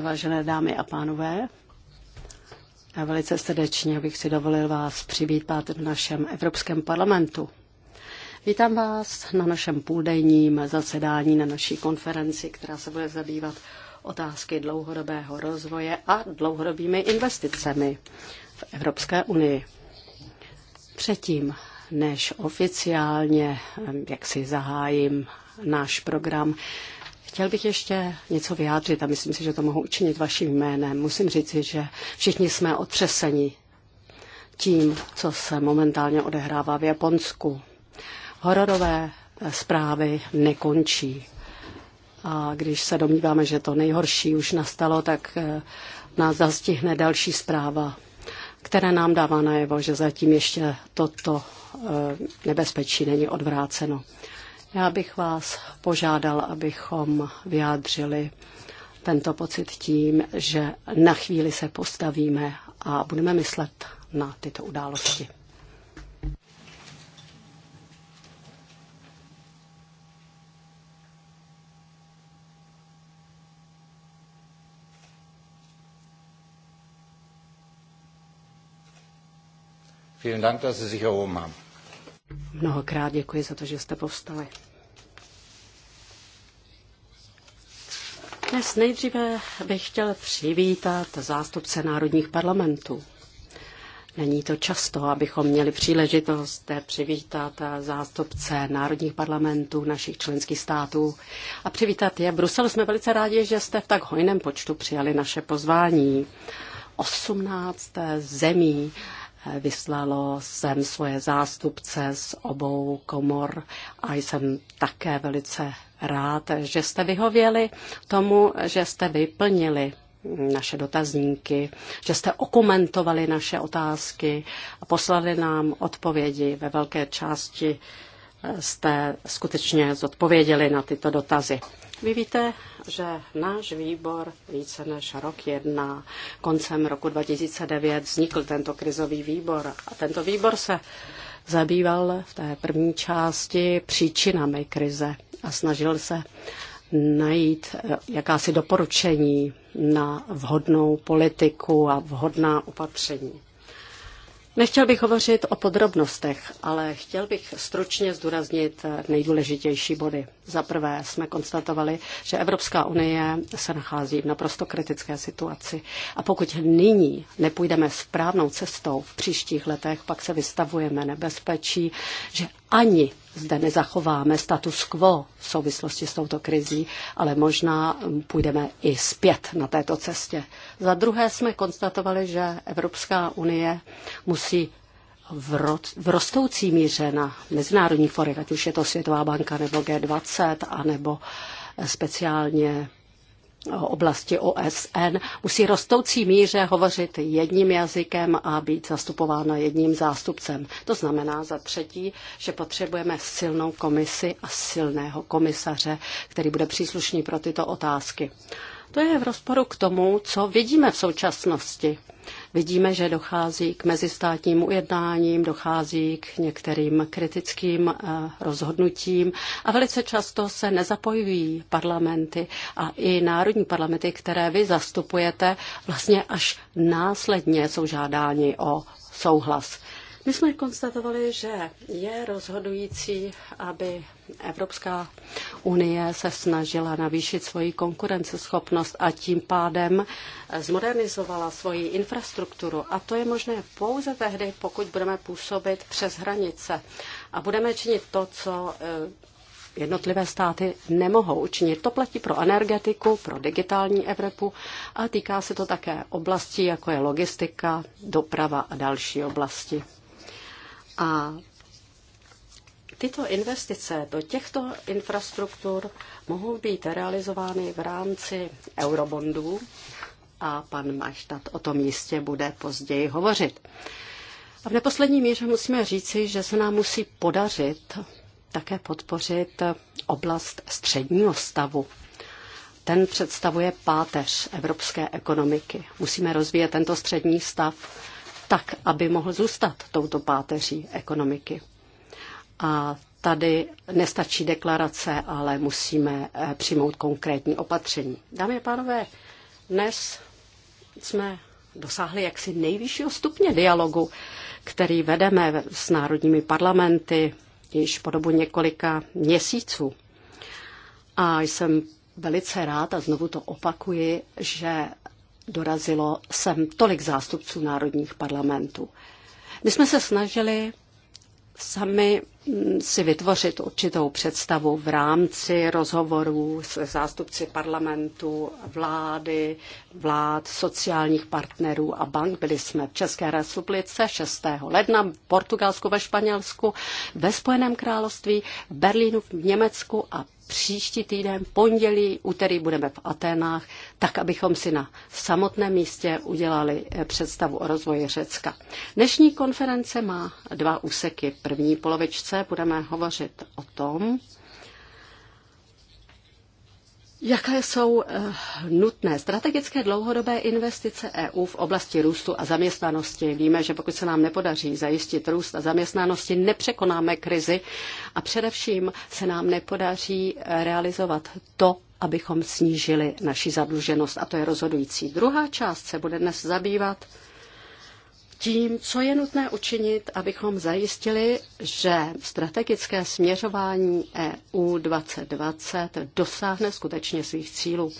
Vážené dámy a pánové, a velice srdečně bych si dovolil vás přivítat v našem Evropském parlamentu. Vítám vás na našem půldenním zasedání na naší konferenci, která se bude zabývat otázky dlouhodobého rozvoje a dlouhodobými investicemi v Evropské unii. Předtím, než oficiálně, eh, jak si zahájím náš program, Chtěl bych ještě něco vyjádřit a myslím si, že to mohu učinit vaším jménem. Musím říci, že všichni jsme otřeseni tím, co se momentálně odehrává v Japonsku. Hororové eh, zprávy nekončí. A když se domníváme, že to nejhorší už nastalo, tak eh, nás zastihne další zpráva, která nám dává najevo, že zatím ještě toto eh, nebezpečí není odvráceno. Já bych vás požádal, abychom vyjádřili tento pocit tím, že na chvíli se postavíme a budeme myslet na tyto události. Vielen Dank, dass Sie sich erhoben haben. Mnohokrát děkuji za to, že jste povstali. Dnes nejdříve bych chtěl přivítat zástupce národních parlamentů. Není to často, abychom měli příležitost přivítat zástupce národních parlamentů našich členských států a přivítat je. V Bruselu jsme velice rádi, že jste v tak hojném počtu přijali naše pozvání. 18 zemí vyslalo sem svoje zástupce z obou komor a jsem také velice rád, že jste vyhověli tomu, že jste vyplnili naše dotazníky, že jste okomentovali naše otázky a poslali nám odpovědi. Ve velké části eh, jste skutečně zodpověděli na tyto dotazy. Vy víte, že náš výbor více než rok jedná. Koncem roku 2009 vznikl tento krizový výbor a tento výbor se zabýval v té první části příčinami krize a snažil se najít eh, jakási doporučení na vhodnou politiku a vhodná opatření. Nechtěl bych hovořit o podrobnostech, ale chtěl bych stručně zdůraznit eh, nejdůležitější body. Za prvé jsme konstatovali, že Evropská unie se nachází v naprosto kritické situaci a pokud nyní nepůjdeme správnou cestou v příštích letech, pak se vystavujeme nebezpečí, že ani zde nezachováme status quo v souvislosti s touto krizí, ale možná půjdeme i zpět na této cestě. Za druhé jsme konstatovali, že Evropská unie musí v, ro- v rostoucí míře na mezinárodních forech, ať už je to Světová banka nebo G20, anebo speciálně oblasti OSN musí rostoucí míře hovořit jedním jazykem a být zastupována jedním zástupcem. To znamená za třetí, že potřebujeme silnou komisi a silného komisaře, který bude příslušný pro tyto otázky. To je v rozporu k tomu, co vidíme v současnosti. Vidíme, že dochází k mezistátním ujednáním, dochází k některým kritickým eh, rozhodnutím a velice často se nezapojují parlamenty a i národní parlamenty, které vy zastupujete, vlastně až následně jsou žádáni o souhlas. My jsme konstatovali, že je rozhodující, aby Evropská unie se snažila navýšit svoji konkurenceschopnost a tím pádem zmodernizovala svoji infrastrukturu. A to je možné pouze tehdy, pokud budeme působit přes hranice a budeme činit to, co eh, jednotlivé státy nemohou učinit. To platí pro energetiku, pro digitální Evropu a týká se to také oblastí, jako je logistika, doprava a další oblasti. A tyto investice do těchto infrastruktur mohou být realizovány v rámci eurobondů a pan Maštat o tom jistě bude později hovořit. A v neposlední míře musíme říci, že se nám musí podařit také podpořit oblast středního stavu. Ten představuje páteř evropské ekonomiky. Musíme rozvíjet tento střední stav tak, aby mohl zůstat touto páteří ekonomiky. A tady nestačí deklarace, ale musíme eh, přijmout konkrétní opatření. Dámy a pánové, dnes jsme dosáhli jaksi nejvyššího stupně dialogu, který vedeme s národními parlamenty již po dobu několika měsíců. A jsem velice rád, a znovu to opakuji, že dorazilo sem tolik zástupců národních parlamentů. My jsme se snažili sami mm, si vytvořit určitou představu v rámci rozhovorů s zástupci parlamentu, vlády, vlád, sociálních partnerů a bank. Byli jsme v České republice 6. ledna, v Portugalsku, ve Španělsku, ve Spojeném království, v Berlínu, v Německu a příští týden, pondělí, úterý budeme v Aténách, tak abychom si na samotném místě udělali eh, představu o rozvoji Řecka. Dnešní konference má dva úseky. První polovičce budeme hovořit o tom, Jaké jsou eh, nutné strategické dlouhodobé investice EU v oblasti růstu a zaměstnanosti? Víme, že pokud se nám nepodaří zajistit růst a zaměstnanosti, nepřekonáme krizi a především se nám nepodaří eh, realizovat to, abychom snížili naši zadluženost. A to je rozhodující. Druhá část se bude dnes zabývat tím, co je nutné učinit, abychom zajistili, že strategické směřování EU 2020 dosáhne skutečně svých cílů.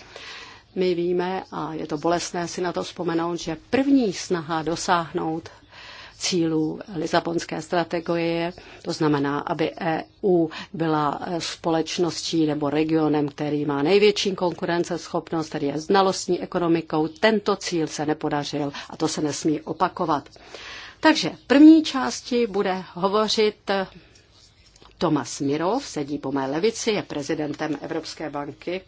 My víme, a je to bolestné si na to vzpomenout, že první snaha dosáhnout cílů Lisabonské strategie, to znamená, aby EU byla eh, společností nebo regionem, který má největší konkurenceschopnost, který je znalostní ekonomikou. Tento cíl se nepodařil a to se nesmí opakovat. Takže v první části bude hovořit eh, Tomas Mirov, sedí po mé levici, je prezidentem Evropské banky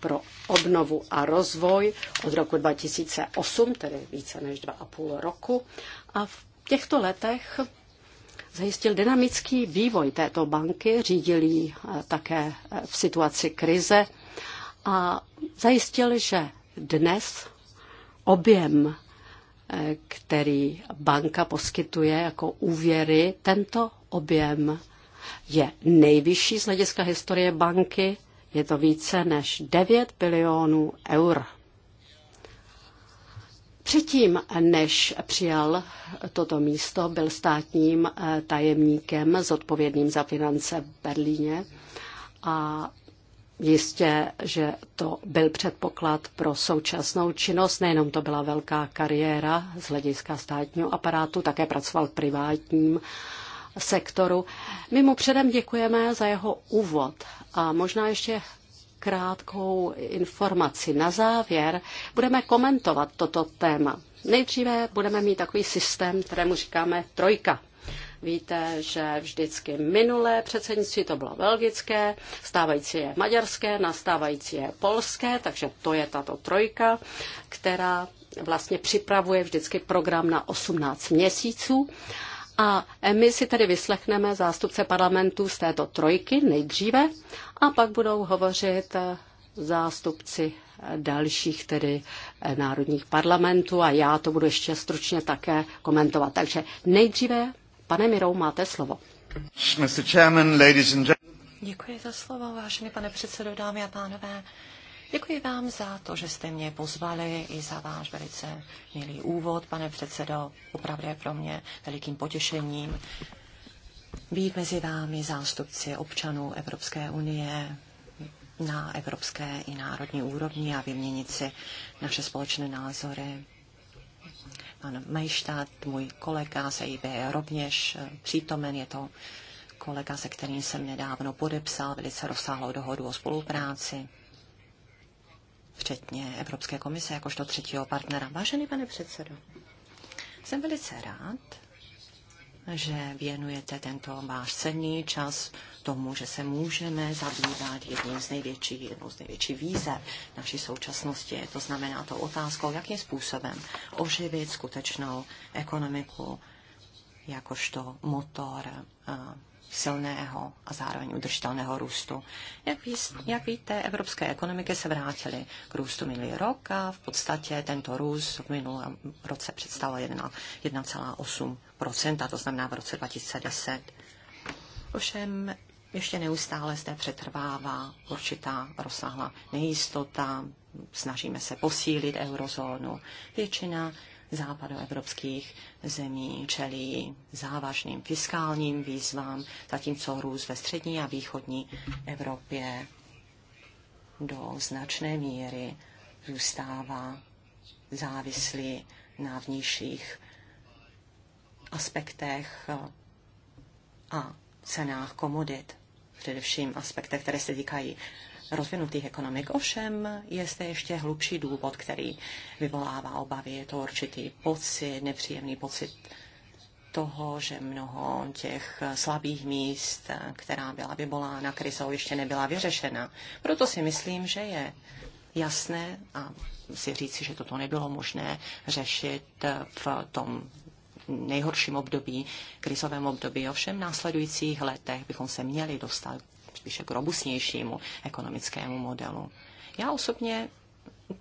pro obnovu a rozvoj od roku 2008, tedy více než dva a půl roku. A v těchto letech zajistil dynamický vývoj této banky, řídil ji eh, také eh, v situaci krize a zajistil, že dnes objem, eh, který banka poskytuje jako úvěry, tento objem je nejvyšší z hlediska historie banky, je to více než 9 bilionů eur. Předtím, než přijal toto místo, byl státním eh, tajemníkem zodpovědným za finance v Berlíně a jistě, že to byl předpoklad pro současnou činnost. Nejenom to byla velká kariéra z hlediska státního aparátu, také pracoval v privátním sektoru. My mu předem děkujeme za jeho úvod a možná ještě krátkou informaci. Na závěr budeme komentovat toto téma. Nejdříve budeme mít takový systém, kterému říkáme trojka. Víte, že vždycky minulé předsednictví to bylo belgické, stávající je maďarské, nastávající je polské, takže to je tato trojka, která vlastně připravuje vždycky program na 18 měsíců. A my si tedy vyslechneme zástupce parlamentu z této trojky nejdříve a pak budou hovořit eh, zástupci eh, dalších tedy eh, národních parlamentů a já to budu ještě stručně také komentovat. Takže nejdříve, pane Mirou, máte slovo. Děkuji za slovo, vážený pane předsedo, dámy a pánové. Děkuji vám za to, že jste mě pozvali i za váš velice milý úvod, pane předsedo. Opravdu je pro mě velikým potěšením být mezi vámi zástupci občanů Evropské unie na evropské i národní úrovni a vyměnit si naše společné názory. Pan Majštát, můj kolega z EIB, je rovněž přítomen, je to kolega, se kterým jsem nedávno podepsal velice rozsáhlou dohodu o spolupráci včetně Evropské komise jakožto třetího partnera. Vážený pane předsedo, jsem velice rád, že věnujete tento váš cenný čas tomu, že se můžeme zabývat jedním z největších, jednou z největších výzev naší současnosti. To znamená to otázkou, jakým způsobem oživit skutečnou ekonomiku jakožto motor silného a zároveň udržitelného růstu. Jak, ví, jak víte, evropské ekonomiky se vrátily k růstu minulý rok a v podstatě tento růst v minulém roce představoval 1,8%, to znamená v roce 2010. Ovšem ještě neustále zde přetrvává určitá rozsáhlá nejistota, snažíme se posílit eurozónu. Většina západoevropských zemí čelí závažným fiskálním výzvám, zatímco růst ve střední a východní Evropě do značné míry zůstává závislý na vnějších aspektech a cenách komodit, především aspektech, které se týkají rozvinutých ekonomik. Ovšem je zde ještě hlubší důvod, který vyvolává obavy. Je to určitý pocit, nepříjemný pocit toho, že mnoho těch slabých míst, která byla vyvolána krizou, ještě nebyla vyřešena. Proto si myslím, že je jasné a si říci, že toto nebylo možné řešit v tom nejhorším období, krizovém období. Ovšem v následujících letech bychom se měli dostat spíše k robustnějšímu ekonomickému modelu. Já osobně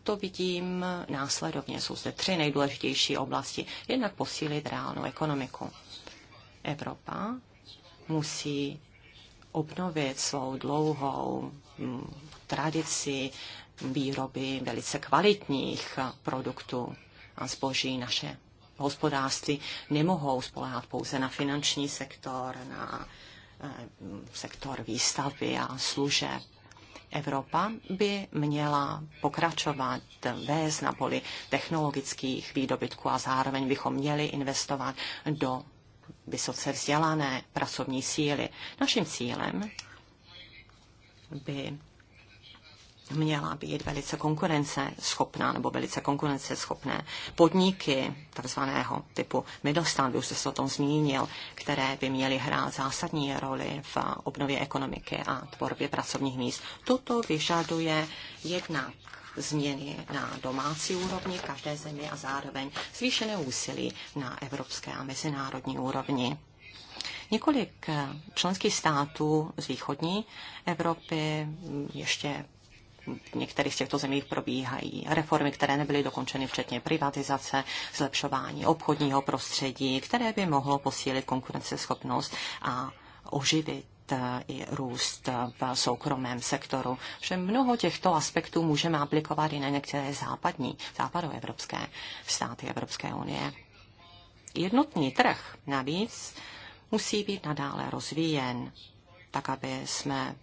to vidím následovně. Jsou zde tři nejdůležitější oblasti. Jednak posílit reálnou ekonomiku. Evropa musí obnovit svou dlouhou mm, tradici výroby velice kvalitních produktů a zboží naše hospodářství nemohou spolehat pouze na finanční sektor, na Eh, sektor výstavby a služeb. Evropa by měla pokračovat vést na poli technologických výdobytků a zároveň bychom měli investovat do vysoce vzdělané pracovní síly. Naším cílem by měla být velice konkurenceschopná nebo velice konkurenceschopné podniky takzvaného typu Middlestand, už jste se o tom zmínil, které by měly hrát zásadní roli v obnově ekonomiky a tvorbě pracovních míst. Toto vyžaduje jednak změny na domácí úrovni každé země a zároveň zvýšené úsilí na evropské a mezinárodní úrovni. Několik členských států z východní Evropy ještě v některých z těchto zemích probíhají reformy, které nebyly dokončeny, včetně privatizace, zlepšování obchodního prostředí, které by mohlo posílit konkurenceschopnost a oživit eh, i růst v soukromém sektoru. Že mnoho těchto aspektů můžeme aplikovat i na některé západní, západoevropské státy Evropské unie. Jednotný trh navíc musí být nadále rozvíjen, tak aby jsme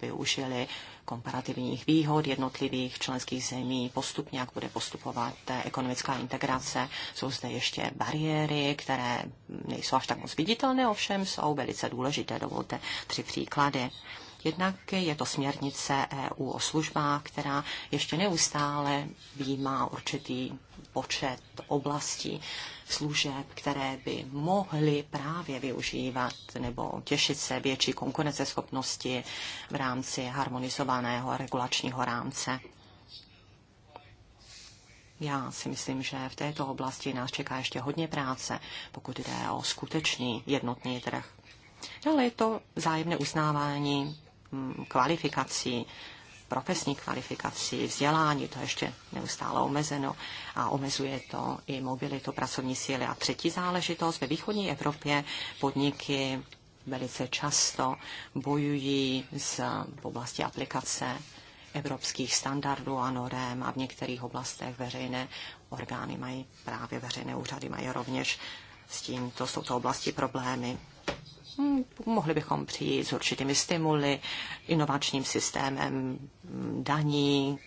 využili komparativních výhod jednotlivých členských zemí postupně, jak bude postupovat ekonomická integrace. Jsou zde ještě bariéry, které nejsou až tak moc viditelné, ovšem jsou velice důležité. Dovolte tři příklady. Jednak je to směrnice EU o službách, která ještě neustále výjímá určitý počet oblastí služeb, které by mohly právě využívat nebo těšit se větší konkurenceschopnosti v rámci harmonizovaného regulačního rámce. Já si myslím, že v této oblasti nás čeká ještě hodně práce, pokud jde o skutečný jednotný trh. Ale je to zájemné uznávání kvalifikací, profesní kvalifikací, vzdělání, to ještě neustále omezeno a omezuje to i mobilitu pracovní síly. A třetí záležitost, ve východní Evropě podniky velice často bojují z, v oblasti aplikace evropských standardů a norem a v některých oblastech veřejné orgány mají, právě veřejné úřady mají rovněž s tímto, s touto oblastí problémy. Hmm, mohli bychom přijít s určitými stimuly, inovačním systémem daní,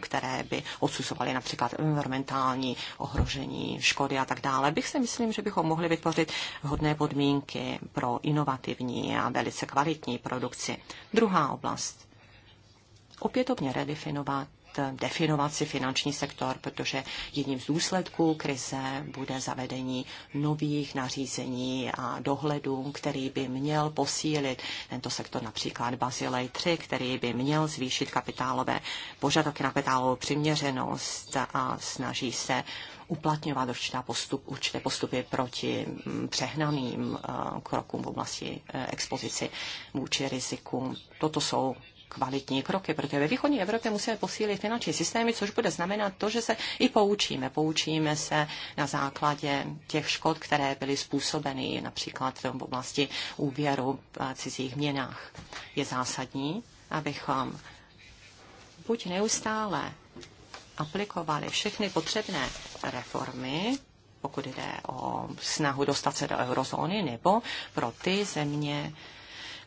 které by odsuzovaly například environmentální ohrožení, škody a tak dále, bych si myslím, že bychom mohli vytvořit hodné podmínky pro inovativní a velice kvalitní produkci. Druhá oblast. Opětovně redefinovat Eh, definovat si finanční sektor, protože jedním z důsledků krize bude zavedení nových nařízení a dohledů, který by měl posílit tento sektor, například Basilej 3, který by měl zvýšit kapitálové požadavky na kapitálovou přiměřenost a snaží se uplatňovat určitá postup, určité postupy proti mm, přehnaným eh, krokům v oblasti eh, expozici vůči riziku. Toto jsou kvalitní kroky, protože ve východní Evropě musíme posílit finanční systémy, což bude znamenat to, že se i poučíme. Poučíme se na základě těch škod, které byly způsobeny například v oblasti úvěru v cizích měnách. Je zásadní, abychom buď neustále aplikovali všechny potřebné reformy, pokud jde o snahu dostat se do eurozóny, nebo pro ty země,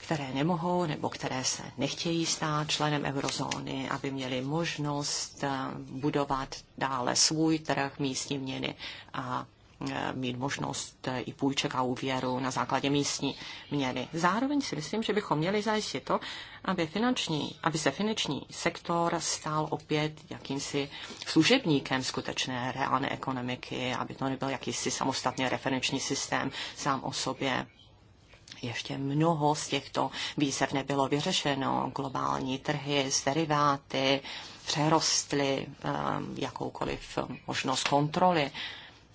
které nemohou nebo které se nechtějí stát členem eurozóny, aby měli možnost eh, budovat dále svůj trh místní měny a eh, mít možnost eh, i půjček a úvěru na základě místní měny. Zároveň si myslím, že bychom měli zajistit to, aby, finanční, aby se finanční sektor stal opět jakýmsi služebníkem skutečné reálné ekonomiky, aby to nebyl jakýsi samostatný referenční systém sám o sobě ještě mnoho z těchto výzev nebylo vyřešeno. Globální trhy s deriváty přerostly eh, jakoukoliv možnost kontroly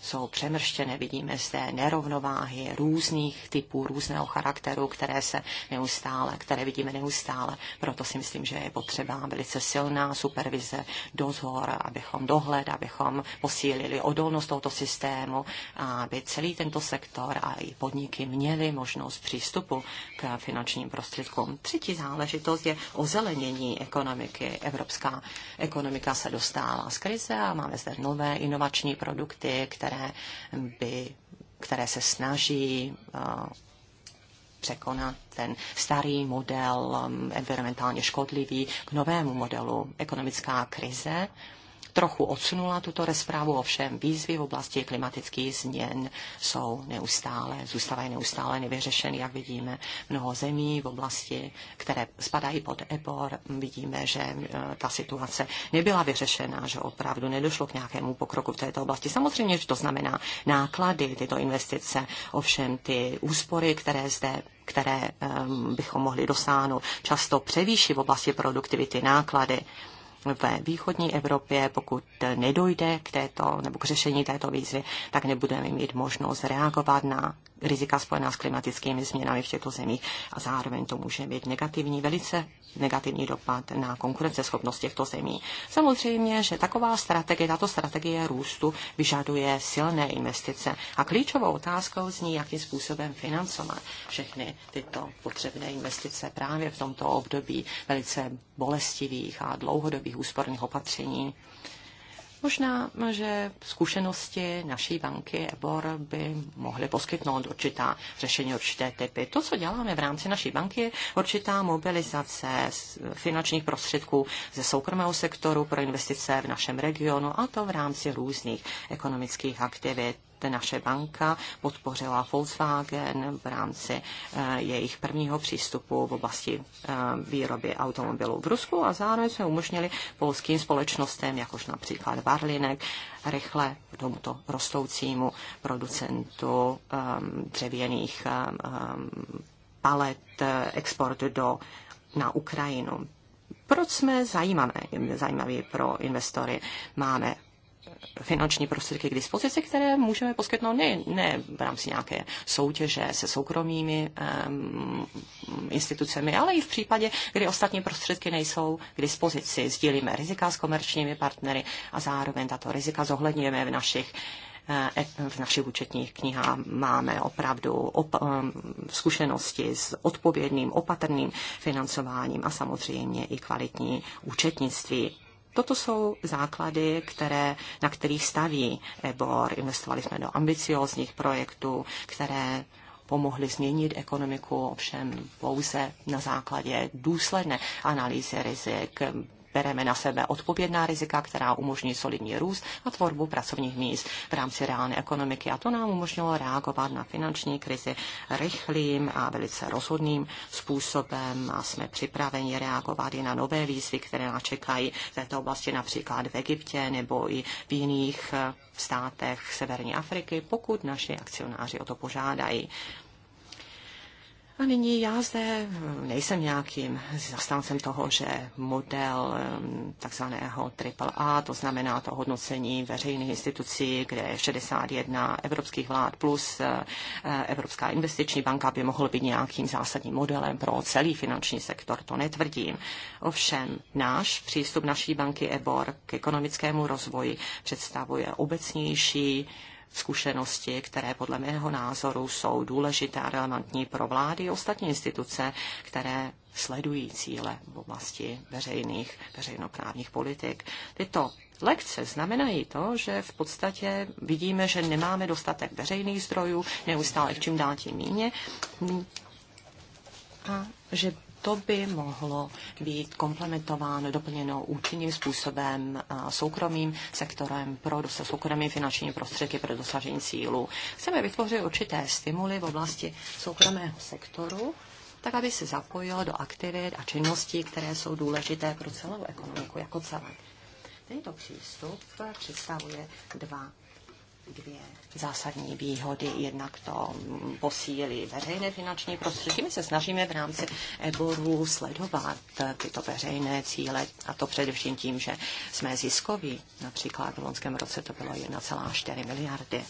jsou přemrštěné, vidíme zde nerovnováhy různých typů, různého charakteru, které se neustále, které vidíme neustále. Proto si myslím, že je potřeba velice silná supervize, dozor, abychom dohled, abychom posílili odolnost tohoto systému, aby celý tento sektor a i podniky měly možnost přístupu k finančním prostředkům. Třetí záležitost je ozelenění ekonomiky. Evropská ekonomika se dostává z krize a máme zde nové inovační produkty, které které, by, které se snaží eh, překonat ten starý model mm, environmentálně škodlivý k novému modelu. Ekonomická krize trochu odsunula tuto rozprávu, ovšem výzvy v oblasti klimatických změn jsou neustále, zůstávají neustále nevyřešeny, jak vidíme. Mnoho zemí v oblasti, které spadají pod EPOR, vidíme, že eh, ta situace nebyla vyřešena, že opravdu nedošlo k nějakému pokroku v této oblasti. Samozřejmě, že to znamená náklady, tyto investice, ovšem ty úspory, které zde které um, bychom mohli dosáhnout, často převýší v oblasti produktivity náklady ve východní Evropě, pokud nedojde k této nebo k řešení této výzvy, tak nebudeme mít možnost reagovat na rizika spojená s klimatickými změnami v těchto zemích a zároveň to může mít negativní, velice negativní dopad na konkurenceschopnost těchto zemí. Samozřejmě, že taková strategie, tato strategie růstu vyžaduje silné investice a klíčovou otázkou zní, jakým způsobem financovat všechny tyto potřebné investice právě v tomto období velice bolestivých a dlouhodobých úsporných opatření. Možná, že zkušenosti naší banky EBOR by mohly poskytnout určitá řešení, určité typy. To, co děláme v rámci naší banky, je určitá mobilizace finančních prostředků ze soukromého sektoru pro investice v našem regionu a to v rámci různých ekonomických aktivit naše banka podpořila Volkswagen v rámci eh, jejich prvního přístupu v oblasti eh, výroby automobilů v Rusku a zároveň jsme umožnili polským společnostem, jakož například Barlinek, rychle tomuto rostoucímu producentu eh, dřevěných palet export do, na Ukrajinu. Proč jsme zajímavé, zajímavé pro investory? Máme finanční prostředky k dispozici, které můžeme poskytnout ne, ne v rámci nějaké soutěže se soukromými um, institucemi, ale i v případě, kdy ostatní prostředky nejsou k dispozici. Sdílíme rizika s komerčními partnery a zároveň tato rizika zohledňujeme v našich eh, e, v našich účetních knihách máme opravdu op- zkušenosti s odpovědným, opatrným financováním a samozřejmě i kvalitní účetnictví. Toto jsou základy, které, na kterých staví EBOR. Investovali jsme do ambiciózních projektů, které pomohly změnit ekonomiku, ovšem pouze na základě důsledné analýzy rizik, bereme na sebe odpovědná rizika, která umožní solidní růst a tvorbu pracovních míst v rámci reálné ekonomiky. A to nám umožnilo reagovat na finanční krizi rychlým a velice rozhodným způsobem a jsme připraveni reagovat i na nové výzvy, které nás čekají v této oblasti, například v Egyptě nebo i v jiných eh, státech Severní Afriky, pokud naši akcionáři o to požádají. A nyní já zde nejsem nějakým zastáncem toho, že model takzvaného AAA, to znamená to hodnocení veřejných institucí, kde je 61 evropských vlád plus eh, eh, Evropská investiční banka by mohl být nějakým zásadním modelem pro celý finanční sektor, to netvrdím. Ovšem náš přístup naší banky EBOR k ekonomickému rozvoji představuje obecnější zkušenosti, které podle mého názoru jsou důležité a relevantní pro vlády i ostatní instituce, které sledují cíle v oblasti veřejných, veřejnoprávních politik. Tyto lekce znamenají to, že v podstatě vidíme, že nemáme dostatek veřejných zdrojů, neustále čím dál tím míně a že to by mohlo být komplementováno, doplněno účinným způsobem soukromým sektorem pro dosa, soukromým finanční prostředky pro dosažení cílů. Chceme vytvořit určité stimuly v oblasti soukromého sektoru, tak aby se zapojil do aktivit a činností, které jsou důležité pro celou ekonomiku jako celé. Tento přístup představuje dva dvě zásadní výhody. Jednak to posílí veřejné finanční prostředky. My se snažíme v rámci EBORu sledovat tyto veřejné cíle, a to především tím, že jsme ziskoví. Například v loňském roce to bylo 1,4 miliardy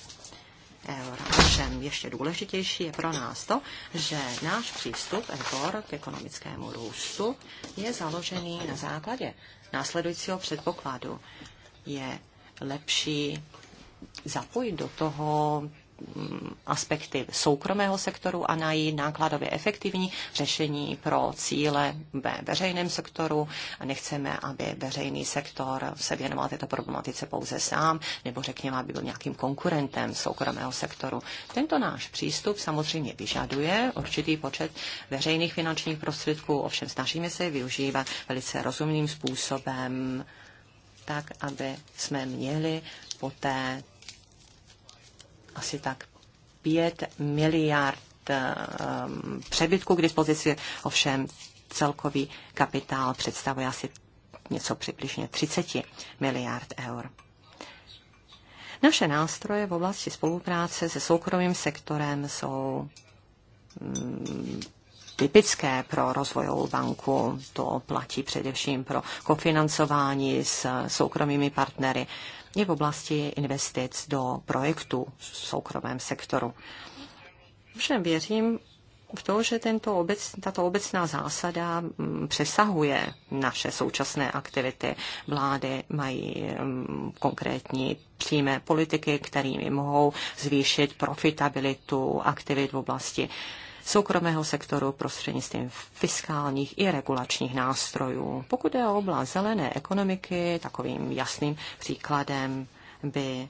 eur. Ovšem ještě důležitější je pro nás to, že náš přístup EBOR k ekonomickému růstu je založený na základě následujícího předpokladu. Je lepší zapojit do toho mm, aspekty soukromého sektoru a najít nákladově efektivní řešení pro cíle ve veřejném sektoru. Nechceme, aby veřejný sektor se věnoval této problematice pouze sám, nebo řekněme, aby byl nějakým konkurentem soukromého sektoru. Tento náš přístup samozřejmě vyžaduje určitý počet veřejných finančních prostředků, ovšem snažíme se je využívat velice rozumným způsobem, tak, aby jsme měli poté asi tak 5 miliard um, přebytku k dispozici, ovšem celkový kapitál představuje asi něco přibližně 30 miliard eur. Naše nástroje v oblasti spolupráce se soukromým sektorem jsou um, typické pro rozvojovou banku. To platí především pro kofinancování s soukromými partnery i v oblasti investic do projektů v soukromém sektoru. Všem věřím v to, že tento obec, tato obecná zásada mm, přesahuje naše současné aktivity. Vlády mají mm, konkrétní přímé politiky, kterými mohou zvýšit profitabilitu aktivit v oblasti soukromého sektoru prostřednictvím fiskálních i regulačních nástrojů. Pokud je o oblast zelené ekonomiky, takovým jasným příkladem by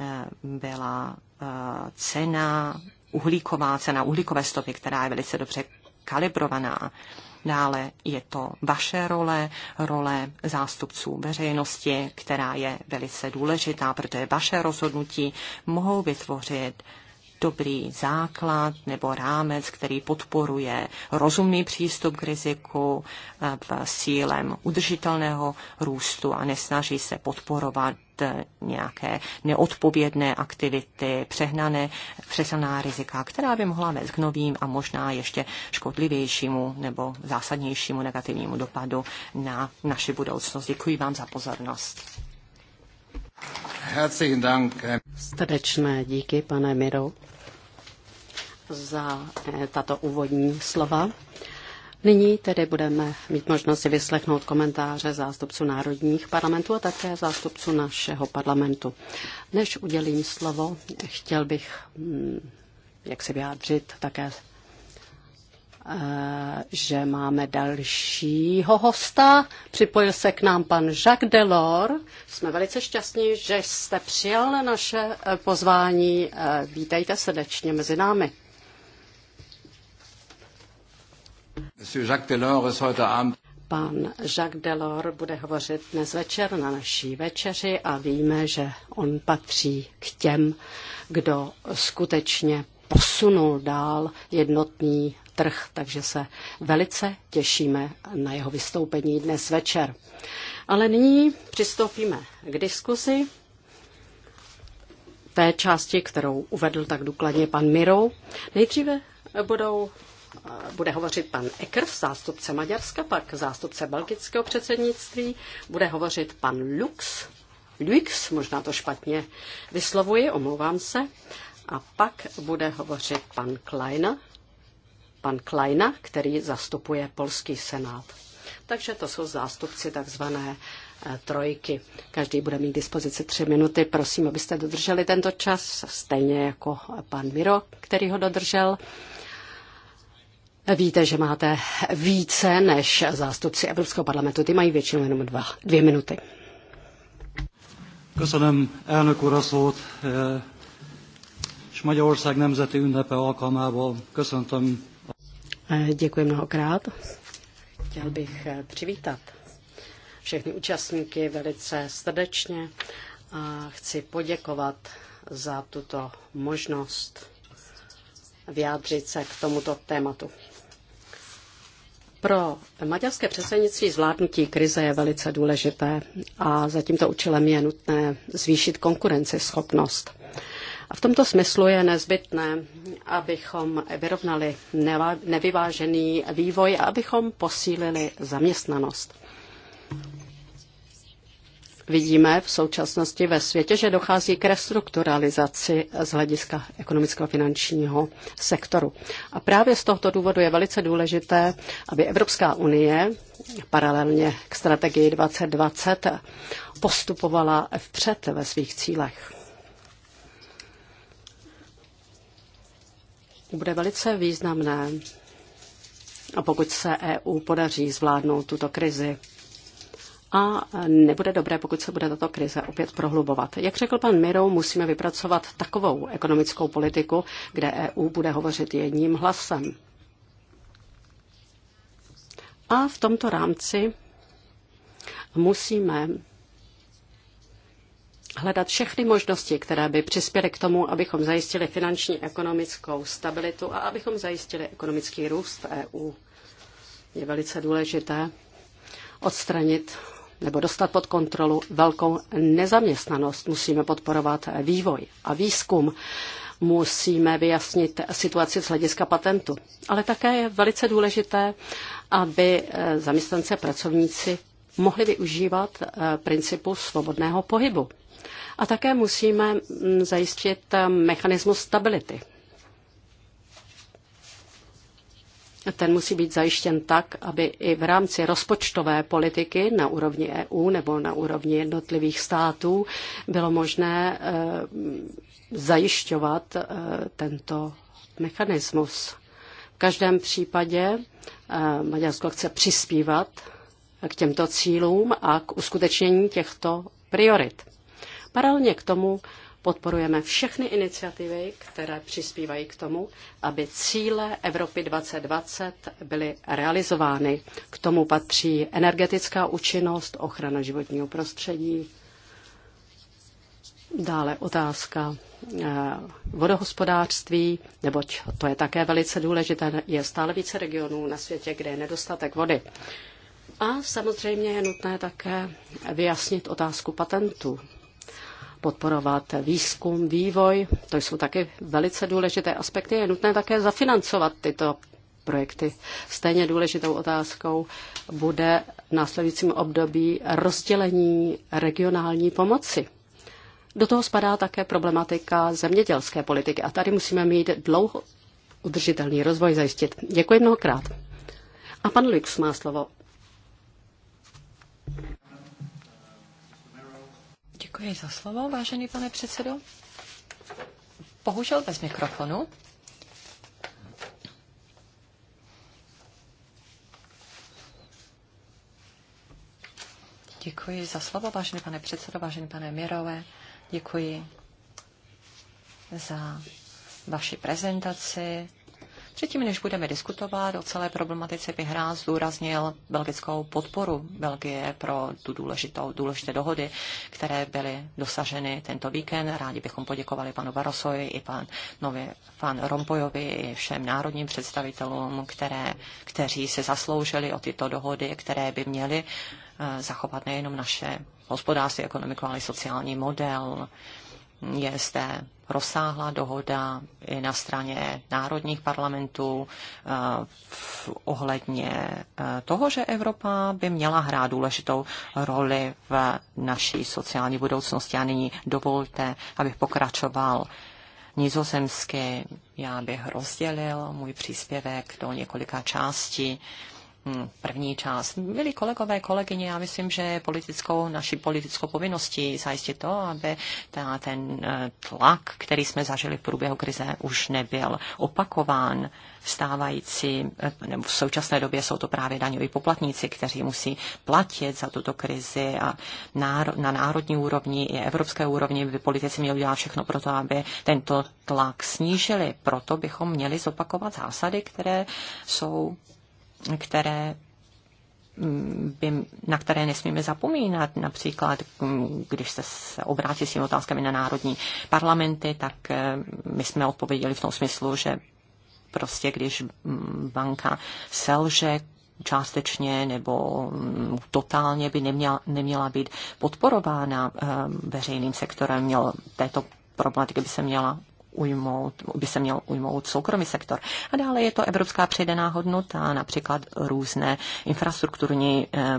eh, byla eh, cena, uhlíková cena, uhlíkové stopy, která je velice dobře kalibrovaná. Dále je to vaše role, role zástupců veřejnosti, která je velice důležitá, protože vaše rozhodnutí mohou vytvořit dobrý základ nebo rámec, který podporuje rozumný přístup k riziku eh, s cílem udržitelného růstu a nesnaží se podporovat eh, nějaké neodpovědné aktivity, přehnané, přesaná rizika, která by mohla vést k novým a možná ještě škodlivějšímu nebo zásadnějšímu negativnímu dopadu na naši budoucnost. Děkuji vám za pozornost. Srdečné díky, pane Miro, za eh, tato úvodní slova. Nyní tedy budeme mít možnost si vyslechnout komentáře zástupců národních parlamentů a také zástupců našeho parlamentu. Než udělím slovo, chtěl bych hm, jak se vyjádřit také Eh, že máme dalšího hosta. Připojil se k nám pan Jacques Delors. Jsme velice šťastní, že jste přijal na naše eh, pozvání. Eh, vítejte srdečně mezi námi. Jacques Delors heute Abend Pan Jacques Delors bude hovořit dnes večer na naší večeři a víme, že on patří k těm, kdo skutečně posunul dál jednotný trh, takže se velice těšíme na jeho vystoupení dnes večer. Ale nyní přistoupíme k diskuzi té části, kterou uvedl tak důkladně pan Miro. Nejdříve budou bude hovořit pan Eker, zástupce Maďarska, pak zástupce belgického předsednictví, bude hovořit pan Lux, Lux, možná to špatně vyslovuji, omlouvám se, a pak bude hovořit pan Kleina, pan Kleina, který zastupuje polský senát. Takže to jsou zástupci takzvané eh, trojky. Každý bude mít k dispozici tři minuty. Prosím, abyste dodrželi tento čas, stejně jako pan Miro, který ho dodržel. Víte, že máte více než zástupci Evropského parlamentu. Ty mají většinou jenom dva, dvě minuty. Köszönöm elnök úr a szót, és eh, Magyarország nemzeti ünnepe alkalmából köszöntöm Eh, děkuji mnohokrát. Chtěl bych eh, přivítat všechny účastníky velice srdečně a chci poděkovat za tuto možnost vyjádřit se k tomuto tématu. Pro maďarské předsednictví zvládnutí krize je velice důležité a za tímto účelem je nutné zvýšit konkurenceschopnost. schopnost. A v tomto smyslu je nezbytné, abychom vyrovnali nevyvážený vývoj a abychom posílili zaměstnanost. Vidíme v současnosti ve světě, že dochází k restrukturalizaci z hlediska ekonomického finančního sektoru. A právě z tohoto důvodu je velice důležité, aby Evropská unie paralelně k strategii 2020 postupovala vpřed ve svých cílech. bude velice významné, a pokud se EU podaří zvládnout tuto krizi. A nebude dobré, pokud se bude tato krize opět prohlubovat. Jak řekl pan Mirou, musíme vypracovat takovou ekonomickou politiku, kde EU bude hovořit jedním hlasem. A v tomto rámci musíme hledat všechny možnosti, které by přispěly k tomu, abychom zajistili finanční ekonomickou stabilitu a abychom zajistili ekonomický růst v EU. Je velice důležité odstranit nebo dostat pod kontrolu velkou nezaměstnanost. Musíme podporovat vývoj a výzkum. Musíme vyjasnit situaci z hlediska patentu. Ale také je velice důležité, aby eh, zaměstnance pracovníci mohli využívat eh, principu svobodného pohybu. A také musíme mm, zajistit eh, mechanismus stability. Ten musí být zajištěn tak, aby i v rámci rozpočtové politiky na úrovni EU nebo na úrovni jednotlivých států bylo možné eh, zajišťovat eh, tento mechanismus. V každém případě Maďarsko chce přispívat k těmto cílům a k uskutečnění těchto priorit. Paralelně k tomu podporujeme všechny iniciativy, které přispívají k tomu, aby cíle Evropy 2020 byly realizovány. K tomu patří energetická účinnost, ochrana životního prostředí, dále otázka eh, vodohospodářství, neboť to je také velice důležité, je stále více regionů na světě, kde je nedostatek vody. A samozřejmě je nutné také vyjasnit otázku patentů podporovat výzkum, vývoj. To jsou také velice důležité aspekty. Je nutné také zafinancovat tyto projekty. Stejně důležitou otázkou bude v následujícím období rozdělení regionální pomoci. Do toho spadá také problematika zemědělské politiky a tady musíme mít dlouho udržitelný rozvoj zajistit. Děkuji mnohokrát. A pan Lux má slovo. Děkuji za slovo, vážený pane předsedo. Bohužel bez mikrofonu. Děkuji za slovo, vážený pane předsedo, vážený pane Mirové. Děkuji za vaši prezentaci, Předtím, než budeme diskutovat o celé problematice, bych rád zdůraznil belgickou podporu Belgie pro tu důležitou, důležité dohody, které byly dosaženy tento víkend. Rádi bychom poděkovali panu Barosovi i pan nově, pan Rompojovi i všem národním představitelům, které, kteří se zasloužili o tyto dohody, které by měly eh, zachovat nejenom naše hospodářství, ekonomiku, ale i sociální model. Je zde rozsáhlá dohoda i na straně národních parlamentů eh, v ohledně eh, toho, že Evropa by měla hrát důležitou roli v naší sociální budoucnosti. A nyní dovolte, abych pokračoval nizozemsky. Já bych rozdělil můj příspěvek do několika částí. Hm, první část. Milí kolegové, kolegyně, já myslím, že politickou, naší politickou povinností zajistit to, aby ta, ten eh, tlak, který jsme zažili v průběhu krize, už nebyl opakován stávající, eh, nebo v současné době jsou to právě daňoví poplatníci, kteří musí platit za tuto krizi a náro, na národní úrovni i evropské úrovni by politici měli dělat všechno pro to, aby tento tlak snížili. Proto bychom měli zopakovat zásady, které jsou které by, na které nesmíme zapomínat. Například, když se, se obrátí s těmi otázkami na národní parlamenty, tak eh, my jsme odpověděli v tom smyslu, že prostě když banka selže částečně nebo mm, totálně by neměla, neměla být podporována eh, veřejným sektorem, měl této problematiky by se měla ujmout, by se měl ujmout soukromý sektor. A dále je to evropská přidaná hodnota, například různé infrastrukturní eh,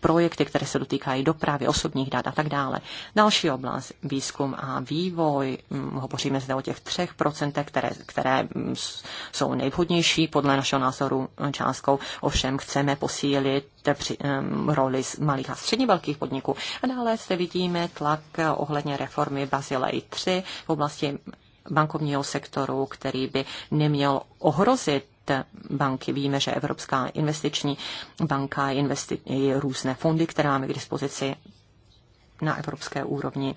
projekty, které se dotýkají dopravy, osobních dat a tak dále. Další oblast, výzkum a vývoj, hm, hovoříme zde o těch třech procentech, které, které hm, jsou nejvhodnější podle našeho názoru eh, částkou. Ovšem chceme posílit eh, při, um, roli z malých a středně velkých podniků. A dále se vidíme tlak ohledně reformy Basilei 3 v oblasti bankovního sektoru, který by neměl ohrozit banky. Víme, že Evropská investiční banka investi- různé fondy, které máme k dispozici na evropské úrovni,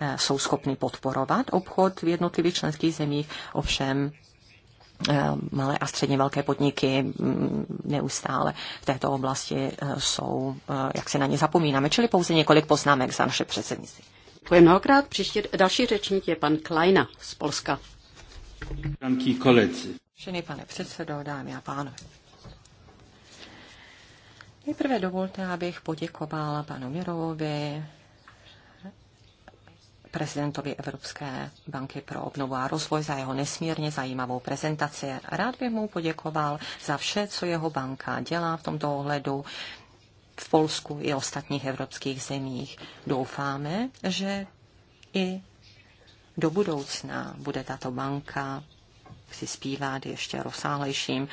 eh, jsou schopny podporovat obchod v jednotlivých členských zemích, ovšem eh, malé a středně velké podniky mm, neustále v této oblasti eh, jsou, jak se na ně zapomínáme, čili pouze několik poznámek za naše předsednictví. Děkuji mnohokrát. Příště další řečník je pan Kleina z Polska. Danky koledzy. pane předsedo, dámy a pánové. Nejprve dovolte, abych poděkoval panu Mirovovi, prezidentovi Evropské banky pro obnovu a rozvoj za jeho nesmírně zajímavou prezentaci. Rád bych mu poděkoval za vše, co jeho banka dělá v tomto ohledu v Polsku i ostatních evropských zemích. Doufáme, že i do budoucna bude tato banka přispívat ještě rozsáhlejším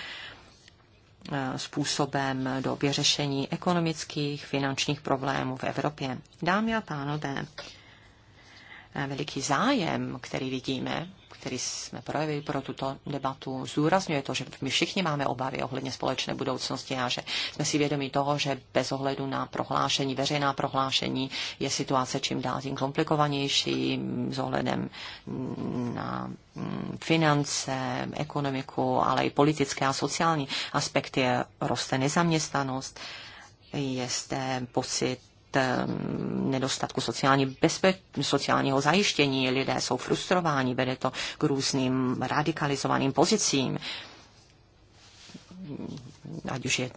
eh, způsobem do vyřešení ekonomických, finančních problémů v Evropě. Dámy a pánové, eh, veliký zájem, který vidíme který jsme projevili pro tuto debatu, zdůrazňuje to, že my všichni máme obavy ohledně společné budoucnosti a že jsme si vědomi toho, že bez ohledu na prohlášení, veřejná prohlášení, je situace čím dál tím komplikovanější s ohledem na mm, finance, ekonomiku, ale i politické a sociální aspekty. Roste nezaměstnanost, je zde pocit Ehm, nedostatku sociální bezpe- sociálního zajištění. Lidé jsou frustrováni, vede to k různým radikalizovaným pozicím ať už je,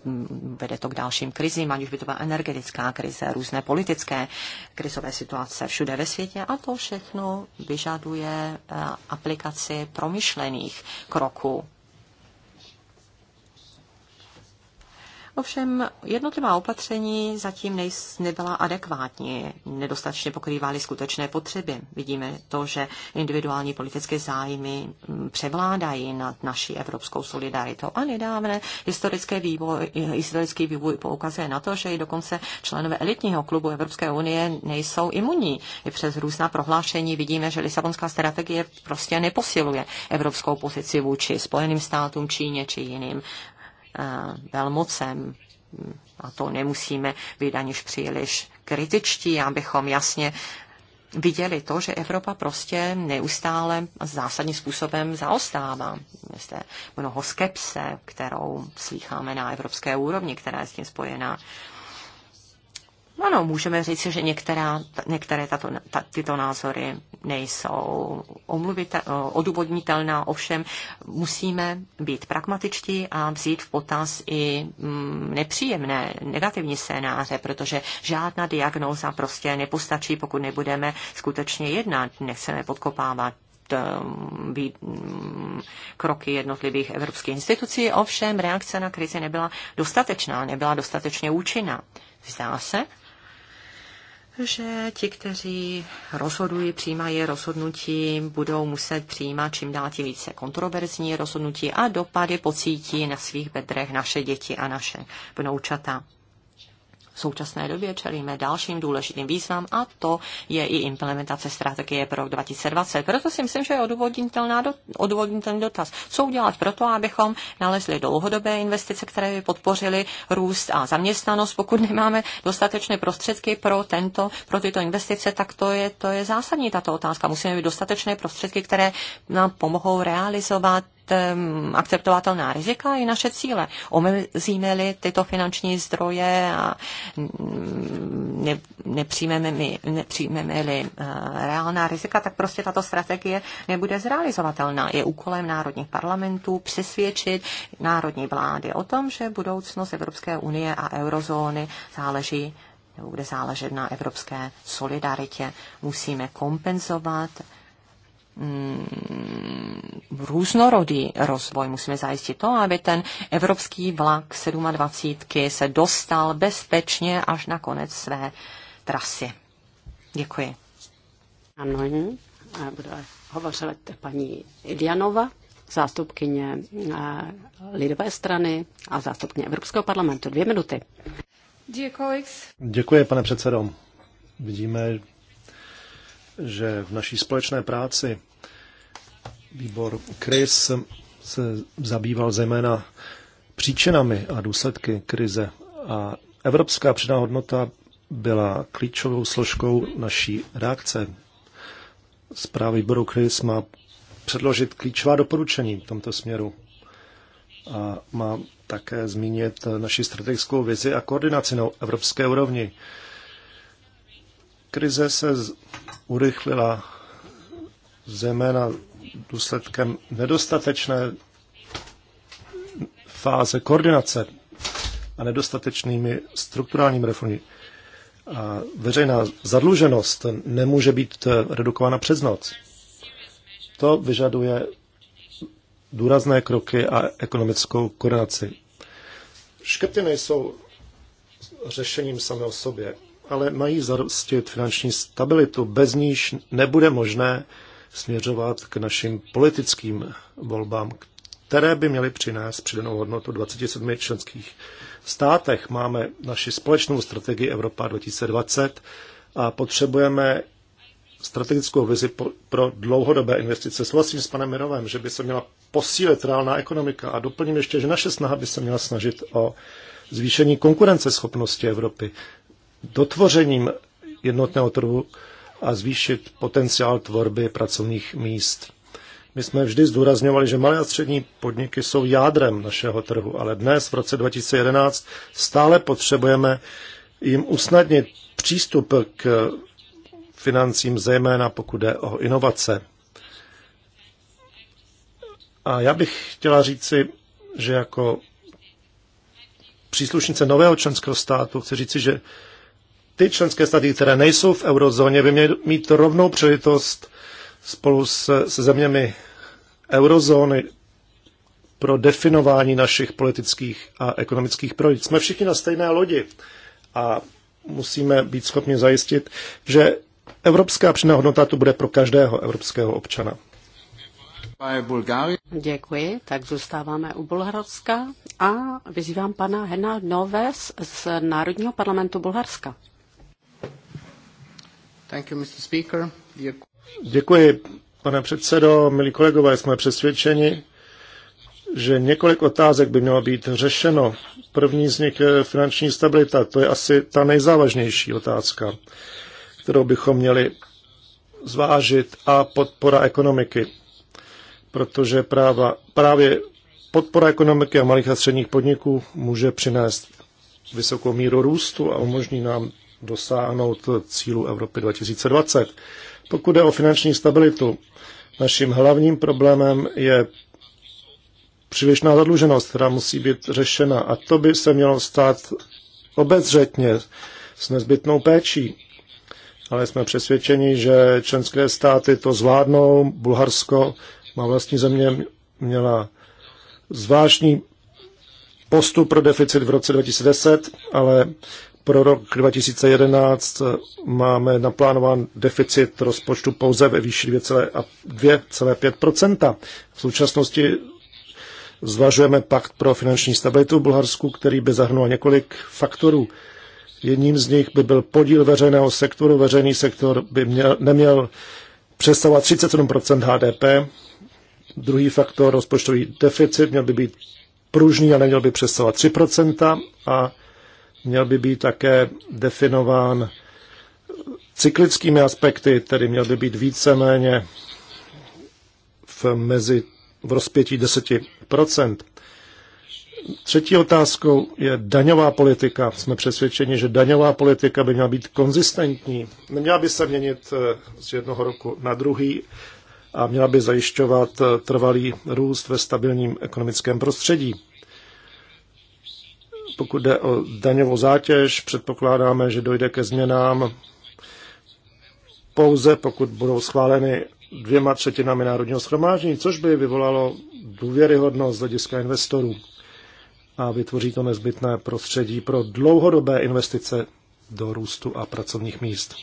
vede to k dalším krizím, ať už by to byla energetická krize, různé politické krizové situace všude ve světě a to všechno vyžaduje eh, aplikaci promyšlených kroků. Ovšem jednotlivá opatření zatím nebyla adekvátní, nedostatečně pokrývaly skutečné potřeby. Vidíme to, že individuální politické zájmy mm, převládají nad naší evropskou solidaritou. A nedávné historické vývoj, historický vývoj poukazuje na to, že i dokonce členové elitního klubu Evropské unie nejsou imunní. I přes různá prohlášení vidíme, že Lisabonská strategie prostě neposiluje evropskou pozici vůči Spojeným státům, Číně či jiným Eh, velmocem. A to nemusíme být aniž příliš kritičtí, abychom jasně viděli to, že Evropa prostě neustále zásadním způsobem zaostává. Zde mnoho skepse, kterou slýcháme na evropské úrovni, která je s tím spojená. Ano, můžeme říct, že některá, některé tato, ta, tyto názory nejsou odůvodnitelná, ovšem musíme být pragmatičtí a vzít v potaz i mm, nepříjemné, negativní scénáře, protože žádná diagnóza prostě nepostačí, pokud nebudeme skutečně jednat, nechceme podkopávat být mm, mm, kroky jednotlivých evropských institucí, ovšem reakce na krizi nebyla dostatečná, nebyla dostatečně účinná. Zdá se, že ti, kteří rozhodují, přijímají rozhodnutí, budou muset přijímat čím dál tím více kontroverzní rozhodnutí a dopady pocítí na svých bedrech naše děti a naše vnoučata. V současné době čelíme dalším důležitým výzvám a to je i implementace strategie pro rok 2020. Proto si myslím, že je odůvodnitelný dotaz. Co udělat pro to, abychom nalezli dlouhodobé investice, které by podpořily růst a zaměstnanost. Pokud nemáme dostatečné prostředky pro, tento, pro tyto investice, tak to je, to je zásadní tato otázka. Musíme mít dostatečné prostředky, které nám pomohou realizovat Ehm, akceptovatelná rizika i naše cíle. Omezíme-li tyto finanční zdroje a ne, nepřijmeme-li nepřijmeme eh, reálná rizika, tak prostě tato strategie nebude zrealizovatelná. Je úkolem národních parlamentů přesvědčit národní vlády o tom, že budoucnost Evropské unie a eurozóny záleží nebo bude záležet na evropské solidaritě. Musíme kompenzovat Mm, různorodý rozvoj. Musíme zajistit to, aby ten evropský vlak 27 se dostal bezpečně až na konec své trasy. Děkuji. Ano, bude hovořit paní Ilianova, zástupkyně Lidové strany a zástupkyně Evropského parlamentu. Dvě minuty. Děkuji, pane předsedo. Vidíme, že v naší společné práci Výbor KRIS se zabýval zejména příčinami a důsledky krize a evropská přidaná hodnota byla klíčovou složkou naší reakce. Zpráva výboru KRIS má předložit klíčová doporučení v tomto směru a má také zmínit naši strategickou vizi a koordinaci na evropské úrovni. Krize se urychlila zejména důsledkem nedostatečné fáze koordinace a nedostatečnými strukturálními reformy. A veřejná zadluženost nemůže být redukována přes noc. To vyžaduje důrazné kroky a ekonomickou koordinaci. Škrty nejsou řešením samé o sobě, ale mají zarostit finanční stabilitu, bez níž nebude možné směřovat k našim politickým volbám, které by měly přinést přidanou hodnotu 27 členských státech. Máme naši společnou strategii Evropa 2020 a potřebujeme strategickou vizi pro dlouhodobé investice. Souhlasím s panem Mirovem, že by se měla posílit reálná ekonomika a doplním ještě, že naše snaha by se měla snažit o zvýšení konkurenceschopnosti Evropy dotvořením jednotného trhu a zvýšit potenciál tvorby pracovních míst. My jsme vždy zdůrazňovali, že malé a střední podniky jsou jádrem našeho trhu, ale dnes v roce 2011 stále potřebujeme jim usnadnit přístup k financím, zejména pokud jde o inovace. A já bych chtěla říci, že jako příslušnice nového členského státu chci říci, že ty členské státy, které nejsou v eurozóně, by měly mít rovnou příležitost spolu se, se zeměmi eurozóny pro definování našich politických a ekonomických projekt. Jsme všichni na stejné lodi a musíme být schopni zajistit, že evropská přidaná hodnota tu bude pro každého evropského občana. Děkuji, tak zůstáváme u Bulharska a vyzývám pana Hena Noves z Národního parlamentu Bulharska. Děkuji, pane předsedo, milí kolegové, jsme přesvědčeni, že několik otázek by mělo být řešeno. První z nich je finanční stabilita. To je asi ta nejzávažnější otázka, kterou bychom měli zvážit a podpora ekonomiky. Protože práva, právě podpora ekonomiky a malých a středních podniků může přinést vysokou míru růstu a umožní nám dosáhnout cílu Evropy 2020. Pokud jde o finanční stabilitu, naším hlavním problémem je přílišná zadluženost, která musí být řešena a to by se mělo stát obezřetně s nezbytnou péčí. Ale jsme přesvědčeni, že členské státy to zvládnou. Bulharsko, má vlastní země, měla zvláštní postup pro deficit v roce 2010, ale pro rok 2011 eh, máme naplánován deficit rozpočtu pouze ve výši 2,5 V současnosti zvažujeme pakt pro finanční stabilitu v Bulharsku, který by zahrnul několik faktorů. Jedním z nich by byl podíl veřejného sektoru. Veřejný sektor by měl, neměl přesahovat 37 HDP. Druhý faktor, rozpočtový deficit, měl by být pružný a neměl by přesahovat 3 a měl by být také definován cyklickými aspekty, tedy měl by být víceméně v, mezi, v rozpětí 10%. Třetí otázkou je daňová politika. Jsme přesvědčeni, že daňová politika by měla být konzistentní. Neměla by se měnit eh, z jednoho roku na druhý a měla by zajišťovat eh, trvalý růst ve stabilním ekonomickém prostředí. Pokud jde o daňovou zátěž, předpokládáme, že dojde ke změnám pouze pokud budou schváleny dvěma třetinami národního schromáždění, což by vyvolalo důvěryhodnost z hlediska investorů a vytvoří to nezbytné prostředí pro dlouhodobé investice do růstu a pracovních míst.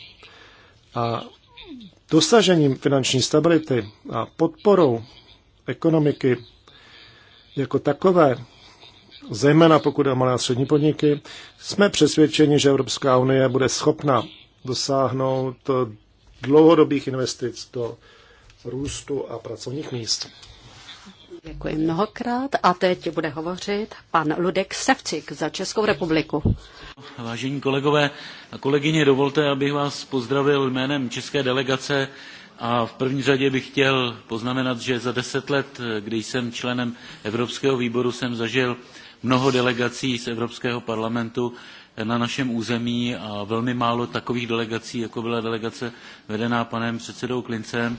A dosažením finanční stability a podporou ekonomiky jako takové zejména pokud je malé a střední podniky, jsme přesvědčeni, že Evropská unie bude schopna dosáhnout dlouhodobých investic do růstu a pracovních míst. Děkuji mnohokrát a teď bude hovořit pan Ludek Sevcik za Českou republiku. Vážení kolegové a kolegyně, dovolte, abych vás pozdravil jménem České delegace a v první řadě bych chtěl poznamenat, že za deset let, kdy jsem členem Evropského výboru, jsem zažil mnoho delegací z Evropského parlamentu na našem území a velmi málo takových delegací, jako byla delegace vedená panem předsedou Klincem,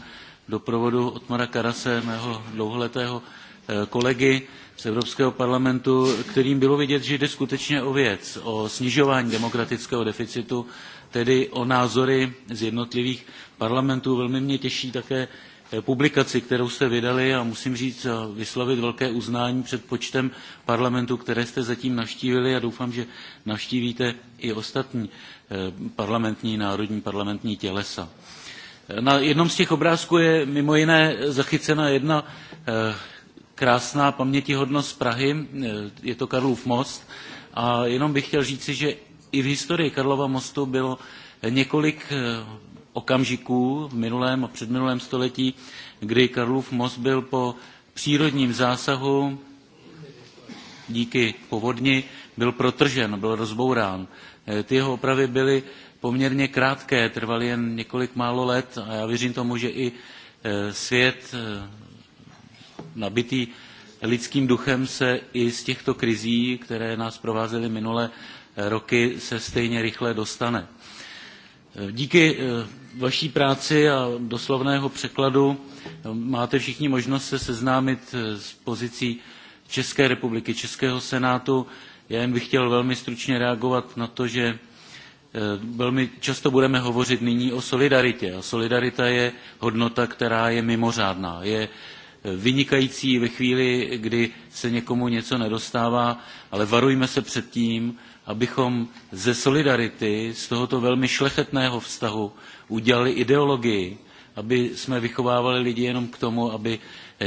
doprovodu Otmara Karase, mého dlouholetého eh, kolegy z Evropského parlamentu, kterým bylo vidět, že jde skutečně o věc, o snižování demokratického deficitu, tedy o názory z jednotlivých parlamentů. Velmi mě těší také Eh, publikaci, kterou jste vydali a musím říct, eh, vyslovit velké uznání před počtem parlamentu, které jste zatím navštívili a doufám, že navštívíte i ostatní eh, parlamentní, národní parlamentní tělesa. Na jednom z těch obrázků je mimo jiné zachycena jedna krásná pamětihodnost Prahy, je to Karlův most. A jenom bych chtěl říci, že i v historii Karlova mostu bylo několik okamžiků v minulém a předminulém století, kdy Karlův most byl po přírodním zásahu díky povodni byl protržen, byl rozbourán. Eh, ty jeho opravy byly poměrně krátké, trvaly jen několik málo let a já věřím tomu, že i eh, svět eh, nabitý lidským duchem se i z těchto krizí, které nás provázely minule roky, se stejně rychle dostane. Díky vaší práci a doslovného překladu máte všichni možnost se seznámit eh, s pozicí České republiky, Českého senátu. Já jen bych chtěl velmi stručně reagovat na to, že eh, velmi často budeme hovořit nyní o solidaritě. A solidarita je hodnota, která je mimořádná. Je eh, vynikající ve chvíli, kdy se někomu něco nedostává, ale varujme se před tím, abychom ze solidarity, z tohoto velmi šlechetného vztahu udělali ideologii, aby jsme vychovávali lidi jenom k tomu, aby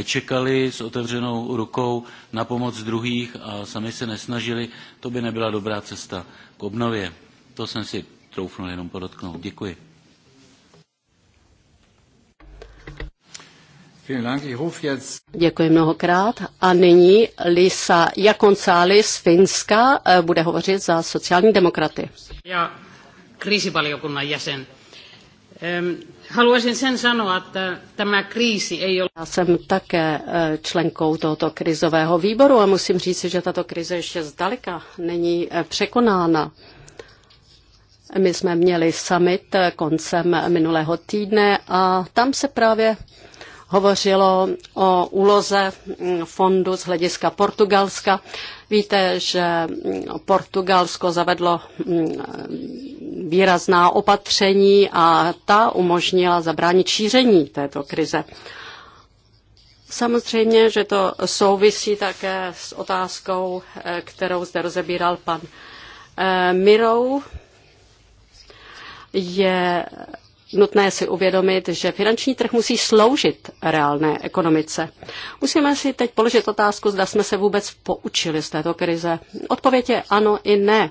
čekali s otevřenou rukou na pomoc druhých a sami se nesnažili, to by nebyla dobrá cesta k obnově. To jsem si troufnul jenom podotknout. Děkuji. Děkuji mnohokrát. A nyní Lisa Jakoncáli z Finska eh, bude hovořit za sociální demokraty. Já kriisivaliokunnan jäsen. Haluaisin sen sanoa, että tämä kriisi ei ole... Já jsem také eh, členkou tohoto krizového výboru a musím říct, že tato krize ještě zdaleka není eh, překonána. My jsme měli summit koncem minulého týdne a tam se právě hovořilo o úloze fondu z hlediska Portugalska. Víte, že Portugalsko zavedlo mm, výrazná opatření a ta umožnila zabránit šíření této krize. Samozřejmě, že to souvisí také s otázkou, eh, kterou zde rozebíral pan eh, Mirou. Je nutné si uvědomit, že finanční trh musí sloužit reálné ekonomice. Musíme si teď položit otázku, zda jsme se vůbec poučili z této krize. Odpověď je ano i ne.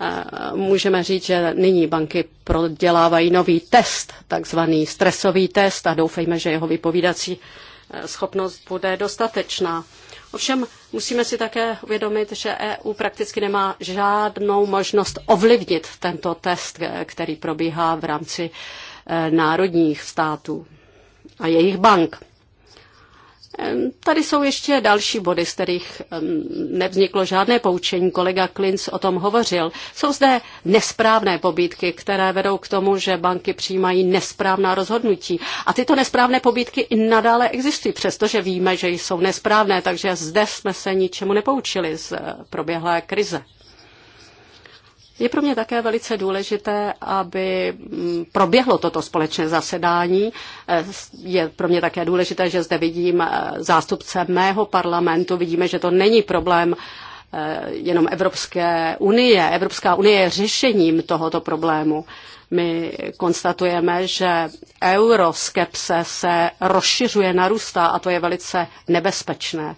Eh, můžeme říct, že nyní banky prodělávají nový test, takzvaný stresový test a doufejme, že jeho vypovídací eh, schopnost bude dostatečná. Ovšem musíme si také uvědomit, že EU prakticky nemá žádnou možnost ovlivnit tento test, eh, který probíhá v rámci eh, národních států a jejich bank. Tady jsou ještě další body, z kterých nevzniklo žádné poučení. Kolega Klinc o tom hovořil. Jsou zde nesprávné pobídky, které vedou k tomu, že banky přijímají nesprávná rozhodnutí. A tyto nesprávné pobídky i nadále existují, přestože víme, že jsou nesprávné, takže zde jsme se ničemu nepoučili z eh, proběhlé krize. Je pro mě také velice důležité, aby mm, proběhlo toto společné zasedání. Eh, je pro mě také důležité, že zde vidím eh, zástupce mého parlamentu. Vidíme, že to není problém eh, jenom Evropské unie. Evropská unie je řešením tohoto problému. My konstatujeme, že euroskepse se rozšiřuje, narůstá a to je velice nebezpečné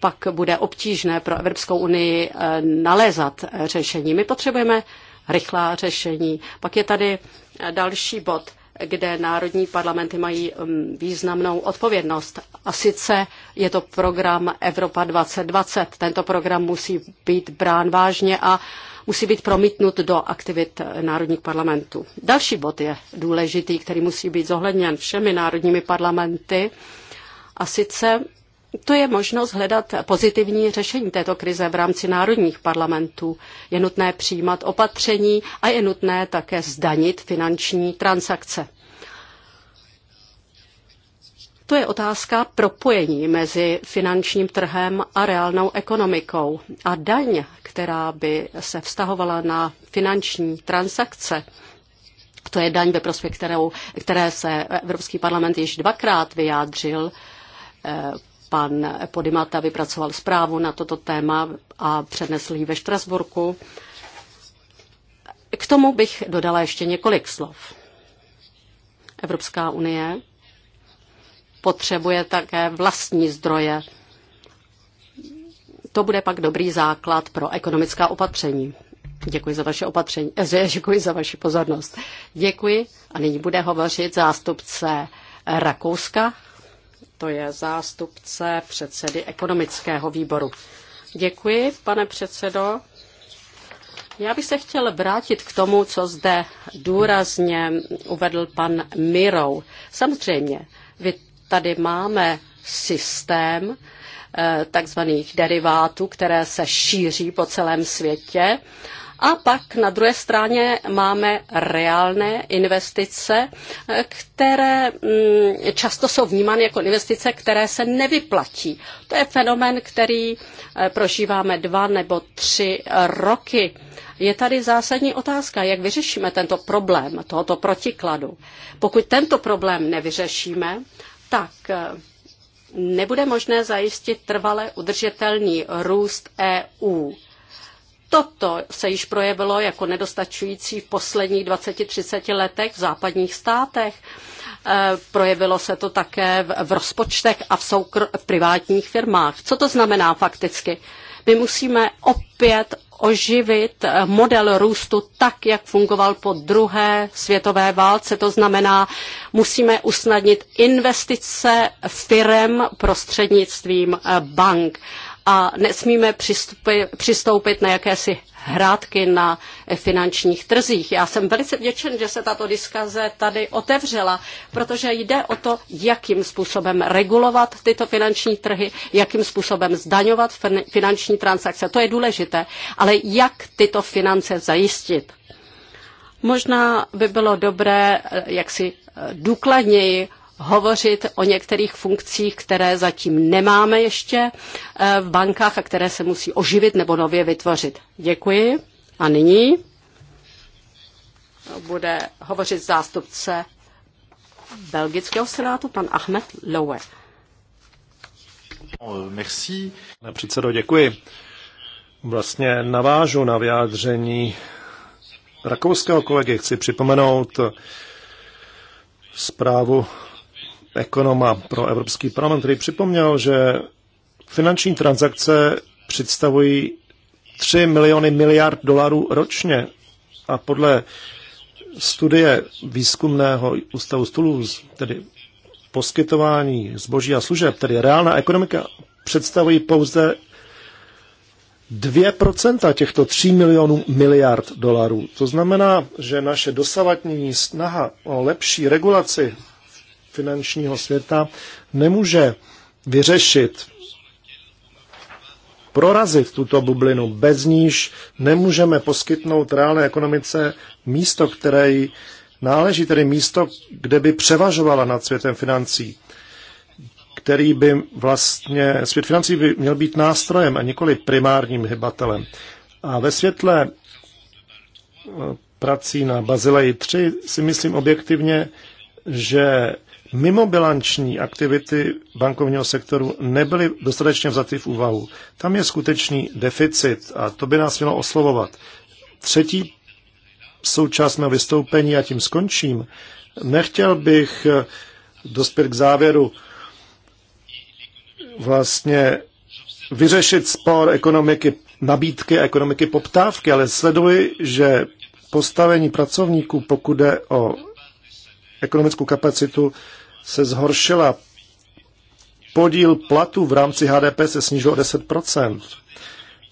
pak bude obtížné pro Evropskou unii eh, nalézat eh, řešení. My potřebujeme rychlá řešení. Pak je tady eh, další bod, kde národní parlamenty mají mm, významnou odpovědnost. A sice je to program Evropa 2020. Tento program musí být brán vážně a musí být promítnut do aktivit národních parlamentů. Další bod je důležitý, který musí být zohledněn všemi národními parlamenty. A sice to je možnost hledat pozitivní řešení této krize v rámci národních parlamentů. Je nutné přijímat opatření a je nutné také zdanit finanční transakce. To je otázka propojení mezi finančním trhem a reálnou ekonomikou. A daň, která by se vztahovala na finanční transakce, to je daň ve prospěch kterou, které se Evropský parlament již dvakrát vyjádřil eh, Pan Podimata vypracoval zprávu na toto téma a přednesl ji ve Štrasburku. K tomu bych dodala ještě několik slov. Evropská unie potřebuje také vlastní zdroje. To bude pak dobrý základ pro ekonomická opatření. Děkuji za vaše opatření, eh, děkuji za vaši pozornost. Děkuji a nyní bude hovořit zástupce Rakouska, to je zástupce předsedy ekonomického výboru. Děkuji, pane předsedo. Já bych se chtěl vrátit k tomu, co zde důrazně uvedl pan Mirou. Samozřejmě, vy tady máme systém eh, takzvaných derivátů, které se šíří po celém světě a pak na druhé straně máme reálné investice, které mm, často jsou vnímány jako investice, které se nevyplatí. To je fenomen, který eh, prožíváme dva nebo tři eh, roky. Je tady zásadní otázka, jak vyřešíme tento problém, tohoto protikladu. Pokud tento problém nevyřešíme, tak eh, nebude možné zajistit trvale udržitelný růst EU. Toto se již projevilo jako nedostačující v posledních 20-30 letech v západních státech. Eh, projevilo se to také v rozpočtech a v, soukr- v privátních firmách. Co to znamená fakticky? My musíme opět oživit eh, model růstu tak, jak fungoval po druhé světové válce. To znamená, musíme usnadnit investice firem prostřednictvím eh, bank a nesmíme přistupy, přistoupit na jakési hrátky na finančních trzích. Já jsem velice vděčen, že se tato diskaze tady otevřela, protože jde o to, jakým způsobem regulovat tyto finanční trhy, jakým způsobem zdaňovat finanční transakce. To je důležité, ale jak tyto finance zajistit. Možná by bylo dobré, eh, jak si eh, důkladněji hovořit o některých funkcích, které zatím nemáme ještě eh, v bankách a které se musí oživit nebo nově vytvořit. Děkuji. A nyní bude hovořit zástupce belgického senátu, pan Ahmed Lowe. Oh, merci. Pane předsedo, děkuji. Vlastně navážu na vyjádření rakouského kolegy. Chci připomenout zprávu ekonoma pro Evropský parlament, který připomněl, že finanční transakce představují 3 miliony miliard dolarů ročně a podle studie výzkumného ústavu z tedy poskytování zboží a služeb, tedy reálná ekonomika, představují pouze 2% těchto 3 milionů miliard dolarů. To znamená, že naše dosavatní snaha o lepší regulaci finančního světa nemůže vyřešit, prorazit tuto bublinu, bez níž nemůžeme poskytnout reálné ekonomice místo, které jí náleží, tedy místo, kde by převažovala nad světem financí který by vlastně, svět financí by měl být nástrojem a nikoli primárním hybatelem. A ve světle eh, prací na Bazileji 3 si myslím objektivně, že mimobilanční aktivity bankovního sektoru nebyly dostatečně vzaty v úvahu. Tam je skutečný deficit a to by nás mělo oslovovat. Třetí součást mého vystoupení, a tím skončím, nechtěl bych eh, dospět k závěru vlastně vyřešit spor ekonomiky nabídky a ekonomiky poptávky, ale sleduji, že postavení pracovníků, pokud jde o ekonomickou kapacitu, se zhoršila. Podíl platů v rámci HDP se snížil o 10%.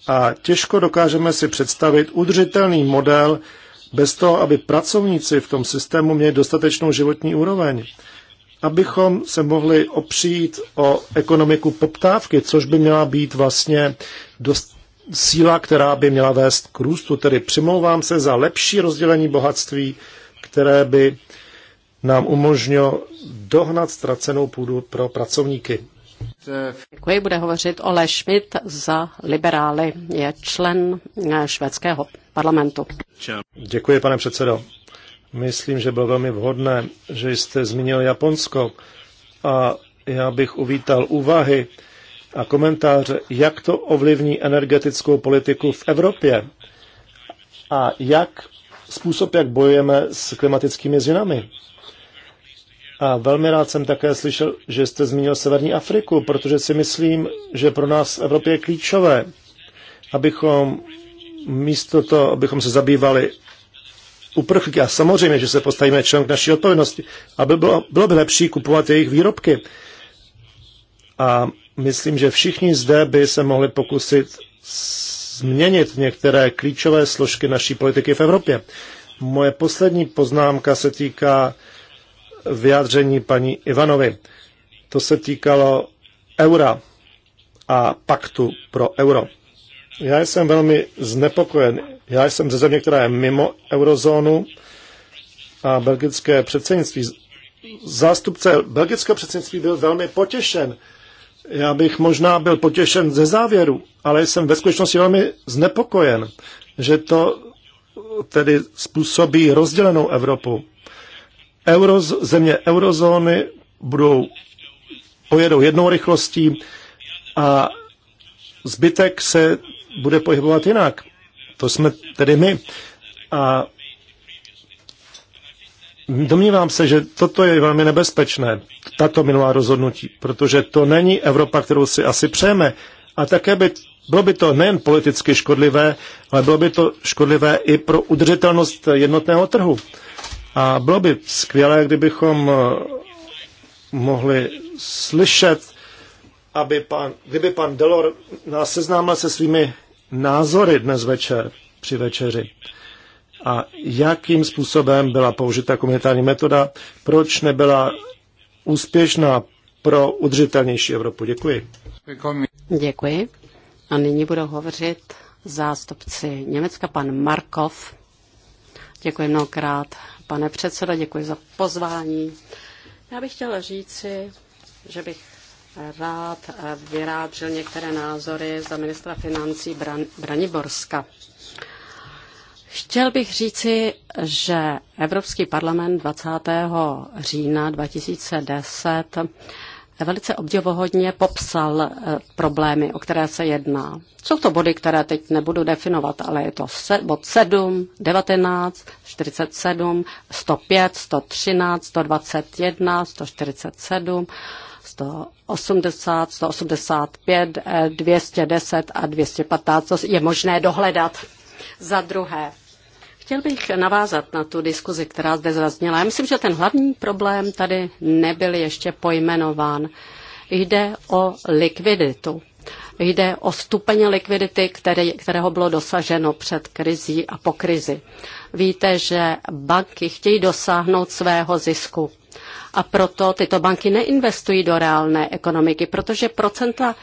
A těžko dokážeme si představit udržitelný model bez toho, aby pracovníci v tom systému měli dostatečnou životní úroveň. Abychom se mohli opřít o ekonomiku poptávky, což by měla být vlastně dost síla, která by měla vést k růstu. Tedy přimlouvám se za lepší rozdělení bohatství, které by nám umožnil dohnat ztracenou půdu pro pracovníky. Děkuji, bude hovořit Ole Schmidt za liberály, je člen eh, švédského parlamentu. Děkuji, pane předsedo. Myslím, že bylo velmi vhodné, že jste zmínil Japonsko a já bych uvítal úvahy a komentáře, jak to ovlivní energetickou politiku v Evropě a jak způsob, jak bojujeme s klimatickými změnami. A velmi rád jsem také slyšel, že jste zmínil Severní Afriku, protože si myslím, že pro nás v Evropě je klíčové, abychom místo toho, abychom se zabývali uprchlíky, a samozřejmě, že se postavíme člen k naší odpovědnosti, aby bylo, bylo by lepší kupovat jejich výrobky. A myslím, že všichni zde by se mohli pokusit změnit některé klíčové složky naší politiky v Evropě. Moje poslední poznámka se týká vyjádření paní Ivanovi. To se týkalo eura a paktu pro euro. Já jsem velmi znepokojen. Já jsem ze země, která je mimo eurozónu a belgické předsednictví. Zástupce belgického předsednictví byl velmi potěšen. Já bych možná byl potěšen ze závěru, ale jsem ve skutečnosti velmi znepokojen, že to tedy způsobí rozdělenou Evropu euro, země eurozóny budou pojedou jednou rychlostí a zbytek se bude pohybovat jinak. To jsme tedy my. A domnívám se, že toto je velmi nebezpečné, tato minulá rozhodnutí, protože to není Evropa, kterou si asi přejeme. A také by bylo by to nejen politicky škodlivé, ale bylo by to škodlivé i pro udržitelnost jednotného trhu. A bylo by skvělé, kdybychom eh, mohli slyšet, aby pan, kdyby pan Delor nás seznámil se svými názory dnes večer při večeři. A jakým způsobem byla použita komunitární metoda, proč nebyla úspěšná pro udržitelnější Evropu. Děkuji. Děkuji. A nyní budou hovořit zástupci Německa, pan Markov. Děkuji mnohokrát, pane předsedo, děkuji za pozvání. Já bych chtěla říci, že bych rád vyrážel některé názory za ministra financí Bran- Braniborska. Chtěl bych říci, že Evropský parlament 20. října 2010 velice obdivohodně popsal eh, problémy, o které se jedná. Jsou to body, které teď nebudu definovat, ale je to bod 7, 19, 47, 105, 113, 121, 147, 180, 185, 210 a 215. To je možné dohledat. Za druhé, Chtěl bych navázat na tu diskuzi, která zde zazněla. Já myslím, že ten hlavní problém tady nebyl ještě pojmenován. Jde o likviditu. Jde o stupeň likvidity, který, kterého bylo dosaženo před krizí a po krizi. Víte, že banky chtějí dosáhnout svého zisku a proto tyto banky neinvestují do reálné ekonomiky, protože procenta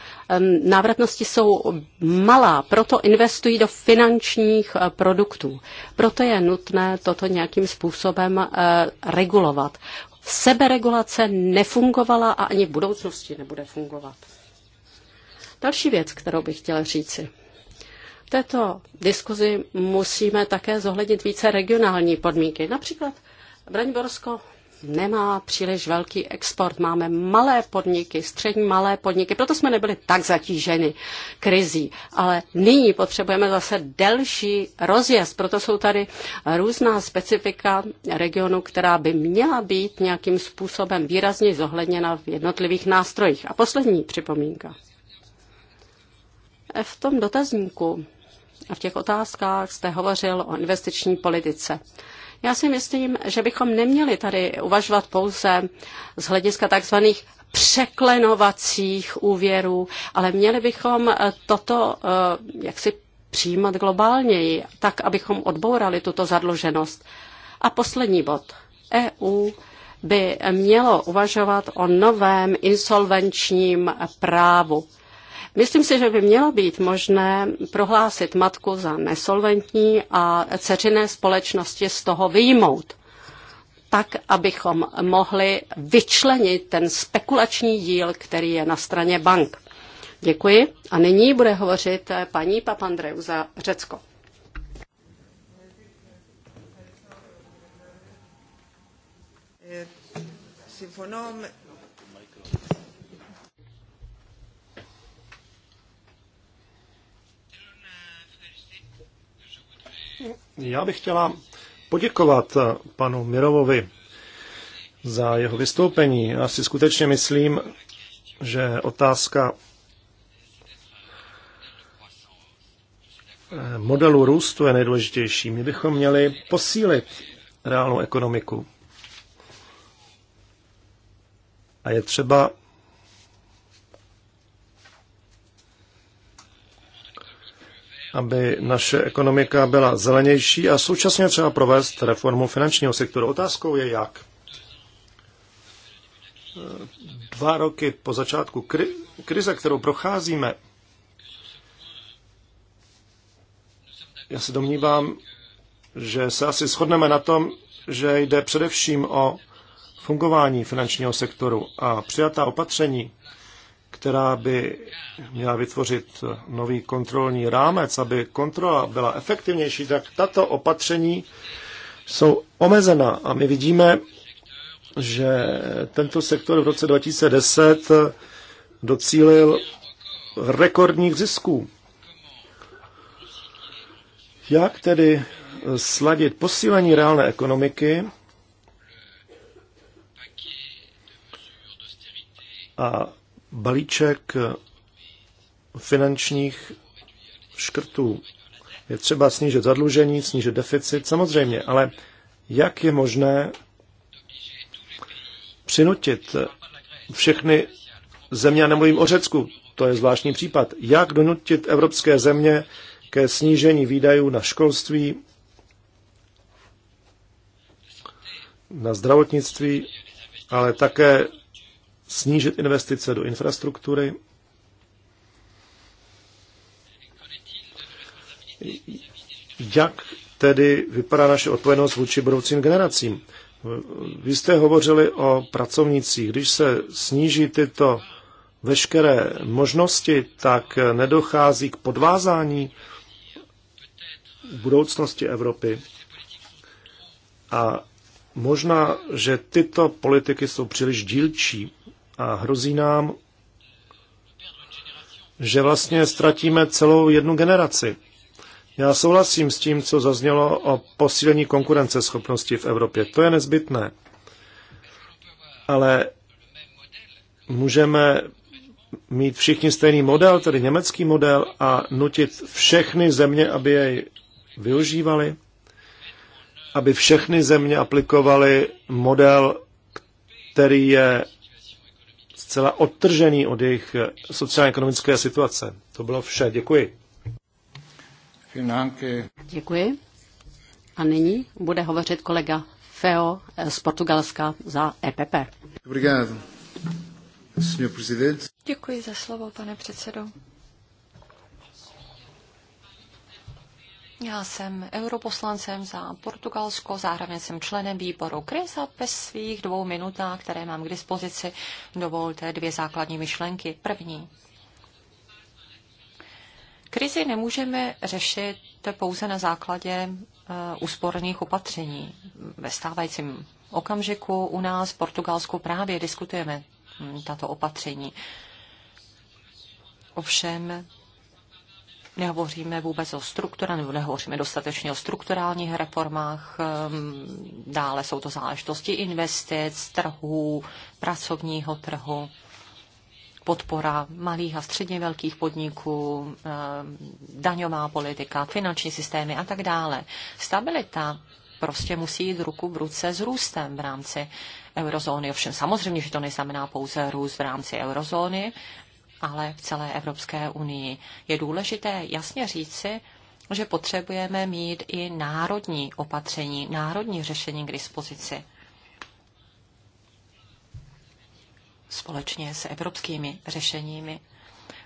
návratnosti jsou malá, proto investují do finančních eh, produktů. Proto je nutné toto nějakým způsobem eh, regulovat. Seberegulace nefungovala a ani v budoucnosti nebude fungovat. Další věc, kterou bych chtěla říci této diskuzi musíme také zohlednit více regionální podmínky. Například Braňborsko nemá příliš velký export. Máme malé podniky, střední malé podniky, proto jsme nebyli tak zatíženi krizí. Ale nyní potřebujeme zase delší rozjezd, proto jsou tady různá specifika regionu, která by měla být nějakým způsobem výrazně zohledněna v jednotlivých nástrojích. A poslední připomínka. V tom dotazníku a v těch otázkách jste hovořil o investiční politice. Já si myslím, že bychom neměli tady uvažovat pouze z hlediska takzvaných překlenovacích úvěrů, ale měli bychom eh, toto eh, jaksi přijímat globálněji, tak, abychom odbourali tuto zadluženost. A poslední bod. EU by mělo uvažovat o novém insolvenčním právu. Myslím si, že by mělo být možné prohlásit matku za nesolventní a ceřiné společnosti z toho vyjmout tak, abychom mohli vyčlenit ten spekulační díl, který je na straně bank. Děkuji. A nyní bude hovořit paní Papandreou za Řecko. Eh, Já bych chtěla poděkovat panu Mirovovi za jeho vystoupení. Já si skutečně myslím, že otázka eh, modelu růstu je nejdůležitější. My bychom měli posílit reálnou ekonomiku. A je třeba aby naše ekonomika byla zelenější a současně třeba provést reformu finančního sektoru. Otázkou je jak. Dva roky po začátku kri- krize, kterou procházíme, já se domnívám, že se asi shodneme na tom, že jde především o fungování finančního sektoru a přijatá opatření která by měla vytvořit nový kontrolní rámec, aby kontrola byla efektivnější, tak tato opatření jsou omezena. A my vidíme, že tento sektor v roce 2010 docílil rekordních zisků. Jak tedy sladit posílení reálné ekonomiky a balíček finančních škrtů. Je třeba snížit zadlužení, snížit deficit, samozřejmě, ale jak je možné přinutit všechny země, a nemluvím o Řecku, to je zvláštní případ, jak donutit evropské země ke snížení výdajů na školství, na zdravotnictví, ale také snížit investice do infrastruktury. Jak tedy vypadá naše odpovědnost vůči budoucím generacím? Vy jste hovořili o pracovnicích. Když se sníží tyto veškeré možnosti, tak nedochází k podvázání budoucnosti Evropy. A možná, že tyto politiky jsou příliš dílčí a hrozí nám, že vlastně ztratíme celou jednu generaci. Já souhlasím s tím, co zaznělo o posílení konkurenceschopnosti v Evropě. To je nezbytné. Ale můžeme mít všichni stejný model, tedy německý model, a nutit všechny země, aby jej využívali, aby všechny země aplikovaly model, který je zcela odtržený od jejich eh, sociálně-ekonomické situace. To bylo vše. Děkuji. Děkuji. A nyní bude hovořit kolega Feo eh, z Portugalska za EPP. Děkuji za slovo, pane předsedo. Já jsem europoslancem za Portugalsko, zároveň jsem členem výboru KRIS a ve svých dvou minutách, které mám k dispozici, dovolte dvě základní myšlenky. První. Krizi nemůžeme řešit pouze na základě eh, úsporných opatření. Ve stávajícím okamžiku u nás v Portugalsku právě diskutujeme hm, tato opatření. Ovšem, Nehovoříme vůbec o strukturách, nebo nehovoříme dostatečně o strukturálních reformách. Ehm, dále jsou to záležitosti investic, trhů, pracovního trhu, podpora malých a středně velkých podniků, ehm, daňová politika, finanční systémy a tak dále. Stabilita prostě musí jít ruku v ruce s růstem v rámci eurozóny. Ovšem samozřejmě, že to neznamená pouze růst v rámci eurozóny, ale v celé Evropské unii. Je důležité jasně říci, že potřebujeme mít i národní opatření, národní řešení k dispozici. Společně s evropskými řešeními.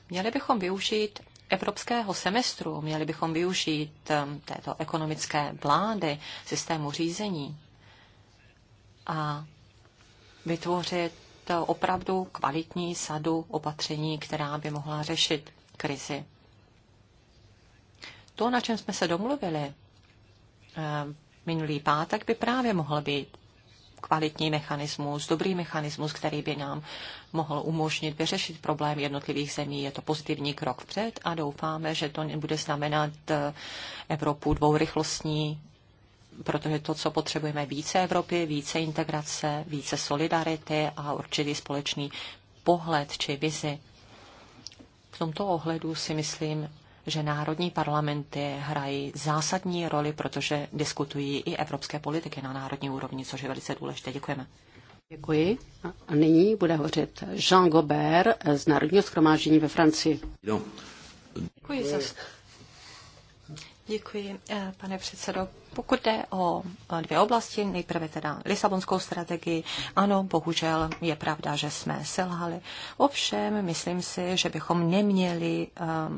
Měli bychom využít evropského semestru, měli bychom využít um, této ekonomické vlády, systému řízení a vytvořit opravdu kvalitní sadu opatření, která by mohla řešit krizi. To, na čem jsme se domluvili eh, minulý pátek, by právě mohl být kvalitní mechanismus, dobrý mechanismus, který by nám mohl umožnit vyřešit problém jednotlivých zemí. Je to pozitivní krok vpřed a doufáme, že to nebude znamenat eh, Evropu dvourychlostní, protože to, co potřebujeme více Evropy, více integrace, více solidarity a určitý společný pohled či vizi. V tomto ohledu si myslím, že národní parlamenty hrají zásadní roli, protože diskutují i evropské politiky na národní úrovni, což je velice důležité. Děkujeme. Děkuji. A nyní bude hovořit Jean Gobert z Národního schromáždění ve Francii. No. Děkuji za Děkuji, eh, pane předsedo. Pokud jde o eh, dvě oblasti, nejprve teda Lisabonskou strategii, ano, bohužel je pravda, že jsme selhali. Ovšem, myslím si, že bychom neměli,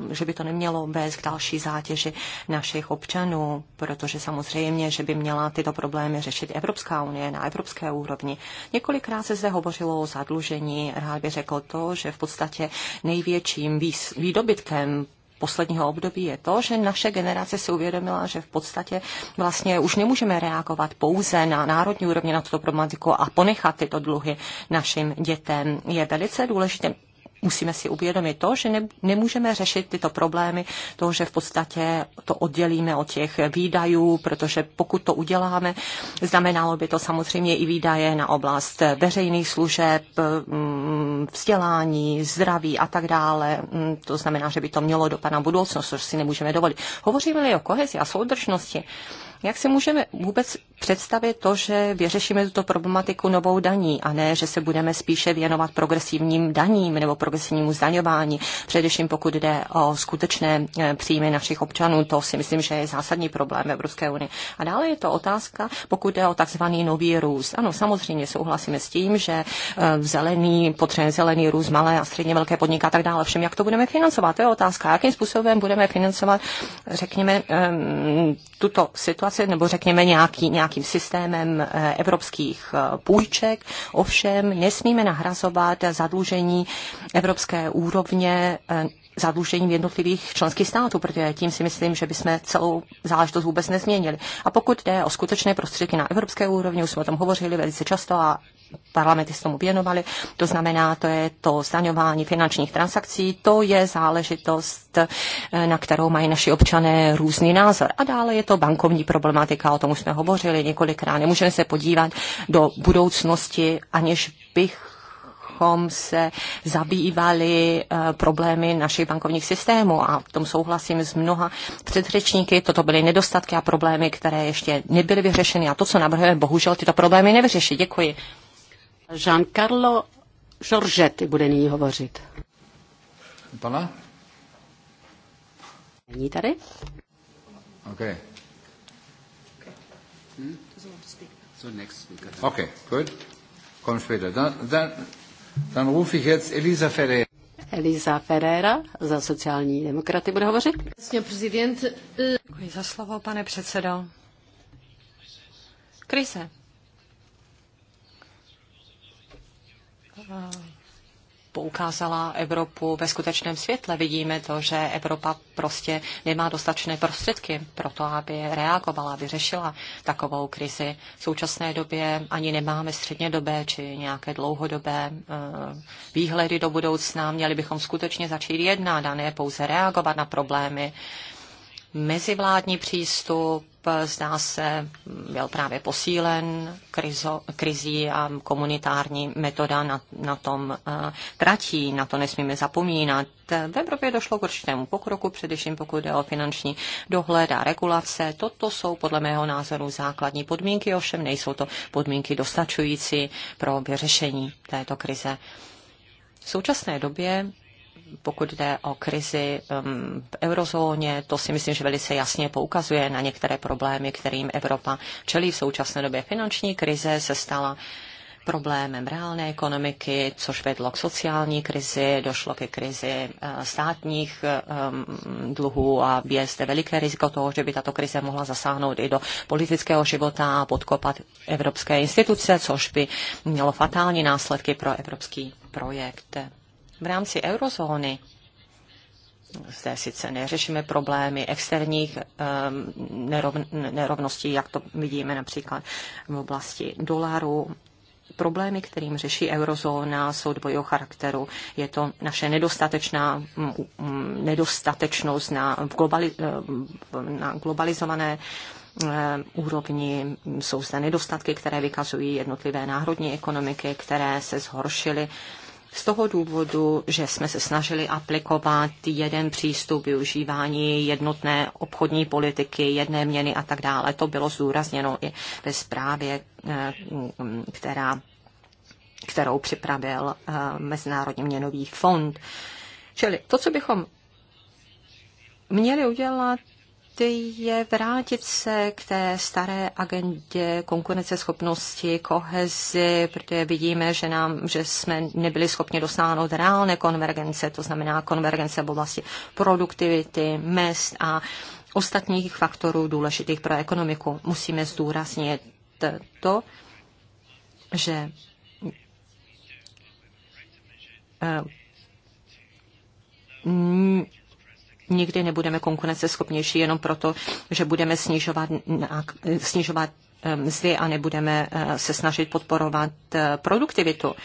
eh, že by to nemělo vést k další zátěži našich občanů, protože samozřejmě, že by měla tyto problémy řešit Evropská unie na evropské úrovni. Několikrát se zde hovořilo o zadlužení. Rád bych řekl to, že v podstatě největším výdobytkem posledního období je to, že naše generace si uvědomila, že v podstatě vlastně už nemůžeme reagovat pouze na národní úrovni na tuto problematiku a ponechat tyto dluhy našim dětem. Je velice důležité musíme si uvědomit to, že ne, nemůžeme řešit tyto problémy, to, že v podstatě to oddělíme od těch výdajů, protože pokud to uděláme, znamenalo by to samozřejmě i výdaje na oblast veřejných služeb, mm, vzdělání, zdraví a tak dále. Mm, to znamená, že by to mělo dopad na budoucnost, což si nemůžeme dovolit. Hovoříme-li o kohezi a soudržnosti, jak si můžeme vůbec představit to, že vyřešíme tuto problematiku novou daní a ne, že se budeme spíše věnovat progresivním daním nebo progresivnímu zdaňování, především pokud jde o skutečné e, příjmy našich občanů. To si myslím, že je zásadní problém Evropské unie. A dále je to otázka, pokud jde o takzvaný nový růst. Ano, samozřejmě souhlasíme s tím, že e, zelený, potřebujeme zelený růst, malé a středně velké podniky a tak dále. Všem, jak to budeme financovat? To je otázka, jakým způsobem budeme financovat, řekněme, e, tuto situaci regulace nebo řekněme nějaký, nějakým systémem eh, evropských eh, půjček. Ovšem nesmíme nahrazovat zadlužení evropské úrovně eh, zadlužením jednotlivých členských států, protože tím si myslím, že bychom celou záležitost vůbec nezměnili. A pokud jde o skutečné prostředky na evropské úrovni, už jsme o tom hovořili velice často a parlamenty se tomu věnovaly, to znamená, to je to zdaňování finančních transakcí, to je záležitost, eh, na kterou mají naši občané různý názor. A dále je to bankovní problematika, o tom už jsme hovořili několikrát. Nemůžeme se podívat do budoucnosti, aniž bych se zabývali eh, problémy našich bankovních systémů a v tom souhlasím s mnoha předřečníky. Toto byly nedostatky a problémy, které ještě nebyly vyřešeny a to, co navrhujeme, bohužel tyto problémy nevyřeší. Děkuji. Carlo Giorgetti bude nyní hovořit. Pana? Není tady? OK. Hmm? So good. Komm später. Dann, dann, dann rufe ich jetzt Elisa Ferreira. Elisa Ferreira za sociální demokraty bude hovořit. Děkuji za slovo, pane předsedo. Krize poukázala Evropu ve skutečném světle. Vidíme to, že Evropa prostě nemá dostatečné prostředky pro to, aby reagovala, aby řešila takovou krizi. V současné době ani nemáme střednědobé či nějaké dlouhodobé eh, výhledy do budoucna. Měli bychom skutečně začít jednat a ne pouze reagovat na problémy mezivládní přístup, zdá se, byl právě posílen krizo, krizí a komunitární metoda na, na tom uh, tratí, na to nesmíme zapomínat. V Evropě došlo k určitému pokroku, především pokud jde o finanční dohled a regulace. Toto jsou podle mého názoru základní podmínky, ovšem nejsou to podmínky dostačující pro vyřešení této krize. V současné době pokud jde o krizi um, v eurozóně, to si myslím, že velice jasně poukazuje na některé problémy, kterým Evropa čelí v současné době. Finanční krize se stala problémem reálné ekonomiky, což vedlo k sociální krizi, došlo ke krizi eh, státních eh, dluhů a je zde veliké riziko toho, že by tato krize mohla zasáhnout i do politického života a podkopat evropské instituce, což by mělo fatální následky pro evropský projekt v rámci eurozóny zde sice neřešíme problémy externích um, ehm, nerovn, nerovností, jak to vidíme například v oblasti dolaru. Problémy, kterým řeší eurozóna, jsou dvojího charakteru. Je to naše nedostatečná um, nedostatečnost na, globali, ehm, na globalizované ehm, úrovni jsou zde nedostatky, které vykazují jednotlivé národní ekonomiky, které se zhoršily z toho důvodu, že jsme se snažili aplikovat jeden přístup využívání jednotné obchodní politiky, jedné měny a tak dále. To bylo zúrazněno i ve zprávě, eh, která, kterou připravil eh, Mezinárodní měnový fond. Čili to, co bychom měli udělat, je vrátit se k té staré agendě konkurenceschopnosti, kohezi, protože vidíme, že, nám, že jsme nebyli schopni dosáhnout reálné konvergence, to znamená konvergence v oblasti produktivity, mest a ostatních faktorů důležitých pro ekonomiku. Musíme zdůraznit to, že eh, nikdy nebudeme konkurenceschopnější jenom proto, že budeme snižovat, snižovat mzdy a nebudeme eh, se snažit podporovat eh, produktivitu.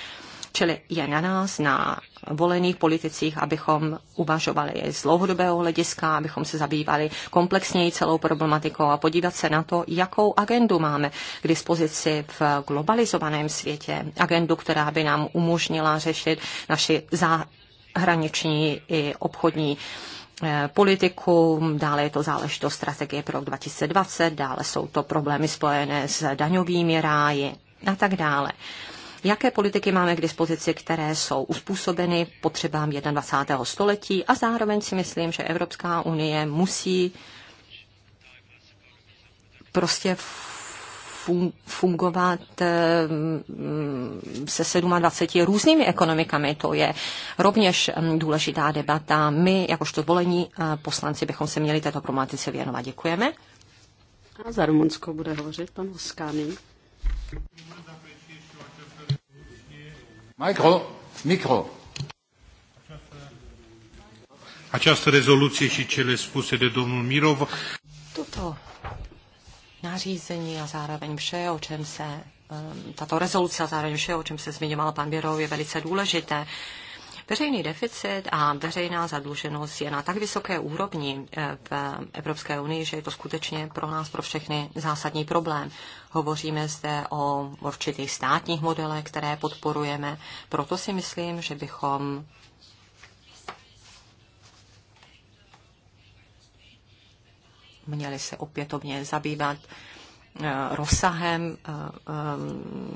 Čili je na nás, na volených politicích, abychom uvažovali z dlouhodobého hlediska, abychom se zabývali komplexněji celou problematikou a podívat se na to, jakou agendu máme k dispozici v globalizovaném světě. Agendu, která by nám umožnila řešit naši zahraniční i obchodní uh, Eh, politiku, dále je to záležitost strategie pro rok 2020, dále jsou to problémy spojené s daňovými ráji a tak dále. Jaké politiky máme k dispozici, které jsou uspůsobeny potřebám 21. století a zároveň si myslím, že Evropská unie musí prostě fungovat eh, se 27 různými ekonomikami. To je rovněž mm, důležitá debata. My, jakožto volení eh, poslanci, bychom se měli této problematice věnovat. Děkujeme. A za Rumunsko bude hovořit pan Voskány. mikro mikro Această rezoluție și cele spuse de domnul Mirov. Tuto nařízení a zároveň vše, o čem se um, tato rezoluce a zároveň vše, o čem se zmiňoval pan Běrov, je velice důležité. Veřejný deficit a veřejná zadluženost je na tak vysoké úrovni eh, v Evropské unii, že je to skutečně pro nás, pro všechny zásadní problém. Hovoříme zde o určitých státních modelech, které podporujeme. Proto si myslím, že bychom měli se opětovně zabývat eh, rozsahem eh,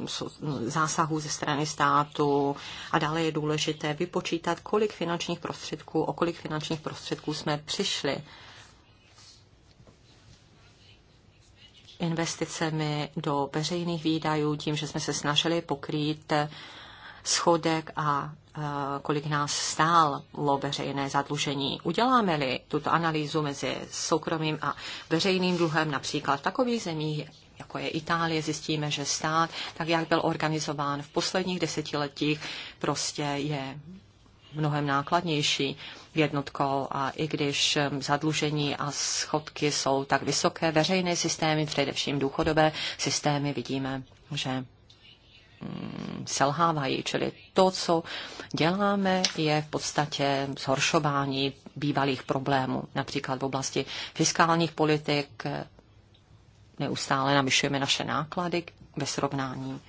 eh, zásahů ze strany státu a dále je důležité vypočítat, kolik finančních prostředků, o kolik finančních prostředků jsme přišli investicemi do veřejných výdajů, tím, že jsme se snažili pokrýt schodek a Eh, kolik nás stálo veřejné zadlužení. Uděláme-li tuto analýzu mezi soukromým a veřejným dluhem, například v takových zemích, jako je Itálie, zjistíme, že stát, tak jak byl organizován v posledních desetiletích, prostě je mnohem nákladnější jednotkou a i když eh, zadlužení a schodky jsou tak vysoké, veřejné systémy, především důchodové systémy, vidíme, že Mm, selhávají. Čili to, co děláme, je v podstatě zhoršování bývalých problémů, například v oblasti fiskálních politik, eh, neustále navyšujeme naše náklady ve srovnání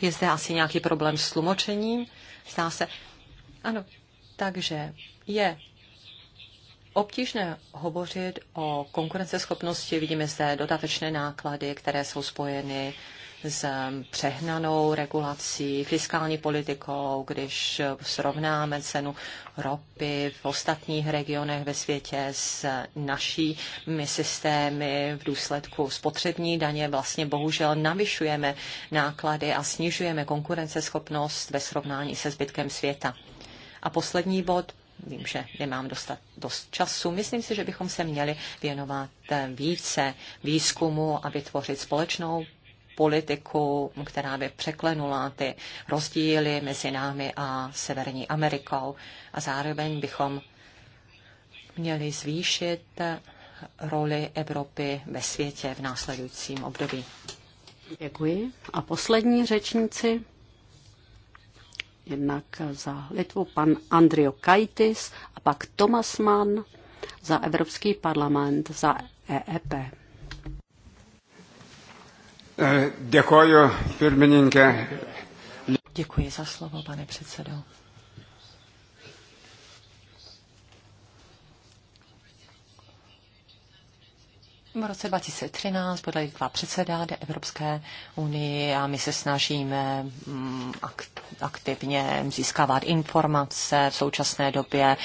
Je zde asi nějaký problém s tlumočením? Zdá se. Ano, takže je obtížné hovořit o konkurenceschopnosti. Vidíme zde dodatečné náklady, které jsou spojeny s přehnanou regulací, fiskální politikou, když srovnáme cenu ropy v ostatních regionech ve světě s našími systémy v důsledku spotřební daně, vlastně bohužel navyšujeme náklady a snižujeme konkurenceschopnost ve srovnání se zbytkem světa. A poslední bod, Vím, že nemám dostat dost času. Myslím si, že bychom se měli věnovat eh, více výzkumu a vytvořit společnou politiku, která by překlenula ty rozdíly mezi námi a Severní Amerikou. A zároveň bychom měli zvýšit eh, roli Evropy ve světě v následujícím období. Děkuji. A poslední řečníci jednak za Litvu pan Andrio Kaitis a pak Thomas Mann za Evropský parlament, za EEP. Eh, děkuji, pirmininke. Děkuji za slovo, pane předsedo. v roce 2013 podle dva předsedá Evropské unii a my se snažíme mm, aktivně získávat informace. V současné době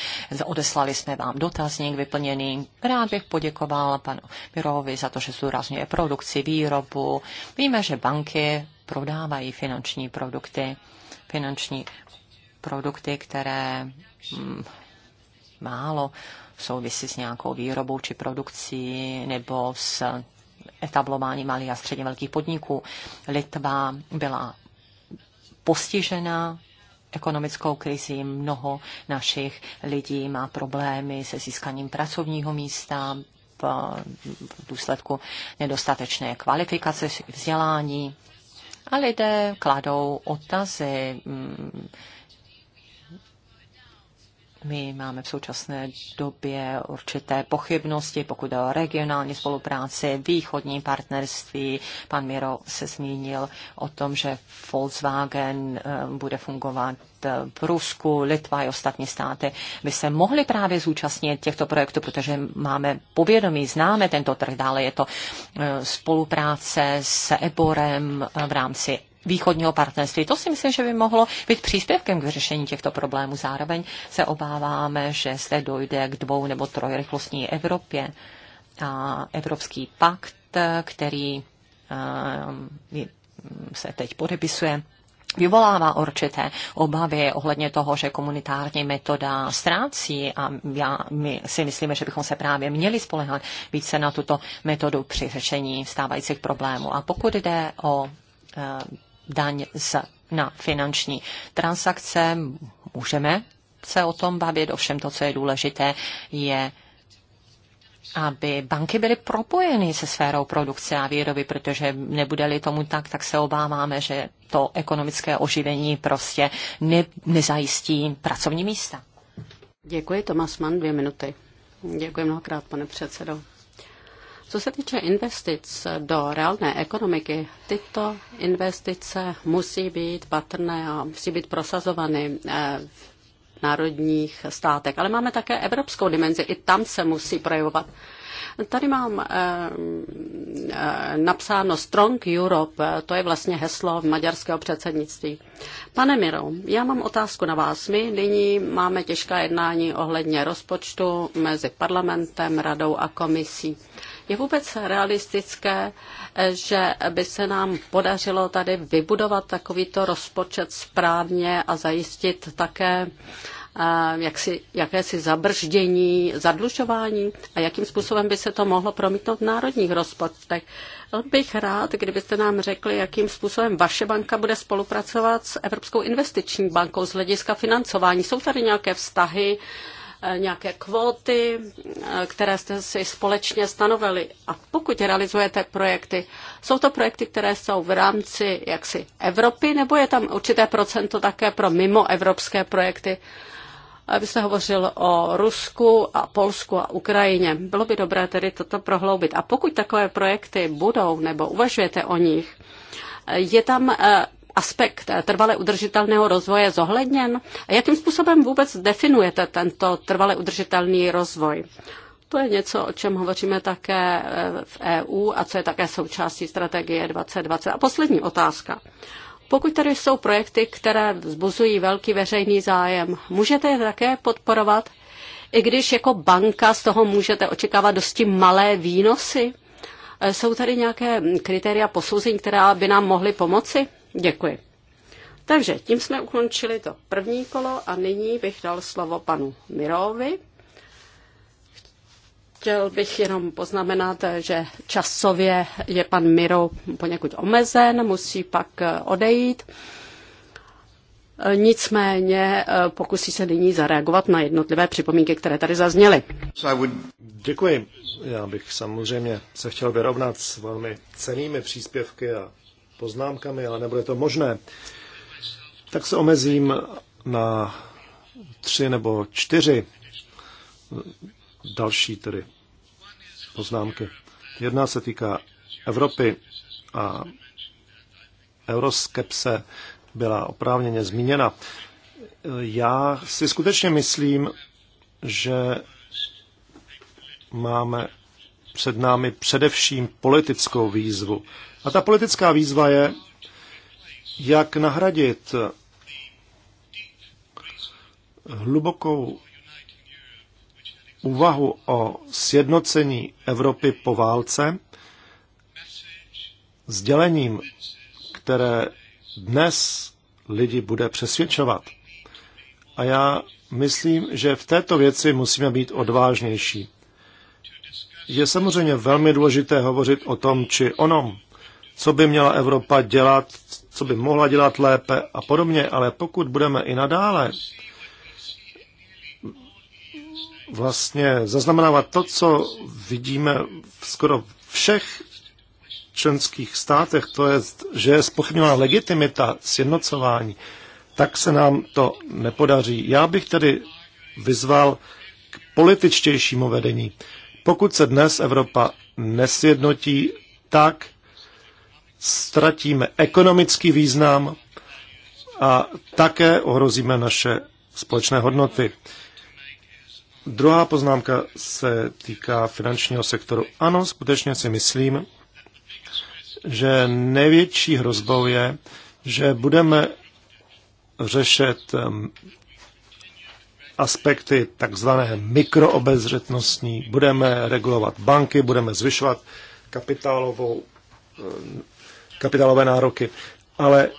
odeslali jsme vám dotazník vyplněný. Rád bych poděkoval panu Mirovi za to, že zdůrazňuje produkci, výrobu. Víme, že banky prodávají finanční produkty, finanční produkty, které mm, málo souvisí s nějakou výrobou či produkcí nebo s etablování malých a středně velkých podniků. Litva byla postižena ekonomickou krizi. Mnoho našich lidí má problémy se získáním pracovního místa v důsledku nedostatečné kvalifikace vzdělání. A lidé kladou otazy, mm, my máme v současné době určité pochybnosti, pokud o regionální spolupráci, východní partnerství. Pan Miro se zmínil o tom, že Volkswagen eh, bude fungovat eh, v Rusku, Litva i ostatní státy by se mohly právě zúčastnit těchto projektů, protože máme povědomí, známe tento trh. Dále je to eh, spolupráce s Eborem v rámci východního partnerství. To si myslím, že by mohlo být příspěvkem k vyřešení těchto problémů. Zároveň se obáváme, že se dojde k dvou nebo trojrychlostní Evropě. A Evropský pakt, který ehm, se teď podepisuje, vyvolává určité obavy ohledně toho, že komunitární metoda ztrácí a já, my si myslíme, že bychom se právě měli spolehat více na tuto metodu při řešení stávajících problémů. A pokud jde o ehm, daň z, na finanční transakce. Můžeme se o tom bavit, ovšem to, co je důležité, je aby banky byly propojeny se sférou produkce a výroby, protože nebude-li tomu tak, tak se obáváme, že to ekonomické oživení prostě ne, nezajistí pracovní místa. Děkuji, Tomas Mann, dvě minuty. Děkuji mnohokrát, pane předsedo. Co se týče investic do reálné ekonomiky, tyto investice musí být patrné a musí být prosazovány eh, v národních státech. Ale máme také evropskou dimenzi, i tam se musí projevovat. Tady mám eh, eh, napsáno Strong Europe, to je vlastně heslo v maďarského předsednictví. Pane Miro, já mám otázku na vás. My nyní máme těžká jednání ohledně rozpočtu mezi parlamentem, radou a komisí. Je vůbec realistické, eh, že by se nám podařilo tady vybudovat takovýto rozpočet správně a zajistit také eh, jaksi, jakési zabrždění, zadlužování a jakým způsobem by se to mohlo promítnout v národních rozpočtech. bych rád, kdybyste nám řekli, jakým způsobem vaše banka bude spolupracovat s Evropskou investiční bankou z hlediska financování. Jsou tady nějaké vztahy, Eh, nějaké kvóty, eh, které jste si společně stanovili. A pokud realizujete projekty, jsou to projekty, které jsou v rámci jaksi Evropy, nebo je tam určité procento také pro mimoevropské projekty? Eh, vy jste hovořil o Rusku a Polsku a Ukrajině. Bylo by dobré tedy toto prohloubit. A pokud takové projekty budou nebo uvažujete o nich, je tam aspekt trvale udržitelného rozvoje zohledněn? A jakým způsobem vůbec definujete tento trvale udržitelný rozvoj? To je něco, o čem hovoříme také eh, v EU a co je také součástí strategie 2020. A poslední otázka. Pokud tady jsou projekty, které vzbuzují velký veřejný zájem, můžete je také podporovat, i když jako banka z toho můžete očekávat dosti malé výnosy? Eh, jsou tady nějaké kritéria posouzení, která by nám mohly pomoci? Děkuji. Takže tím jsme ukončili to první kolo a nyní bych dal slovo panu Mirovi. Chtěl bych jenom poznamenat, že časově je pan Miro poněkud omezen, musí pak odejít. Nicméně eh, pokusí se nyní zareagovat na jednotlivé připomínky, které tady zazněly. Děkuji. Já bych samozřejmě se chtěl vyrovnat s velmi cenými příspěvky a poznámkami, ale nebude to možné, tak se omezím na tři nebo čtyři další tedy poznámky. Jedna se týká Evropy a euroskepse byla oprávněně zmíněna. Já si skutečně myslím, že máme před námi především politickou výzvu, a ta politická výzva je, jak nahradit hlubokou úvahu o sjednocení Evropy po válce dělením, které dnes lidi bude přesvědčovat. A já myslím, že v této věci musíme být odvážnější. Je samozřejmě velmi důležité hovořit o tom či onom, co by měla Evropa dělat, co by mohla dělat lépe a podobně, ale pokud budeme i nadále vlastně zaznamenávat to, co vidíme v skoro všech členských státech, to je, že je spochybněna legitimita sjednocování, tak se nám to nepodaří. Já bych tedy vyzval k političtějšímu vedení. Pokud se dnes Evropa nesjednotí, tak ztratíme ekonomický význam a také ohrozíme naše společné hodnoty. Druhá poznámka se týká finančního sektoru. Ano, skutečně si myslím, že největší hrozbou je, že budeme řešit um, aspekty takzvané mikroobezřetnostní, budeme regulovat banky, budeme zvyšovat kapitálovou um, kapitálové nároky. Ale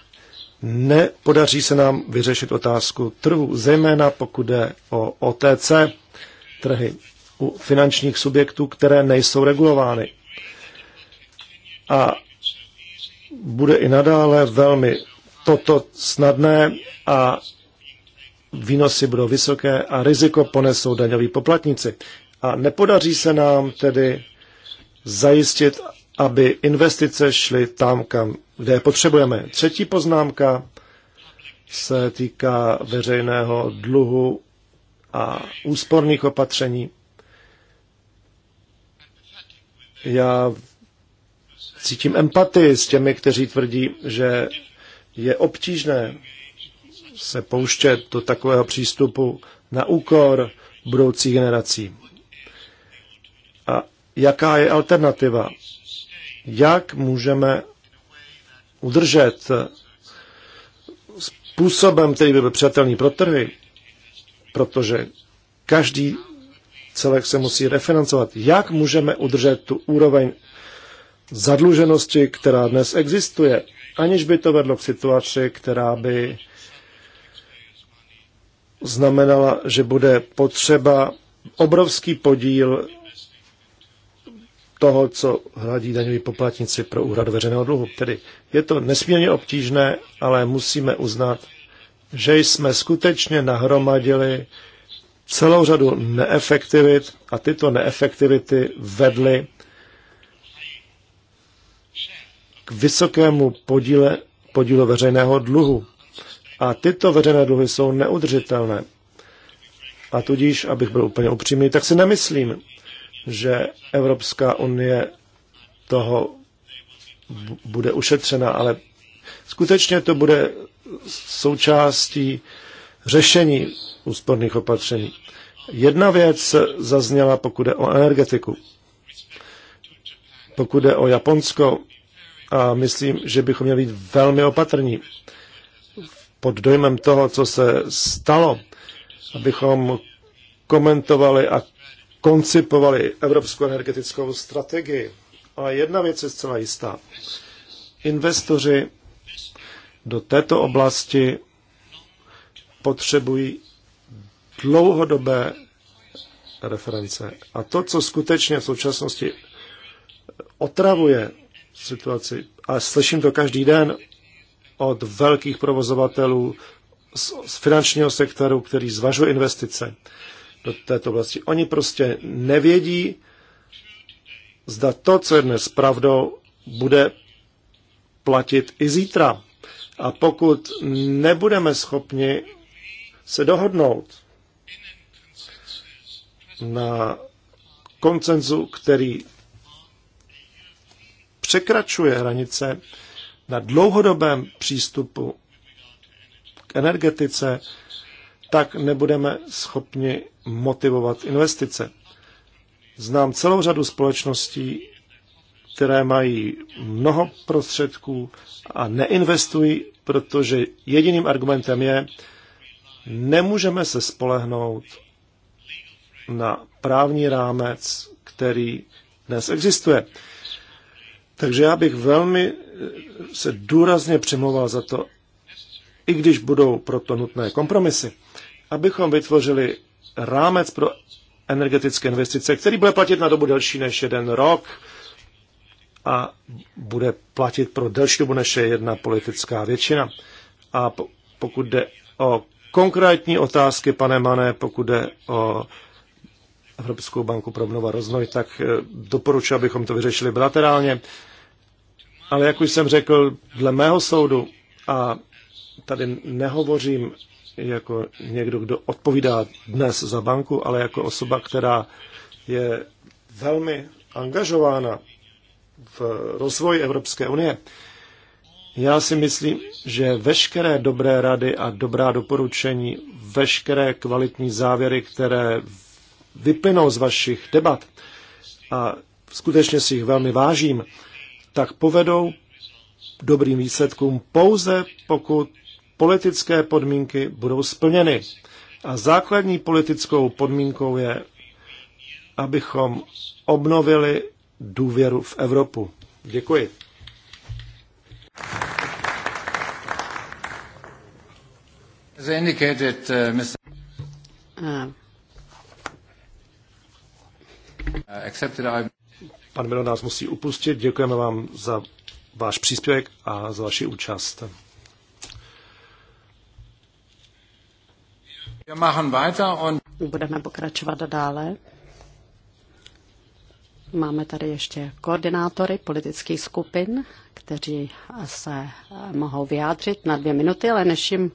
nepodaří se nám vyřešit otázku trhu, zejména pokud jde o OTC trhy u finančních subjektů, které nejsou regulovány. A bude i nadále velmi toto snadné a výnosy budou vysoké a riziko ponesou daňoví poplatníci. A nepodaří se nám tedy zajistit, aby investice šly tam, kam, kde je potřebujeme. Třetí poznámka se týká veřejného dluhu a úsporných opatření. Já cítím empatii s těmi, kteří tvrdí, že je obtížné se pouštět do takového přístupu na úkor budoucích generací. A jaká je alternativa? jak můžeme udržet způsobem, který by byl přijatelný pro trhy, protože každý celek se musí refinancovat. Jak můžeme udržet tu úroveň zadluženosti, která dnes existuje, aniž by to vedlo k situaci, která by znamenala, že bude potřeba obrovský podíl toho, co hradí daňoví poplatníci pro úhradu veřejného dluhu. Tedy je to nesmírně obtížné, ale musíme uznat, že jsme skutečně nahromadili celou řadu neefektivit a tyto neefektivity vedly k vysokému podíle, podílu veřejného dluhu. A tyto veřejné dluhy jsou neudržitelné. A tudíž, abych byl úplně upřímný, tak si nemyslím, že Evropská unie toho bude ušetřena, ale skutečně to bude součástí řešení úsporných opatření. Jedna věc zazněla, pokud je o energetiku. Pokud je o Japonsko, a myslím, že bychom měli být velmi opatrní pod dojmem toho, co se stalo, abychom komentovali a koncipovali evropskou energetickou strategii. A jedna věc je zcela jistá. Investoři do této oblasti potřebují dlouhodobé reference. A to, co skutečně v současnosti otravuje situaci, a slyším to každý den od velkých provozovatelů z, finančního sektoru, který zvažuje investice, do této oblasti. Oni prostě nevědí, zda to, co je dnes pravdou, bude platit i zítra. A pokud nebudeme schopni se dohodnout na koncenzu, který překračuje hranice na dlouhodobém přístupu k energetice tak nebudeme schopni motivovat investice. Znám celou řadu společností, které mají mnoho prostředků a neinvestují, protože jediným argumentem je, nemůžeme se spolehnout na právní rámec, který dnes existuje. Takže já bych velmi eh, se důrazně přimlouval za to, i když budou proto nutné kompromisy, abychom vytvořili rámec pro energetické investice, který bude platit na dobu delší než jeden rok a bude platit pro delší dobu než je jedna politická většina. A pokud jde o konkrétní otázky, pane Mané, pokud jde o Evropskou banku pro obnovu a rozvoj, tak eh, doporučuji, abychom to vyřešili bilaterálně. Ale jak už jsem řekl, dle mého soudu, a tady nehovořím jako někdo, kdo odpovídá dnes za banku, ale jako osoba, která je velmi angažována v rozvoji Evropské unie. Já si myslím, že veškeré dobré rady a dobrá doporučení, veškeré kvalitní závěry, které vyplynou z vašich debat, a skutečně si jich velmi vážím, tak povedou dobrým výsledkům pouze pokud politické podmínky budou splněny. A základní politickou podmínkou je, abychom obnovili důvěru v Evropu. Děkuji. Uh, uh, Pan Milo nás musí upustit. Děkujeme vám za váš příspěvek a za vaši účast. Budeme pokračovat dále. Máme tady ještě koordinátory politických skupin, kteří se eh, mohou vyjádřit na dvě minuty, ale než jim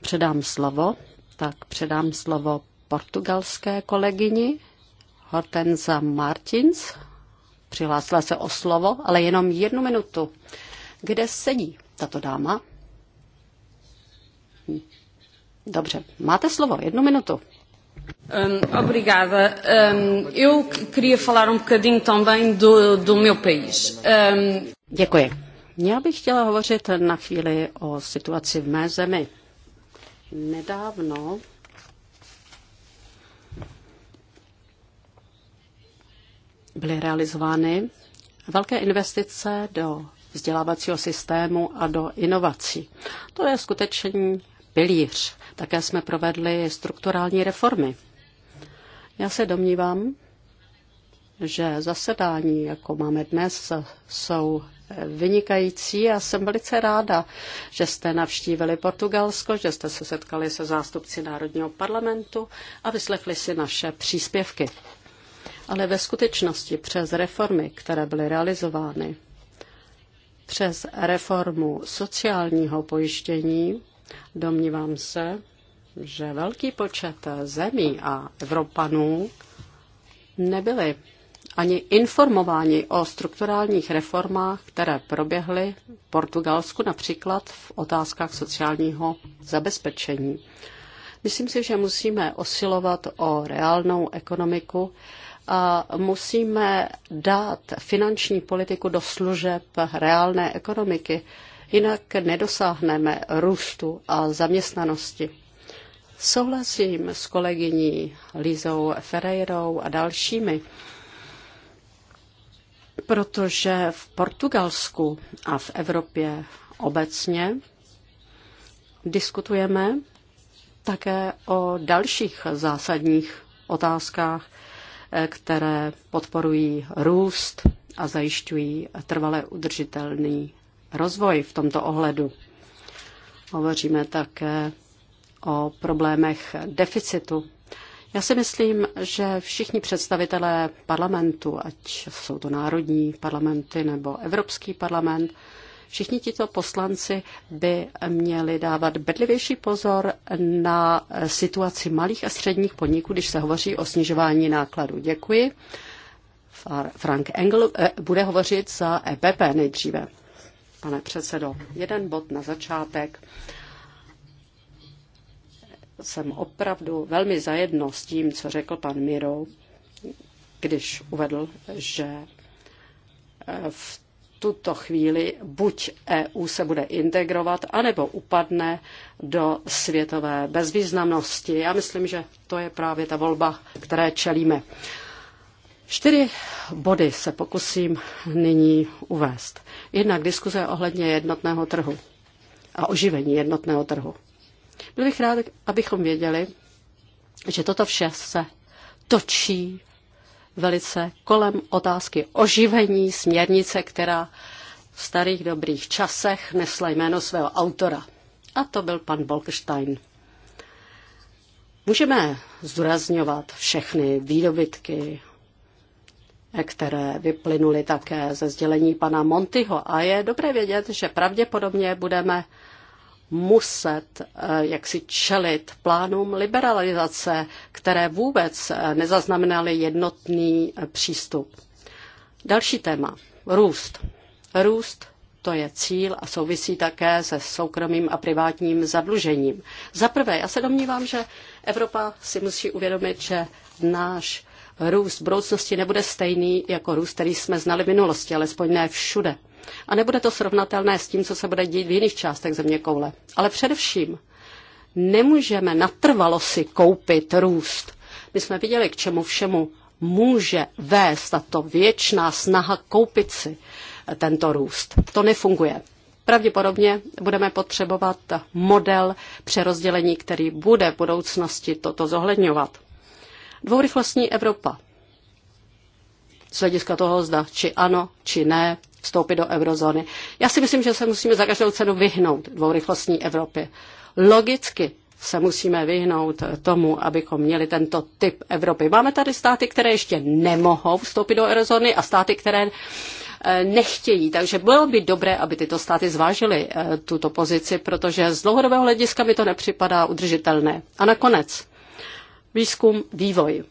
předám slovo, tak předám slovo portugalské kolegyni Hortenza Martins. Přihlásila se o slovo, ale jenom jednu minutu. Kde sedí tato dáma? Hm. Dobře, máte slovo, jednu minutu. Um, obrigada. Um, eu queria falar um bocadinho também do, do meu país. Um... Děkuji. Já bych chtěla hovořit na chvíli o situaci v mé zemi. Nedávno byly realizovány velké investice do vzdělávacího systému a do inovací. To je skutečný pilíř také jsme provedli strukturální reformy. Já se domnívám, že zasedání, jako máme dnes, jsou vynikající a jsem velice ráda, že jste navštívili Portugalsko, že jste se setkali se zástupci Národního parlamentu a vyslechli si naše příspěvky. Ale ve skutečnosti přes reformy, které byly realizovány, přes reformu sociálního pojištění, Domnívám se, že velký počet zemí a Evropanů nebyli ani informováni o strukturálních reformách, které proběhly v Portugalsku, například v otázkách sociálního zabezpečení. Myslím si, že musíme osilovat o reálnou ekonomiku a musíme dát finanční politiku do služeb reálné ekonomiky, jinak nedosáhneme růstu a zaměstnanosti. Souhlasím s kolegyní Lizou Ferreirou a dalšími, protože v Portugalsku a v Evropě obecně diskutujeme také o dalších zásadních otázkách, eh, které podporují růst a zajišťují trvale udržitelný rozvoj v tomto ohledu. Hovoříme také o problémech deficitu. Já si myslím, že všichni představitelé parlamentu, ať jsou to národní parlamenty nebo Evropský parlament, všichni tito poslanci by měli dávat bedlivější pozor na situaci malých a středních podniků, když se hovoří o snižování nákladů. Děkuji. Frank Engel eh, bude hovořit za EPP nejdříve pane předsedo. Jeden bod na začátek. Jsem opravdu velmi zajedno s tím, co řekl pan Miro, když uvedl, že eh, v tuto chvíli buď EU se bude integrovat, anebo upadne do světové bezvýznamnosti. Já myslím, že to je právě ta volba, které čelíme. Čtyři body se pokusím nyní uvést. Jednak diskuze ohledně jednotného trhu a oživení jednotného trhu. Byl bych rád, abychom věděli, že toto vše se točí velice kolem otázky oživení směrnice, která v starých dobrých časech nesla jméno svého autora. A to byl pan Bolkestein. Můžeme zdůrazňovat všechny výdobytky, které vyplynuly také ze sdělení pana Montyho. A je dobré vědět, že pravděpodobně budeme muset eh, jaksi čelit plánům liberalizace, které vůbec eh, nezaznamenaly jednotný eh, přístup. Další téma. Růst. Růst to je cíl a souvisí také se soukromým a privátním zadlužením. Za prvé, já se domnívám, že Evropa si musí uvědomit, že náš růst budoucnosti nebude stejný jako růst, který jsme znali v minulosti, alespoň ne všude. A nebude to srovnatelné s tím, co se bude dít v jiných částech země koule. Ale především nemůžeme natrvalo si koupit růst. My jsme viděli, k čemu všemu může vést tato věčná snaha koupit si tento růst. To nefunguje. Pravděpodobně budeme potřebovat model přerozdělení, který bude v budoucnosti toto zohledňovat. Dvourychlostní Evropa. Z hlediska toho, zda či ano, či ne, vstoupit do eurozóny. Já si myslím, že se musíme za každou cenu vyhnout dvourychlostní Evropě. Logicky se musíme vyhnout tomu, abychom měli tento typ Evropy. Máme tady státy, které ještě nemohou vstoupit do eurozóny a státy, které eh, nechtějí. Takže bylo by dobré, aby tyto státy zvážily eh, tuto pozici, protože z dlouhodobého hlediska mi to nepřipadá udržitelné. A nakonec Výzkum, vývoj.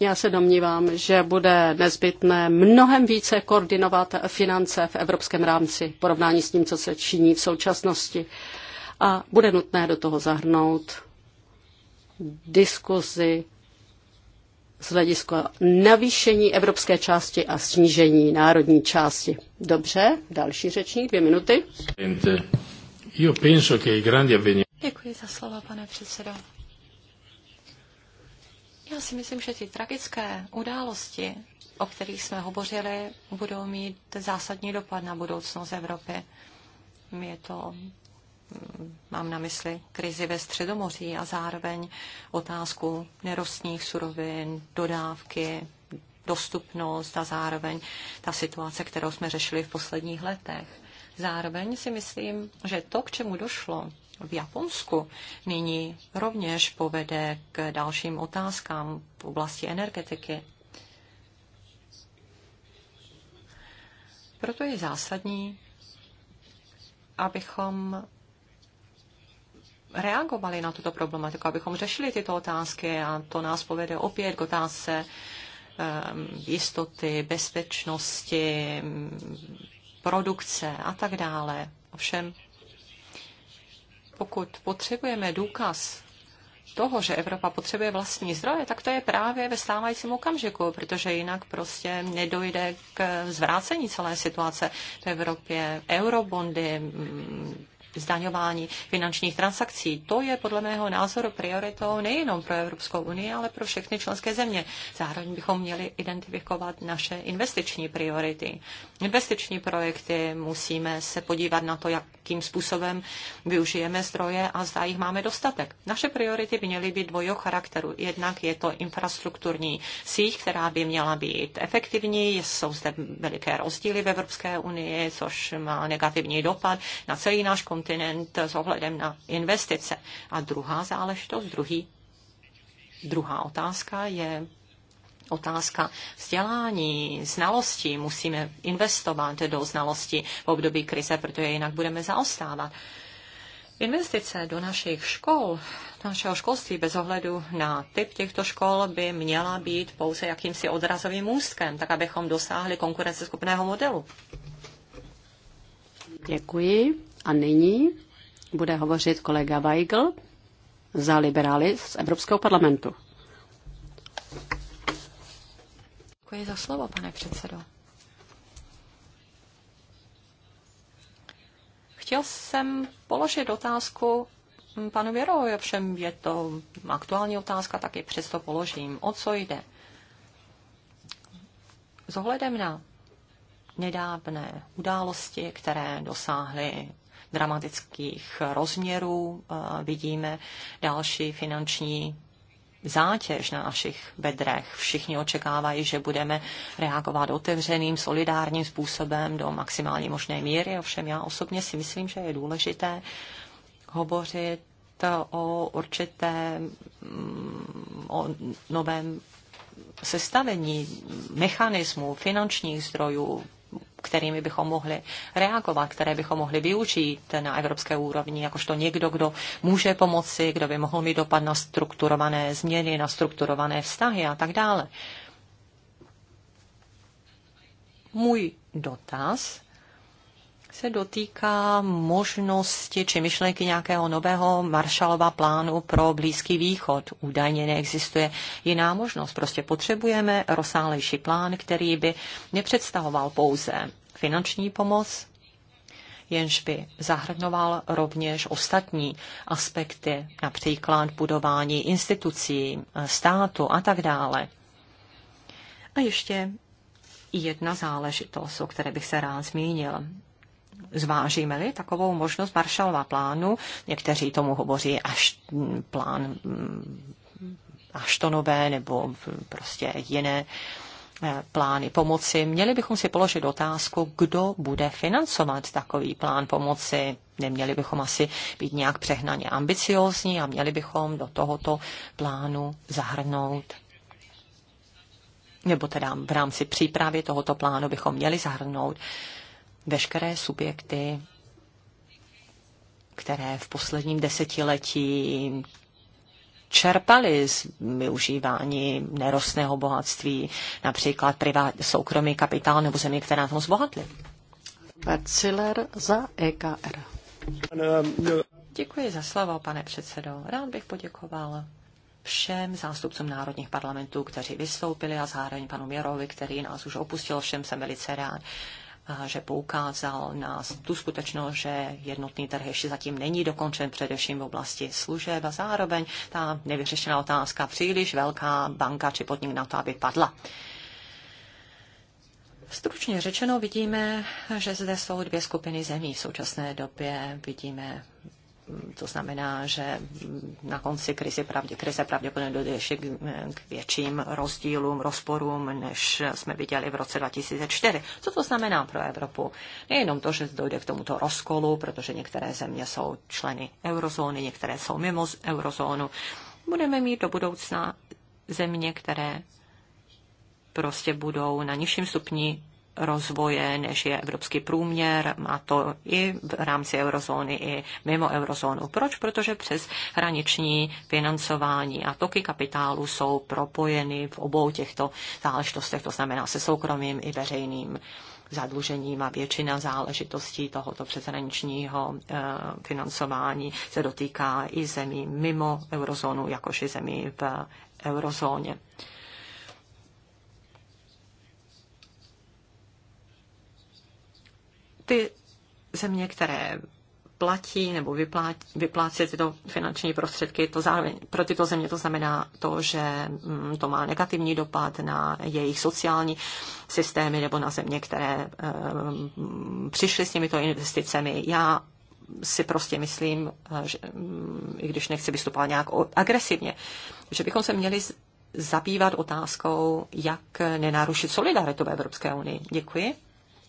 Já se domnívám, že bude nezbytné mnohem více koordinovat finance v evropském rámci v porovnání s tím, co se činí v současnosti. A bude nutné do toho zahrnout diskuzi z hlediska navýšení evropské části a snížení národní části. Dobře, další řečník, dvě minuty. Děkuji za slovo, pane předsedo. Já si myslím, že ty tragické události, o kterých jsme hovořili, budou mít zásadní dopad na budoucnost Evropy. Je to, mm, mám na mysli, krizi ve Středomoří a zároveň otázku nerostních surovin, dodávky, dostupnost a zároveň ta situace, kterou jsme řešili v posledních letech. Zároveň si myslím, že to, k čemu došlo v Japonsku nyní rovněž povede k dalším otázkám v oblasti energetiky. Proto je zásadní, abychom reagovali na tuto problematiku, abychom řešili tyto otázky a to nás povede opět k otázce ehm, jistoty, bezpečnosti, produkce a tak dále. Ovšem, pokud potřebujeme důkaz toho, že Evropa potřebuje vlastní zdroje, tak to je právě ve stávajícím okamžiku, protože jinak prostě nedojde k zvrácení celé situace v Evropě. Eurobondy, mm, zdaňování finančních transakcí. To je podle mého názoru prioritou nejenom pro Evropskou unii, ale pro všechny členské země. Zároveň bychom měli identifikovat naše investiční priority. Investiční projekty musíme se podívat na to, jakým způsobem využijeme zdroje a zda jich máme dostatek. Naše priority by měly být dvojího charakteru. Jednak je to infrastrukturní síť, která by měla být efektivní. Jsou zde veliké rozdíly v Evropské unii, což má negativní dopad na celý náš kontinent kontinent s ohledem na investice. A druhá záležitost, druhý, druhá otázka je Otázka vzdělání, znalosti. Musíme investovat do znalosti v období krize, protože jinak budeme zaostávat. Investice do našich škol, našeho školství bez ohledu na typ těchto škol by měla být pouze jakýmsi odrazovým ústkem, tak abychom dosáhli konkurenceschopného modelu. Děkuji. A nyní bude hovořit kolega Weigl za liberály z Evropského parlamentu. Děkuji za slovo, pane předsedo. Chtěl jsem položit otázku panu Věrovi, ovšem je to aktuální otázka, tak ji přesto položím. O co jde? Zohledem na nedávné události, které dosáhly dramatických rozměrů. Eh, vidíme další finanční zátěž na našich bedrech. Všichni očekávají, že budeme reagovat otevřeným, solidárním způsobem do maximální možné míry. Ovšem já osobně si myslím, že je důležité hovořit o určité mm, o novém sestavení mechanismů, finančních zdrojů, kterými bychom mohli reagovat, které bychom mohli využít na evropské úrovni, jakožto někdo, kdo může pomoci, kdo by mohl mít dopad na strukturované změny, na strukturované vztahy a tak dále. Můj dotaz se dotýká možnosti či myšlenky nějakého nového Marshallova plánu pro Blízký východ. Údajně neexistuje jiná možnost. Prostě potřebujeme rozsáhlejší plán, který by nepředstavoval pouze finanční pomoc, jenž by zahrnoval rovněž ostatní aspekty, například budování institucí, státu a tak dále. A ještě jedna záležitost, o které bych se rád zmínil. Zvážíme-li takovou možnost Marshallova plánu, někteří tomu hovoří až mm, plán mm, až to nové nebo prostě jiné eh, plány pomoci, měli bychom si položit otázku, kdo bude financovat takový plán pomoci. Neměli bychom asi být nějak přehnaně ambiciózní a měli bychom do tohoto plánu zahrnout nebo teda v rámci přípravy tohoto plánu bychom měli zahrnout veškeré subjekty, které v posledním desetiletí čerpali z využívání nerostného bohatství, například privát, soukromý kapitál nebo země, které na tom zbohatly. Baciller za EKR. Děkuji za slovo, pane předsedo. Rád bych poděkoval všem zástupcům národních parlamentů, kteří vystoupili a zároveň panu Měrovi, který nás už opustil, všem jsem velice rád Eh, že poukázal na tu skutečnost, že jednotný trh ještě zatím není dokončen především v oblasti služeb a zároveň ta nevyřešená otázka příliš velká banka či podnik na to, aby padla. Stručně řečeno vidíme, že zde jsou dvě skupiny zemí v současné době. Vidíme to znamená, že na konci krize, pravdě, krize pravděpodobně dojde ještě k větším rozdílům, rozporům, než jsme viděli v roce 2004. Co to znamená pro Evropu? Nejenom to, že dojde k tomuto rozkolu, protože některé země jsou členy eurozóny, některé jsou mimo eurozónu. Budeme mít do budoucna země, které prostě budou na nižším stupni rozvoje, než je evropský průměr, má to i v rámci eurozóny, i mimo eurozónu. Proč? Protože přes hraniční financování a toky kapitálu jsou propojeny v obou těchto záležitostech, to znamená se soukromým i veřejným zadlužením a většina záležitostí tohoto přeshraničního eh, financování se dotýká i zemí mimo eurozónu, jakož i zemí v eurozóně. ty země, které platí nebo vyplácí, vyplácí tyto finanční prostředky, to zároveň, pro tyto země to znamená to, že mm, to má negativní dopad na jejich sociální systémy nebo na země, které um, přišly s těmito investicemi. Já si prostě myslím, že, mm, i když nechci vystupovat nějak agresivně, že bychom se měli zabývat otázkou, jak nenarušit solidaritu v Evropské unii. Děkuji.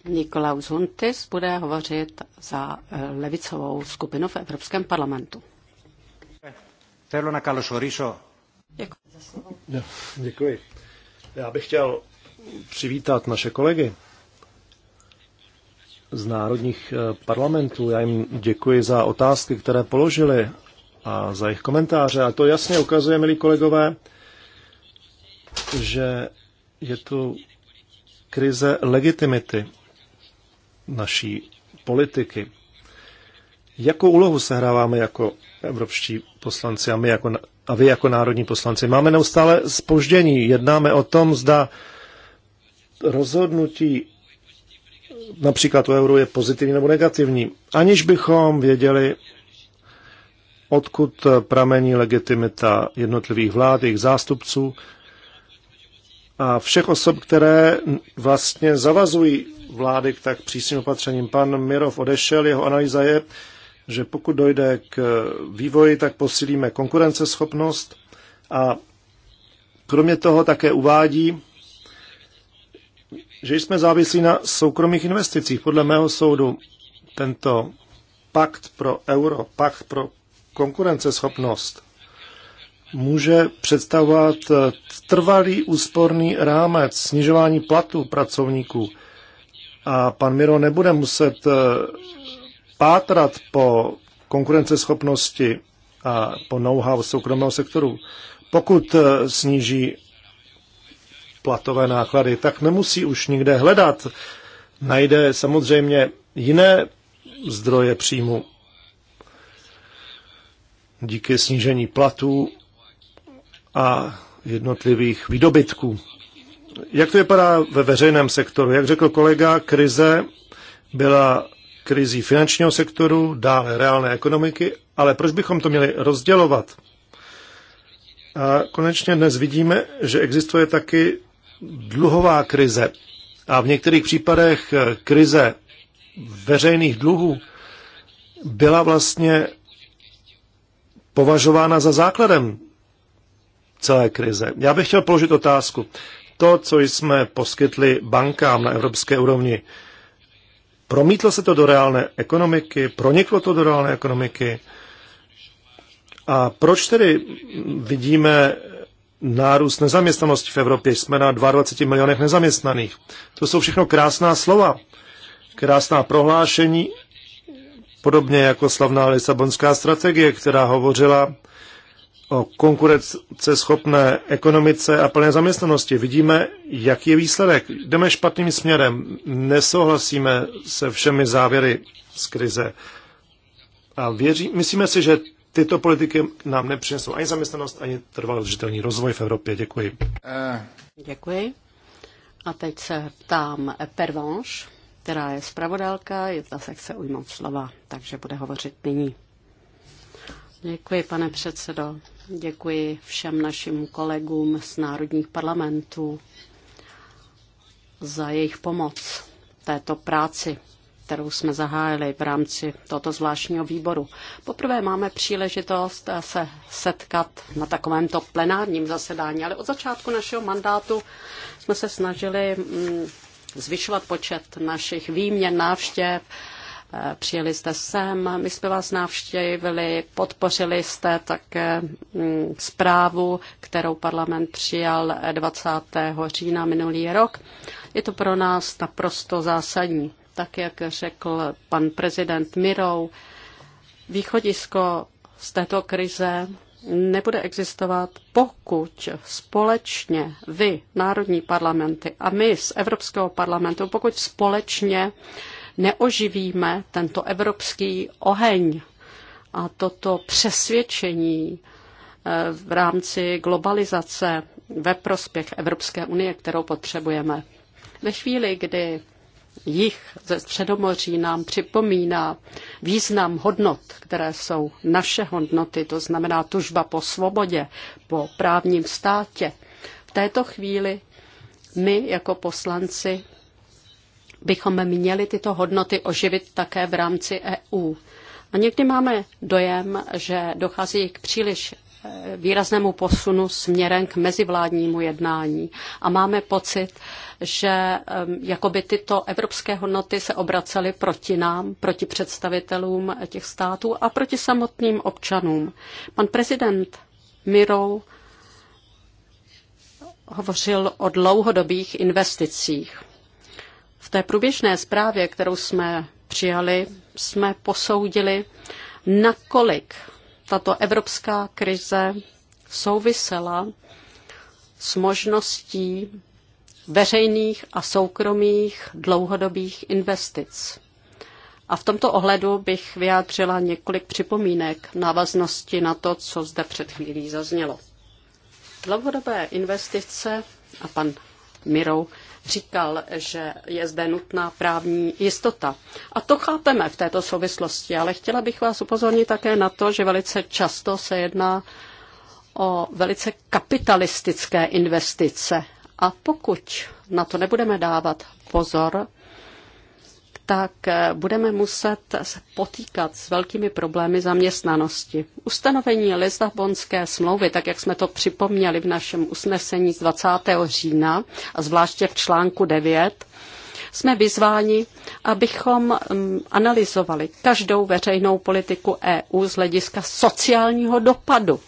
Nikolaus Huntis bude hovořit za eh, levicovou skupinu v Evropském parlamentu. Θέλω να Děkuji Děkuji. Já bych chtěl přivítat naše kolegy z národních eh, parlamentů. Já jim děkuji za otázky, které položili a za jejich komentáře. A to jasně ukazuje, milí kolegové, že je tu krize legitimity naší politiky. Jakou úlohu sehráváme jako evropští poslanci a, my jako, a vy jako národní poslanci? Máme neustále spoždění. Jednáme o tom, zda rozhodnutí například o euru je pozitivní nebo negativní, aniž bychom věděli, odkud pramení legitimita jednotlivých vlád, jejich zástupců a všech osob, které vlastně zavazují vlády k tak přísným opatřením. Pan Mirov odešel, jeho analýza je, že pokud dojde k vývoji, tak posílíme konkurenceschopnost a kromě toho také uvádí, že jsme závislí na soukromých investicích. Podle mého soudu tento pakt pro euro, pakt pro konkurenceschopnost může představovat eh, trvalý úsporný rámec snižování platů pracovníků. A pan Miro nebude muset eh, pátrat po konkurenceschopnosti a po know-how soukromého sektoru. Pokud eh, sníží platové náklady, tak nemusí už nikde hledat. Najde samozřejmě jiné zdroje příjmu díky snížení platů a jednotlivých výdobytků. Jak to vypadá ve veřejném sektoru? Jak řekl kolega, krize byla krizí finančního sektoru, dále reálné ekonomiky, ale proč bychom to měli rozdělovat? A konečně dnes vidíme, že existuje taky dluhová krize a v některých případech krize veřejných dluhů byla vlastně považována za základem celé krize. Já bych chtěl položit otázku. To, co jsme poskytli bankám na evropské úrovni, promítlo se to do reálné ekonomiky, proniklo to do reálné ekonomiky. A proč tedy vidíme nárůst nezaměstnanosti v Evropě? Jsme na 22 milionech nezaměstnaných. To jsou všechno krásná slova, krásná prohlášení, podobně jako slavná Lisabonská strategie, která hovořila o konkurenceschopné ekonomice a plné zaměstnanosti. Vidíme, jaký je výsledek. Jdeme špatným směrem. Nesouhlasíme se všemi závěry z krize. A věří, myslíme si, že tyto politiky nám nepřinesou ani zaměstnanost, ani trvalý udržitelný rozvoj v Evropě. Děkuji. Eh. Děkuji. A teď se ptám Pervanš, která je zpravodálka, je ta se ujmout slova, takže bude hovořit nyní. Děkuji, pane předsedo děkuji všem našim kolegům z národních parlamentů za jejich pomoc této práci, kterou jsme zahájili v rámci tohoto zvláštního výboru. Poprvé máme příležitost se setkat na takovémto plenárním zasedání, ale od začátku našeho mandátu jsme se snažili mm, zvyšovat počet našich výměn návštěv, Eh, přijeli jste sem, my jsme vás navštívili, podpořili jste také mm, zprávu, kterou parlament přijal 20. října minulý rok. Je to pro nás naprosto zásadní. Tak, jak řekl pan prezident Mirou, východisko z této krize nebude existovat, pokud společně vy, národní parlamenty a my z Evropského parlamentu, pokud společně uh, neoživíme tento evropský oheň a toto přesvědčení eh, v rámci globalizace ve prospěch Evropské unie, kterou potřebujeme. Ve chvíli, kdy jich ze Středomoří nám připomíná význam hodnot, které jsou naše hodnoty, to znamená tužba po svobodě, po právním státě. V této chvíli my jako poslanci bychom měli tyto hodnoty oživit také v rámci EU. A někdy máme dojem, že dochází k příliš eh, výraznému posunu směrem k mezivládnímu jednání. A máme pocit, že ehm, jakoby tyto evropské hodnoty se obracely proti nám, proti představitelům těch států a proti samotným občanům. Pan prezident Miro hovořil o dlouhodobých investicích. V té průběžné zprávě, kterou jsme přijali, jsme posoudili, nakolik tato evropská krize souvisela s možností veřejných a soukromých dlouhodobých investic. A v tomto ohledu bych vyjádřila několik připomínek návaznosti na to, co zde před chvílí zaznělo. Dlouhodobé investice, a pan Mirou říkal, že je zde nutná právní jistota. A to chápeme v této souvislosti, ale chtěla bych vás upozornit také na to, že velice často se jedná o velice kapitalistické investice. A pokud na to nebudeme dávat pozor, tak eh, budeme muset potýkat s velkými problémy zaměstnanosti. Ustanovení Lisabonské smlouvy, tak jak jsme to připomněli v našem usnesení z 20. října a zvláště v článku 9, jsme vyzváni, abychom mm, analyzovali každou veřejnou politiku EU z hlediska sociálního dopadu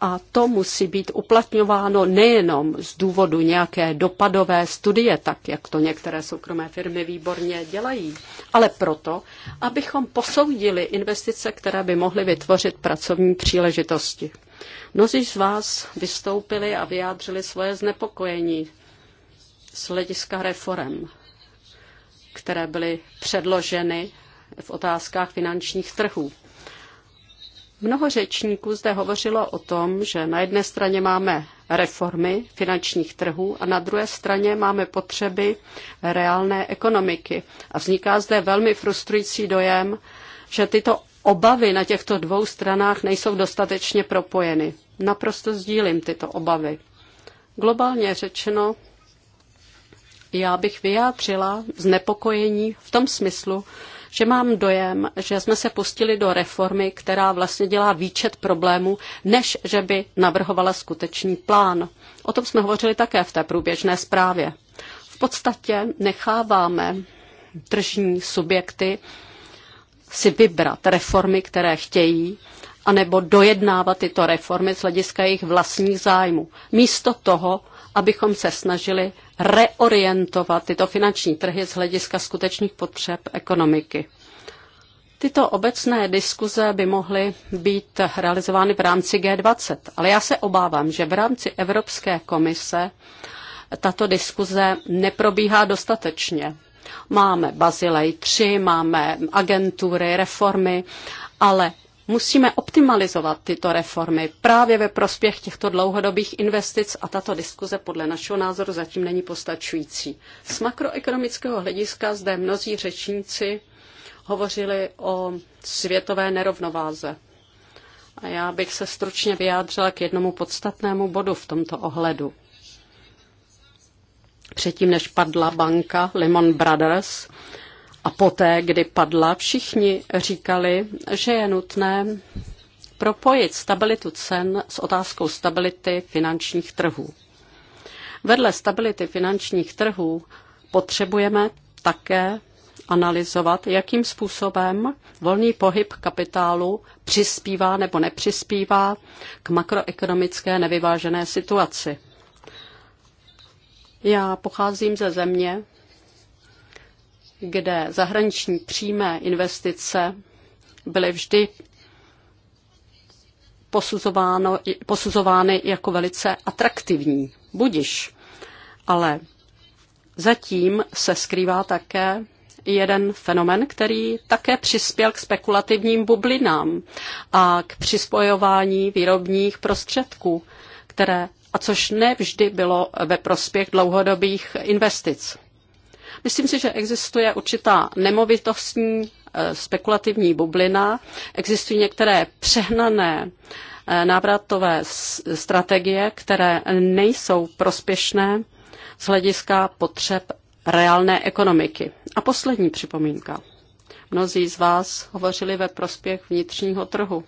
a to musí být uplatňováno nejenom z důvodu nějaké dopadové studie, tak jak to některé soukromé firmy výborně dělají, ale proto, abychom posoudili investice, které by mohly vytvořit pracovní příležitosti. Mnozí z vás vystoupili a vyjádřili svoje znepokojení z hlediska reform, které byly předloženy v otázkách finančních trhů. Mnoho řečníků zde hovořilo o tom, že na jedné straně máme reformy finančních trhů a na druhé straně máme potřeby reálné ekonomiky. A vzniká zde velmi frustrující dojem, že tyto obavy na těchto dvou stranách nejsou dostatečně propojeny. Naprosto sdílím tyto obavy. Globálně řečeno, já bych vyjádřila znepokojení v tom smyslu, že mám dojem, že jsme se pustili do reformy, která vlastně dělá výčet problémů, než že by navrhovala skutečný plán. O tom jsme hovořili také v té průběžné zprávě. V podstatě necháváme tržní subjekty si vybrat reformy, které chtějí, anebo dojednávat tyto reformy z hlediska jejich vlastních zájmů. Místo toho, abychom se snažili reorientovat tyto finanční trhy z hlediska skutečných potřeb ekonomiky. Tyto obecné diskuze by mohly být realizovány v rámci G20, ale já se obávám, že v rámci Evropské komise tato diskuze neprobíhá dostatečně. Máme Bazilej 3, máme agentury, reformy, ale Musíme optimalizovat tyto reformy právě ve prospěch těchto dlouhodobých investic a tato diskuze podle našeho názoru zatím není postačující. Z makroekonomického hlediska zde mnozí řečníci hovořili o světové nerovnováze. A já bych se stručně vyjádřila k jednomu podstatnému bodu v tomto ohledu. Předtím, než padla banka Lehman Brothers, a poté, kdy padla, všichni říkali, že je nutné propojit stabilitu cen s otázkou stability finančních trhů. Vedle stability finančních trhů potřebujeme také analyzovat, jakým způsobem volný pohyb kapitálu přispívá nebo nepřispívá k makroekonomické nevyvážené situaci. Já pocházím ze země, kde zahraniční přímé investice byly vždy posuzováno, posuzovány jako velice atraktivní. Budiš. Ale zatím se skrývá také jeden fenomen, který také přispěl k spekulativním bublinám a k přispojování výrobních prostředků, které, a což nevždy bylo ve prospěch dlouhodobých investic. Myslím si, že existuje určitá nemovitostní eh, spekulativní bublina, existují některé přehnané eh, návratové strategie, které nejsou prospěšné z hlediska potřeb reálné ekonomiky. A poslední připomínka. Mnozí z vás hovořili ve prospěch vnitřního trhu.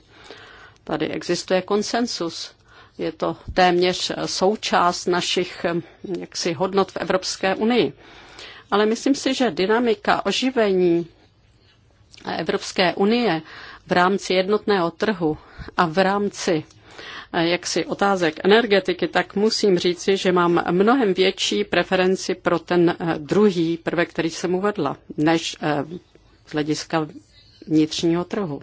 Tady existuje konsensus. Je to téměř eh, součást našich jaksi, hodnot v Evropské unii ale myslím si, že dynamika oživení Evropské unie v rámci jednotného trhu a v rámci eh, jaksi otázek energetiky, tak musím říci, že mám mnohem větší preferenci pro ten eh, druhý prvek, který jsem uvedla, než eh, z hlediska vnitřního trhu.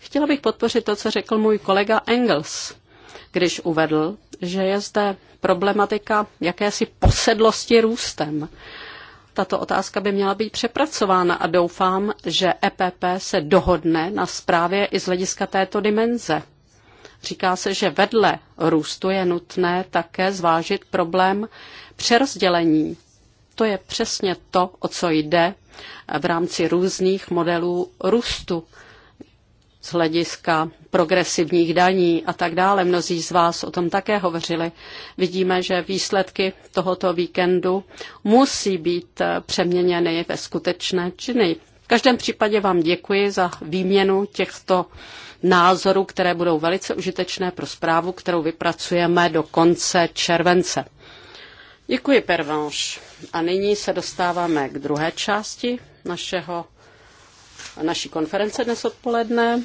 Chtěla bych podpořit to, co řekl můj kolega Engels, když uvedl, že je zde problematika jakési posedlosti růstem. Tato otázka by měla být přepracována a doufám, že EPP se dohodne na zprávě i z hlediska této dimenze. Říká se, že vedle růstu je nutné také zvážit problém přerozdělení. To je přesně to, o co jde v rámci různých modelů růstu z hlediska progresivních daní a tak dále. Mnozí z vás o tom také hovořili. Vidíme, že výsledky tohoto víkendu musí být přeměněny ve skutečné činy. V každém případě vám děkuji za výměnu těchto názorů, které budou velice užitečné pro zprávu, kterou vypracujeme do konce července. Děkuji, Pervanš. A nyní se dostáváme k druhé části našeho naší konference dnes odpoledne.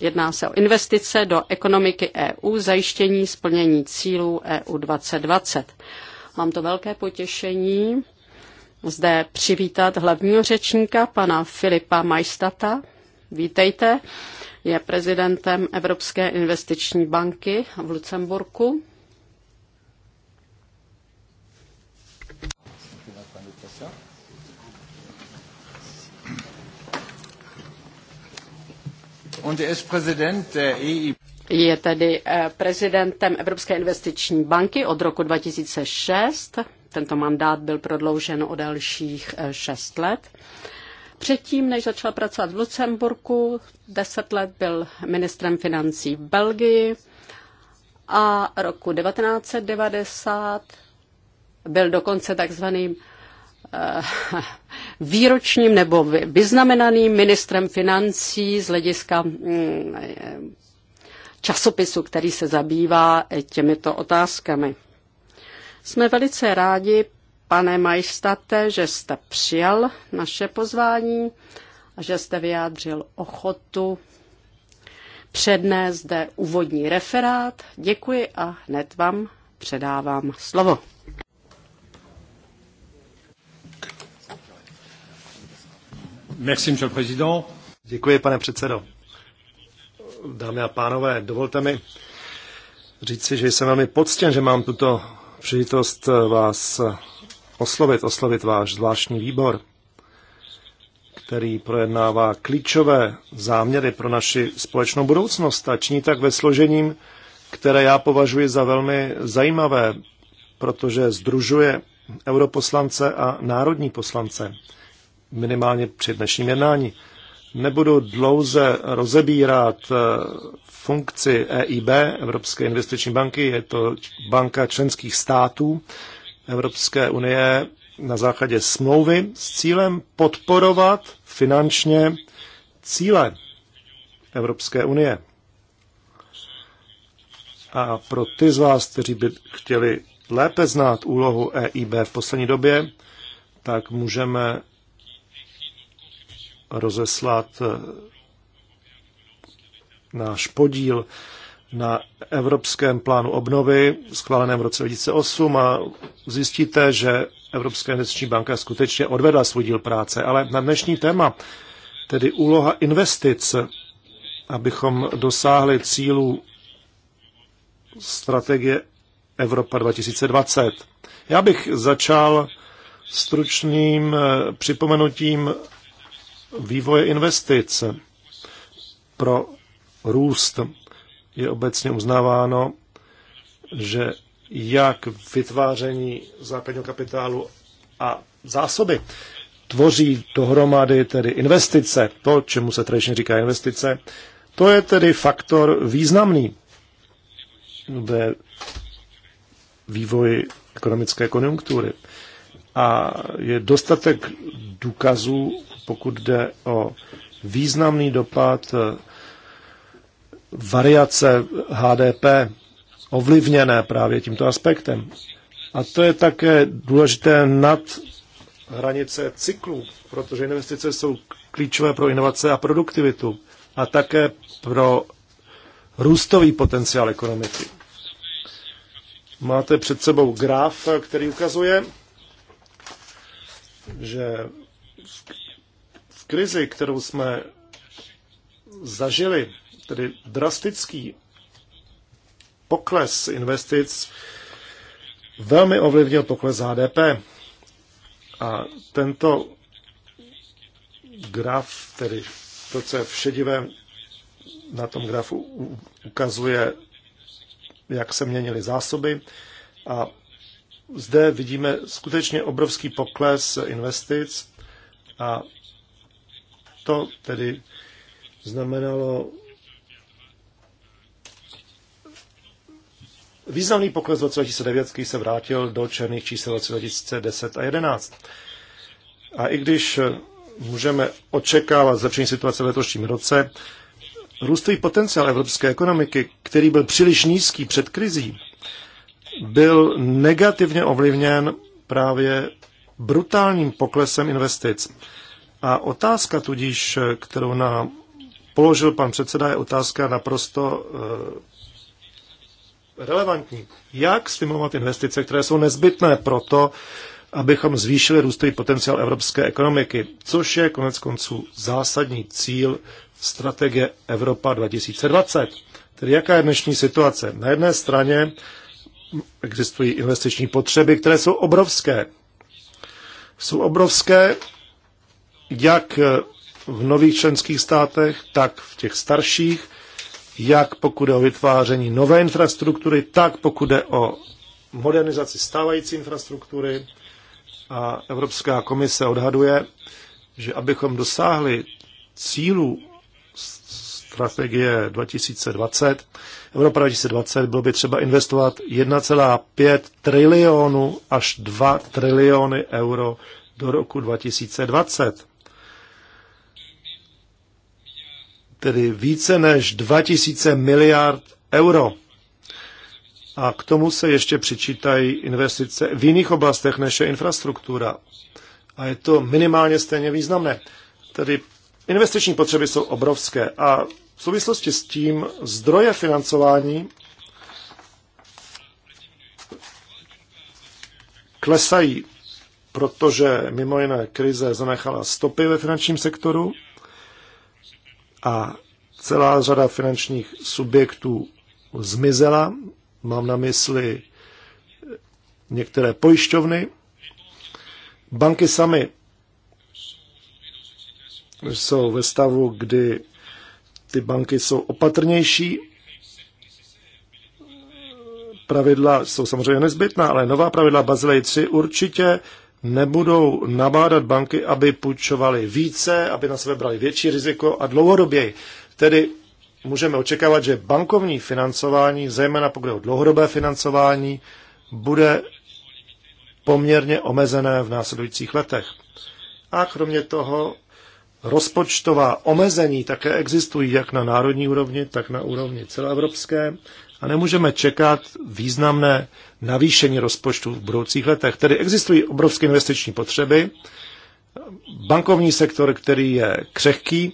Jedná se o investice do ekonomiky EU, zajištění splnění cílů EU 2020. Mám to velké potěšení zde přivítat hlavního řečníka, pana Filipa Majstata. Vítejte, je prezidentem Evropské investiční banky v Lucemburku. Er e Je tedy eh, prezidentem Evropské investiční banky od roku 2006. Tento mandát byl prodloužen o dalších eh, šest let. Předtím, než začal pracovat v Lucemburku, deset let byl ministrem financí v Belgii a roku 1990 byl dokonce takzvaným Eh, výročním nebo vyznamenaným ministrem financí z hlediska mm, eh, časopisu, který se zabývá těmito otázkami. Jsme velice rádi, pane Majstate, že jste přijal naše pozvání a že jste vyjádřil ochotu přednést zde úvodní referát. Děkuji a hned vám předávám slovo. Děkuji, pane předsedo. Dámy a pánové, dovolte mi říci, že jsem velmi poctěn, že mám tuto příležitost eh, vás eh, oslovit, oslovit váš zvláštní výbor, který projednává klíčové záměry pro naši společnou budoucnost a činí tak ve složením, které já považuji za velmi zajímavé, protože združuje europoslance a národní poslance minimálně při dnešním jednání. Nebudu dlouze rozebírat eh, funkci EIB, Evropské investiční banky, je to banka členských států Evropské unie na základě smlouvy s cílem podporovat finančně cíle Evropské unie. A pro ty z vás, kteří by chtěli lépe znát úlohu EIB v poslední době, tak můžeme rozeslat eh, náš podíl na Evropském plánu obnovy, schváleném v roce 2008 a zjistíte, že Evropská investiční banka skutečně odvedla svůj díl práce. Ale na dnešní téma, tedy úloha investic, abychom dosáhli cílů strategie Evropa 2020. Já bych začal stručným eh, připomenutím vývoje investic pro růst je obecně uznáváno, že jak vytváření základního kapitálu a zásoby tvoří dohromady tedy investice, to, čemu se tradičně říká investice, to je tedy faktor významný ve vývoji ekonomické konjunktury. A je dostatek důkazů pokud jde o významný dopad eh, variace HDP ovlivněné právě tímto aspektem. A to je také důležité nad hranice cyklu, protože investice jsou klíčové pro inovace a produktivitu a také pro růstový potenciál ekonomiky. Máte před sebou graf, který ukazuje, že krizi, kterou jsme zažili, tedy drastický pokles investic, velmi ovlivnil pokles HDP. A tento graf, tedy to, co je všedivé na tom grafu ukazuje, jak se měnily zásoby. A zde vidíme skutečně obrovský pokles investic a to tedy znamenalo významný pokles v roce 2009, který se vrátil do černých čísel v roce 2010 a 2011. A i když můžeme očekávat zlepšení situace v letošním roce, růstový potenciál evropské ekonomiky, který byl příliš nízký před krizí, byl negativně ovlivněn právě brutálním poklesem investic. A otázka tudíž, kterou nám položil pan předseda, je otázka naprosto e, relevantní. Jak stimulovat investice, které jsou nezbytné pro to, abychom zvýšili růstový potenciál evropské ekonomiky, což je konec konců zásadní cíl strategie Evropa 2020. Tedy jaká je dnešní situace? Na jedné straně existují investiční potřeby, které jsou obrovské. Jsou obrovské jak eh, v nových členských státech, tak v těch starších, jak pokud jde o vytváření nové infrastruktury, tak pokud jde o modernizaci stávající infrastruktury. A Evropská komise odhaduje, že abychom dosáhli cílů strategie 2020, Evropa 2020, bylo by třeba investovat 1,5 trilionu až 2 triliony euro do roku 2020. tedy více než 2000 miliard euro. A k tomu se ještě přičítají investice v jiných oblastech než je infrastruktura. A je to minimálně stejně významné. Tedy investiční potřeby jsou obrovské a v souvislosti s tím zdroje financování klesají, protože mimo jiné krize zanechala stopy ve finančním sektoru a celá řada finančních subjektů zmizela. Mám na mysli některé pojišťovny. Banky samy jsou ve stavu, kdy ty banky jsou opatrnější. Pravidla jsou samozřejmě nezbytná, ale nová pravidla Bazilej 3 určitě nebudou nabádat banky, aby půjčovaly více, aby na sebe brali větší riziko a dlouhodoběji. Tedy můžeme očekávat, že bankovní financování, zejména pokud je o dlouhodobé financování, bude poměrně omezené v následujících letech. A kromě toho rozpočtová omezení také existují jak na národní úrovni, tak na úrovni celoevropské a nemůžeme čekat významné navýšení rozpočtu v budoucích letech. Tedy existují obrovské investiční potřeby. Bankovní sektor, který je křehký,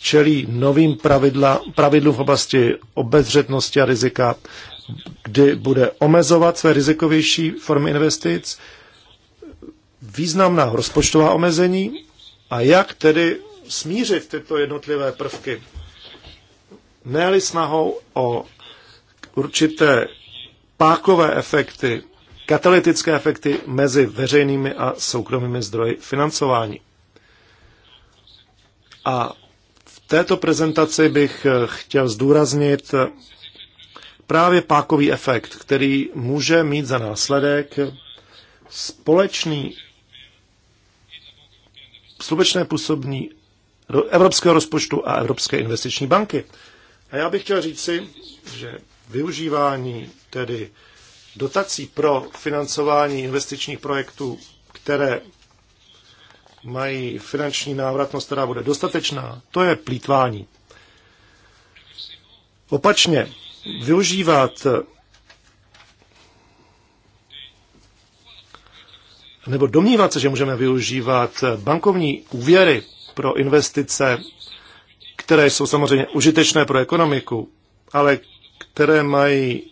čelí novým pravidlům v oblasti obezřetnosti a rizika, kdy bude omezovat své rizikovější formy investic, významná rozpočtová omezení a jak tedy smířit tyto jednotlivé prvky. ne snahou o určité pákové efekty, katalytické efekty mezi veřejnými a soukromými zdroji financování. A v této prezentaci bych eh, chtěl zdůraznit eh, právě pákový efekt, který může mít za následek společný společné působní evropského rozpočtu a Evropské investiční banky. A já bych chtěl říci, že využívání tedy dotací pro financování investičních projektů, které mají finanční návratnost, která bude dostatečná, to je plítvání. Opačně, využívat nebo domnívat se, že můžeme využívat bankovní úvěry pro investice, které jsou samozřejmě užitečné pro ekonomiku, ale které mají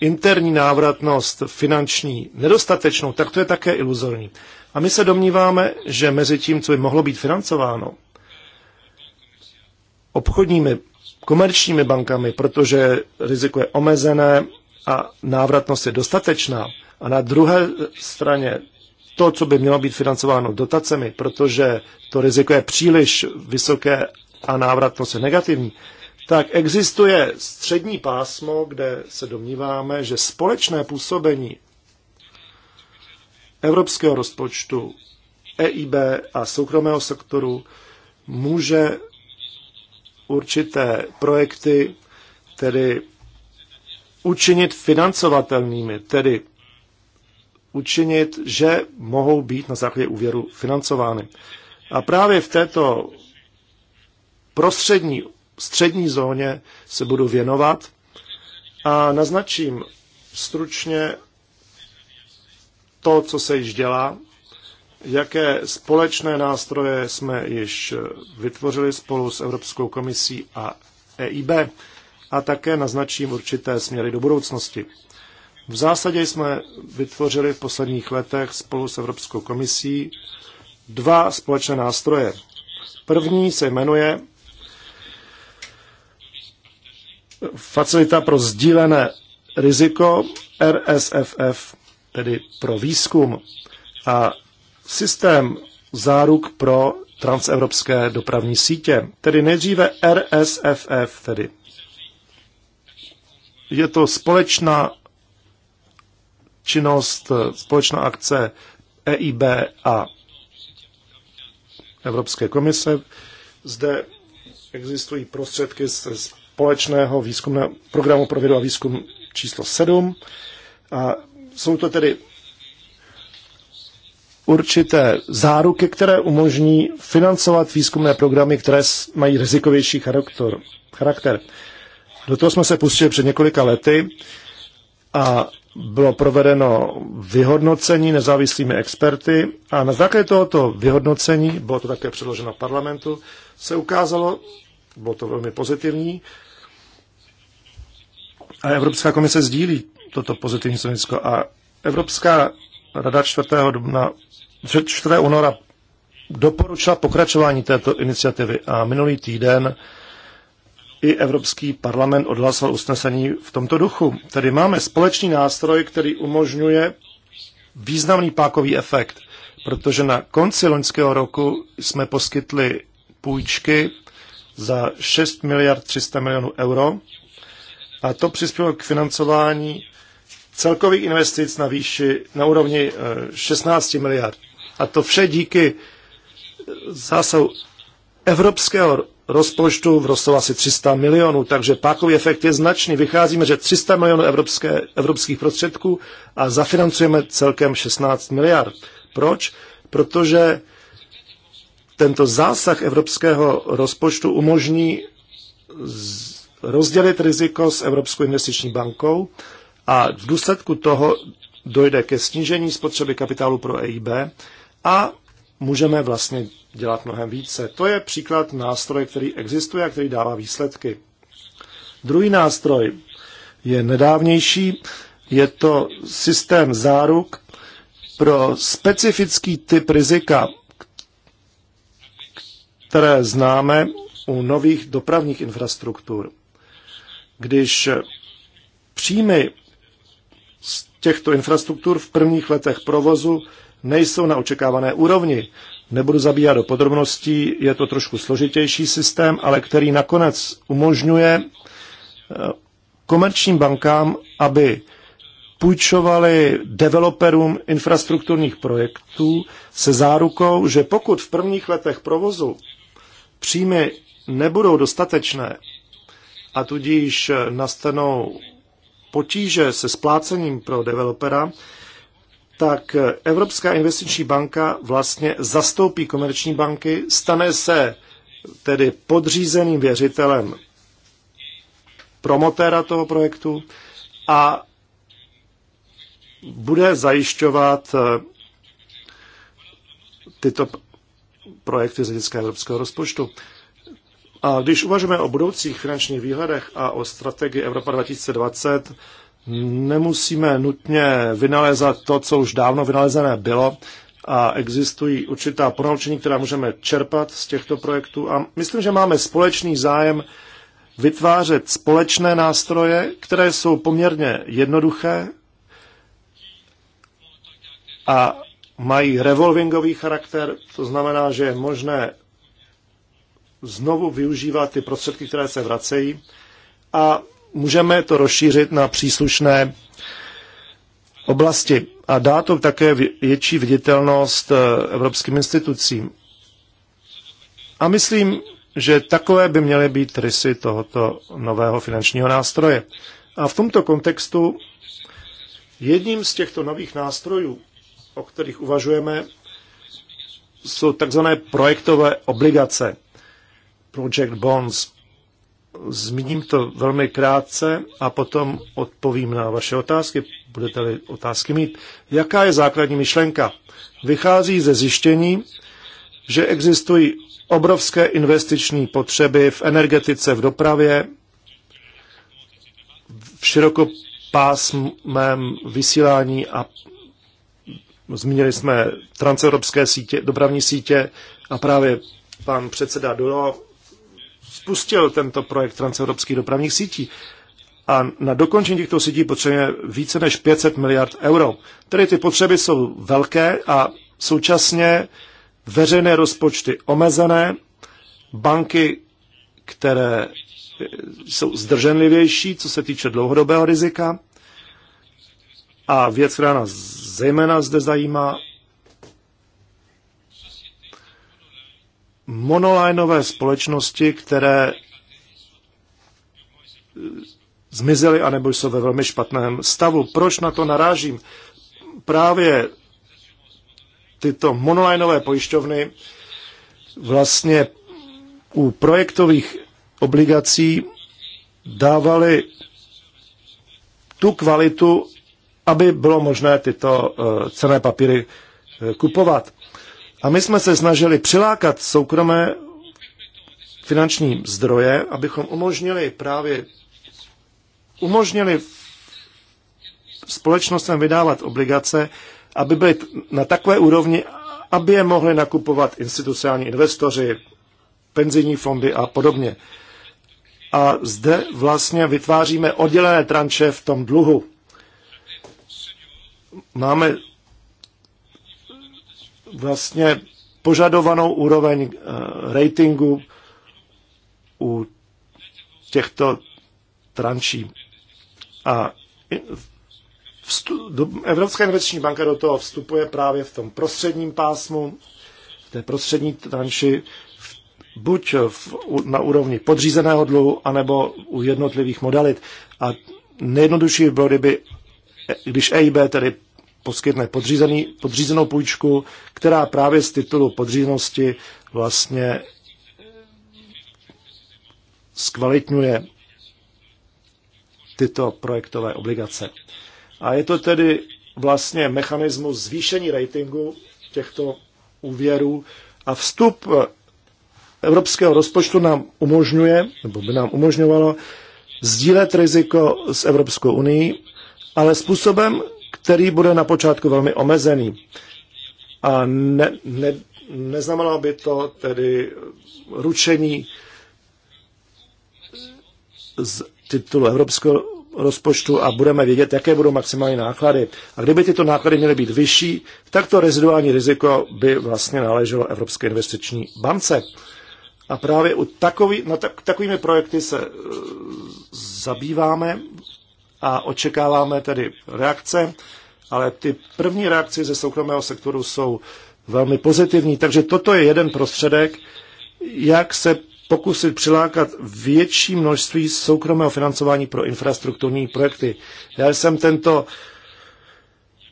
interní návratnost finanční nedostatečnou, tak to je také iluzorní. A my se domníváme, že mezi tím, co by mohlo být financováno obchodními, komerčními bankami, protože riziko je omezené a návratnost je dostatečná, a na druhé straně to, co by mělo být financováno dotacemi, protože to riziko je příliš vysoké a návratnost je negativní, tak existuje střední pásmo, kde se domníváme, že společné působení evropského rozpočtu, EIB a soukromého sektoru může určité projekty tedy učinit financovatelnými, tedy učinit, že mohou být na základě úvěru financovány. A právě v této prostřední střední zóně se budu věnovat a naznačím stručně to, co se již dělá, jaké společné nástroje jsme již vytvořili spolu s Evropskou komisí a EIB a také naznačím určité směry do budoucnosti. V zásadě jsme vytvořili v posledních letech spolu s Evropskou komisí dva společné nástroje. První se jmenuje Facilita pro sdílené riziko RSFF, tedy pro výzkum a systém záruk pro transevropské dopravní sítě, tedy nejdříve RSFF, tedy je to společná činnost, společná akce EIB a Evropské komise. Zde existují prostředky z společného výzkumného programu pro vědu a výzkum číslo 7. A jsou to tedy určité záruky, které umožní financovat výzkumné programy, které mají rizikovější charakter. Do toho jsme se pustili před několika lety a bylo provedeno vyhodnocení nezávislými experty a na základě tohoto vyhodnocení, bylo to také předloženo parlamentu, se ukázalo, bylo to velmi pozitivní, a Evropská komise sdílí toto pozitivní stanovisko. A Evropská rada 4. Dubna, 4. února doporučila pokračování této iniciativy a minulý týden i Evropský parlament odhlasoval usnesení v tomto duchu. Tedy máme společný nástroj, který umožňuje významný pákový efekt, protože na konci loňského roku jsme poskytli půjčky za 6 miliard 300 milionů euro a to přispělo k financování celkových investic na výši, na úrovni 16 eh, miliard. A to vše díky zásahu evropského rozpočtu v asi 300 milionů, takže pákový efekt je značný. Vycházíme, že 300 milionů evropské, evropských prostředků a zafinancujeme celkem 16 miliard. Proč? Protože tento zásah evropského rozpočtu umožní z rozdělit riziko s Evropskou investiční bankou a v důsledku toho dojde ke snížení spotřeby kapitálu pro EIB a můžeme vlastně dělat mnohem více. To je příklad nástroje, který existuje a který dává výsledky. Druhý nástroj je nedávnější, je to systém záruk pro specifický typ rizika, které známe u nových dopravních infrastruktur když příjmy z těchto infrastruktur v prvních letech provozu nejsou na očekávané úrovni. Nebudu zabíhat do podrobností, je to trošku složitější systém, ale který nakonec umožňuje eh, komerčním bankám, aby půjčovali developerům infrastrukturních projektů se zárukou, že pokud v prvních letech provozu příjmy nebudou dostatečné a tudíž nastanou potíže se splácením pro developera, tak Evropská investiční banka vlastně zastoupí komerční banky, stane se tedy podřízeným věřitelem promotéra toho projektu a bude zajišťovat eh, tyto projekty z hlediska evropského rozpočtu. A když uvažujeme o budoucích finančních výhledech a o strategii Evropa 2020, nemusíme nutně vynalézat to, co už dávno vynalezené bylo a existují určitá ponaučení, která můžeme čerpat z těchto projektů a myslím, že máme společný zájem vytvářet společné nástroje, které jsou poměrně jednoduché a mají revolvingový charakter, to znamená, že je možné znovu využívat ty prostředky, které se vracejí a můžeme to rozšířit na příslušné oblasti a dá to také větší viditelnost e, evropským institucím. A myslím, že takové by měly být rysy tohoto nového finančního nástroje. A v tomto kontextu jedním z těchto nových nástrojů, o kterých uvažujeme, jsou takzvané projektové obligace. Project Bonds. Zmíním to velmi krátce a potom odpovím na vaše otázky, budete-li otázky mít. Jaká je základní myšlenka? Vychází ze zjištění, že existují obrovské investiční potřeby v energetice, v dopravě, v širokopásmém vysílání a zmínili jsme transevropské sítě, dopravní sítě a právě pan předseda Dolo spustil tento projekt transevropských dopravních sítí. A na dokončení těchto sítí potřebujeme více než 500 miliard euro. Tedy ty potřeby jsou velké a současně veřejné rozpočty omezené, banky, které jsou zdrženlivější, co se týče dlouhodobého rizika. A věc, která nás zejména zde zajímá, monolajnové společnosti, které eh, zmizely anebo jsou ve velmi špatném stavu. Proč na to narážím? Právě tyto monolajnové pojišťovny vlastně u projektových obligací dávaly tu kvalitu, aby bylo možné tyto eh, cené papíry eh, kupovat. A my jsme se snažili přilákat soukromé finanční zdroje, abychom umožnili právě umožnili společnostem vydávat obligace, aby byly na takové úrovni, aby je mohli nakupovat institucionální investoři, penzijní fondy a podobně. A zde vlastně vytváříme oddělené tranče v tom dluhu. Máme vlastně požadovanou úroveň eh, ratingu u těchto tranší. A Evropská investiční banka do toho vstupuje právě v tom prostředním pásmu, v té prostřední tranši, buď v, na úrovni podřízeného dluhu, anebo u jednotlivých modalit. A nejjednodušší by bylo, kdyby, když EIB tedy poskytne podřízený, podřízenou půjčku, která právě z titulu podřízenosti vlastně zkvalitňuje tyto projektové obligace. A je to tedy vlastně mechanismus zvýšení ratingu těchto úvěrů a vstup evropského rozpočtu nám umožňuje, nebo by nám umožňovalo, sdílet riziko s Evropskou unii, ale způsobem, který bude na počátku velmi omezený. A ne, ne, neznamenalo by to tedy ručení z titulu Evropského rozpočtu a budeme vědět, jaké budou maximální náklady. A kdyby tyto náklady měly být vyšší, tak to reziduální riziko by vlastně náleželo Evropské investiční bance. A právě u takový, na tak, takovými projekty se e, zabýváme a očekáváme tedy reakce, ale ty první reakce ze soukromého sektoru jsou velmi pozitivní. Takže toto je jeden prostředek, jak se pokusit přilákat větší množství soukromého financování pro infrastrukturní projekty. Já jsem tento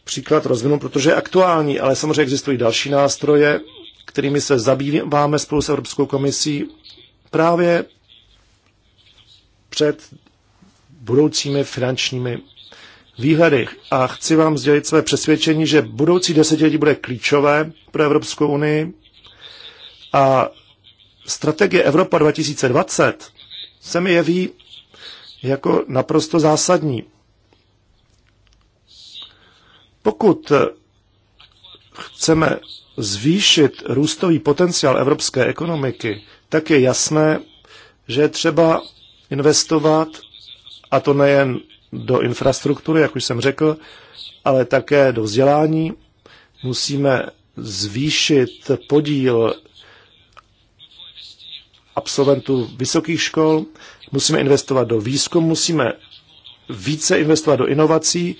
příklad rozvinul, protože je aktuální, ale samozřejmě existují další nástroje, kterými se zabýváme spolu s Evropskou komisí právě před budoucími finančními výhledy. A chci vám sdělit své přesvědčení, že budoucí desetiletí bude klíčové pro Evropskou unii a strategie Evropa 2020 se mi jeví jako naprosto zásadní. Pokud chceme zvýšit růstový potenciál evropské ekonomiky, tak je jasné, že je třeba investovat a to nejen do infrastruktury, jak už jsem řekl, ale také do vzdělání. Musíme zvýšit podíl absolventů vysokých škol, musíme investovat do výzkumu, musíme více investovat do inovací.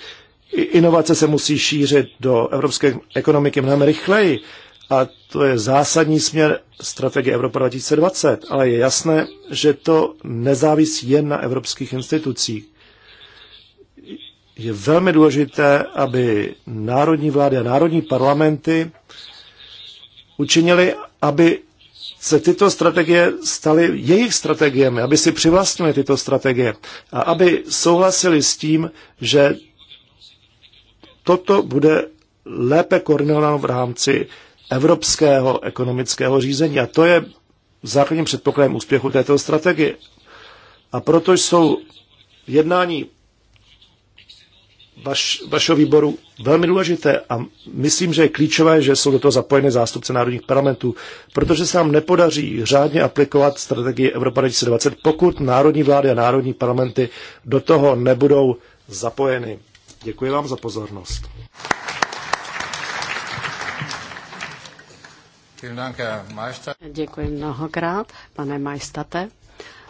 Inovace se musí šířit do evropské ekonomiky mnohem rychleji, a to je zásadní směr strategie Evropa 2020, ale je jasné, že to nezávisí jen na evropských institucích. Je velmi důležité, aby národní vlády a národní parlamenty učinili, aby se tyto strategie staly jejich strategiemi, aby si přivlastnili tyto strategie a aby souhlasili s tím, že toto bude lépe koordinováno v rámci evropského ekonomického řízení. A to je základním předpokladem úspěchu této strategie. A proto jsou jednání vaš, vašeho výboru velmi důležité a myslím, že je klíčové, že jsou do toho zapojeny zástupce národních parlamentů, protože se nám nepodaří řádně aplikovat strategii Evropa 2020, pokud národní vlády a národní parlamenty do toho nebudou zapojeny. Děkuji vám za pozornost. Děkuji mnohokrát, pane Majstate.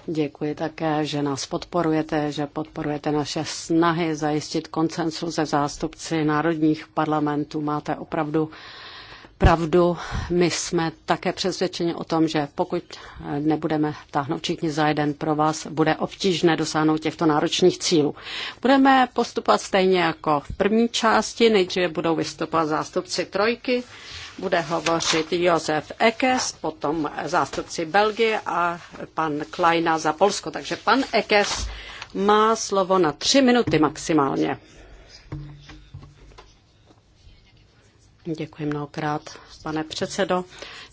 Děkuji také, že nás podporujete, že podporujete naše snahy zajistit koncensu ze zástupci národních parlamentů. Máte opravdu pravdu. My jsme také přesvědčeni o tom, že pokud nebudeme táhnout všichni za jeden pro vás, bude obtížné dosáhnout těchto náročných cílů. Budeme postupovat stejně jako v první části. Nejdříve budou vystupovat zástupci trojky bude hovořit Josef Ekes, potom zástupci Belgie a pan Kleina za Polsko. Takže pan Ekes má slovo na tři minuty maximálně. Děkuji mnohokrát, pane předsedo.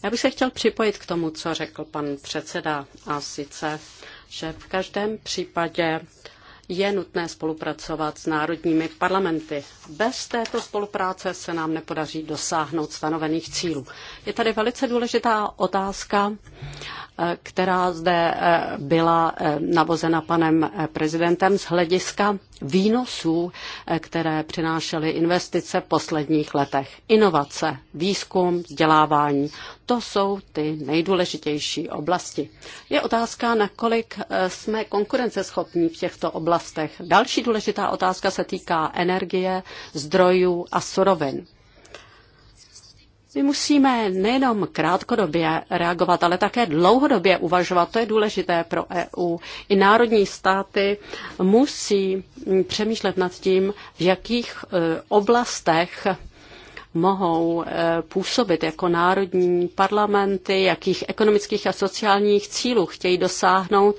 Já bych se chtěl připojit k tomu, co řekl pan předseda, a sice, že v každém případě je nutné spolupracovat s národními parlamenty. Bez této spolupráce se nám nepodaří dosáhnout stanovených cílů. Je tady velice důležitá otázka která zde eh, byla eh, navozena panem eh, prezidentem z hlediska výnosů, které přinášely investice v posledních letech. Inovace, výzkum, vzdělávání, to jsou ty nejdůležitější oblasti. Je otázka, nakolik jsme konkurenceschopní v těchto oblastech. Další důležitá otázka se týká energie, zdrojů a surovin. My musíme nejenom krátkodobě reagovat, ale také dlouhodobě uvažovat. To je důležité pro EU. I národní státy musí přemýšlet nad tím, v jakých e, oblastech mohou e, působit jako národní parlamenty, jakých ekonomických a sociálních cílů chtějí dosáhnout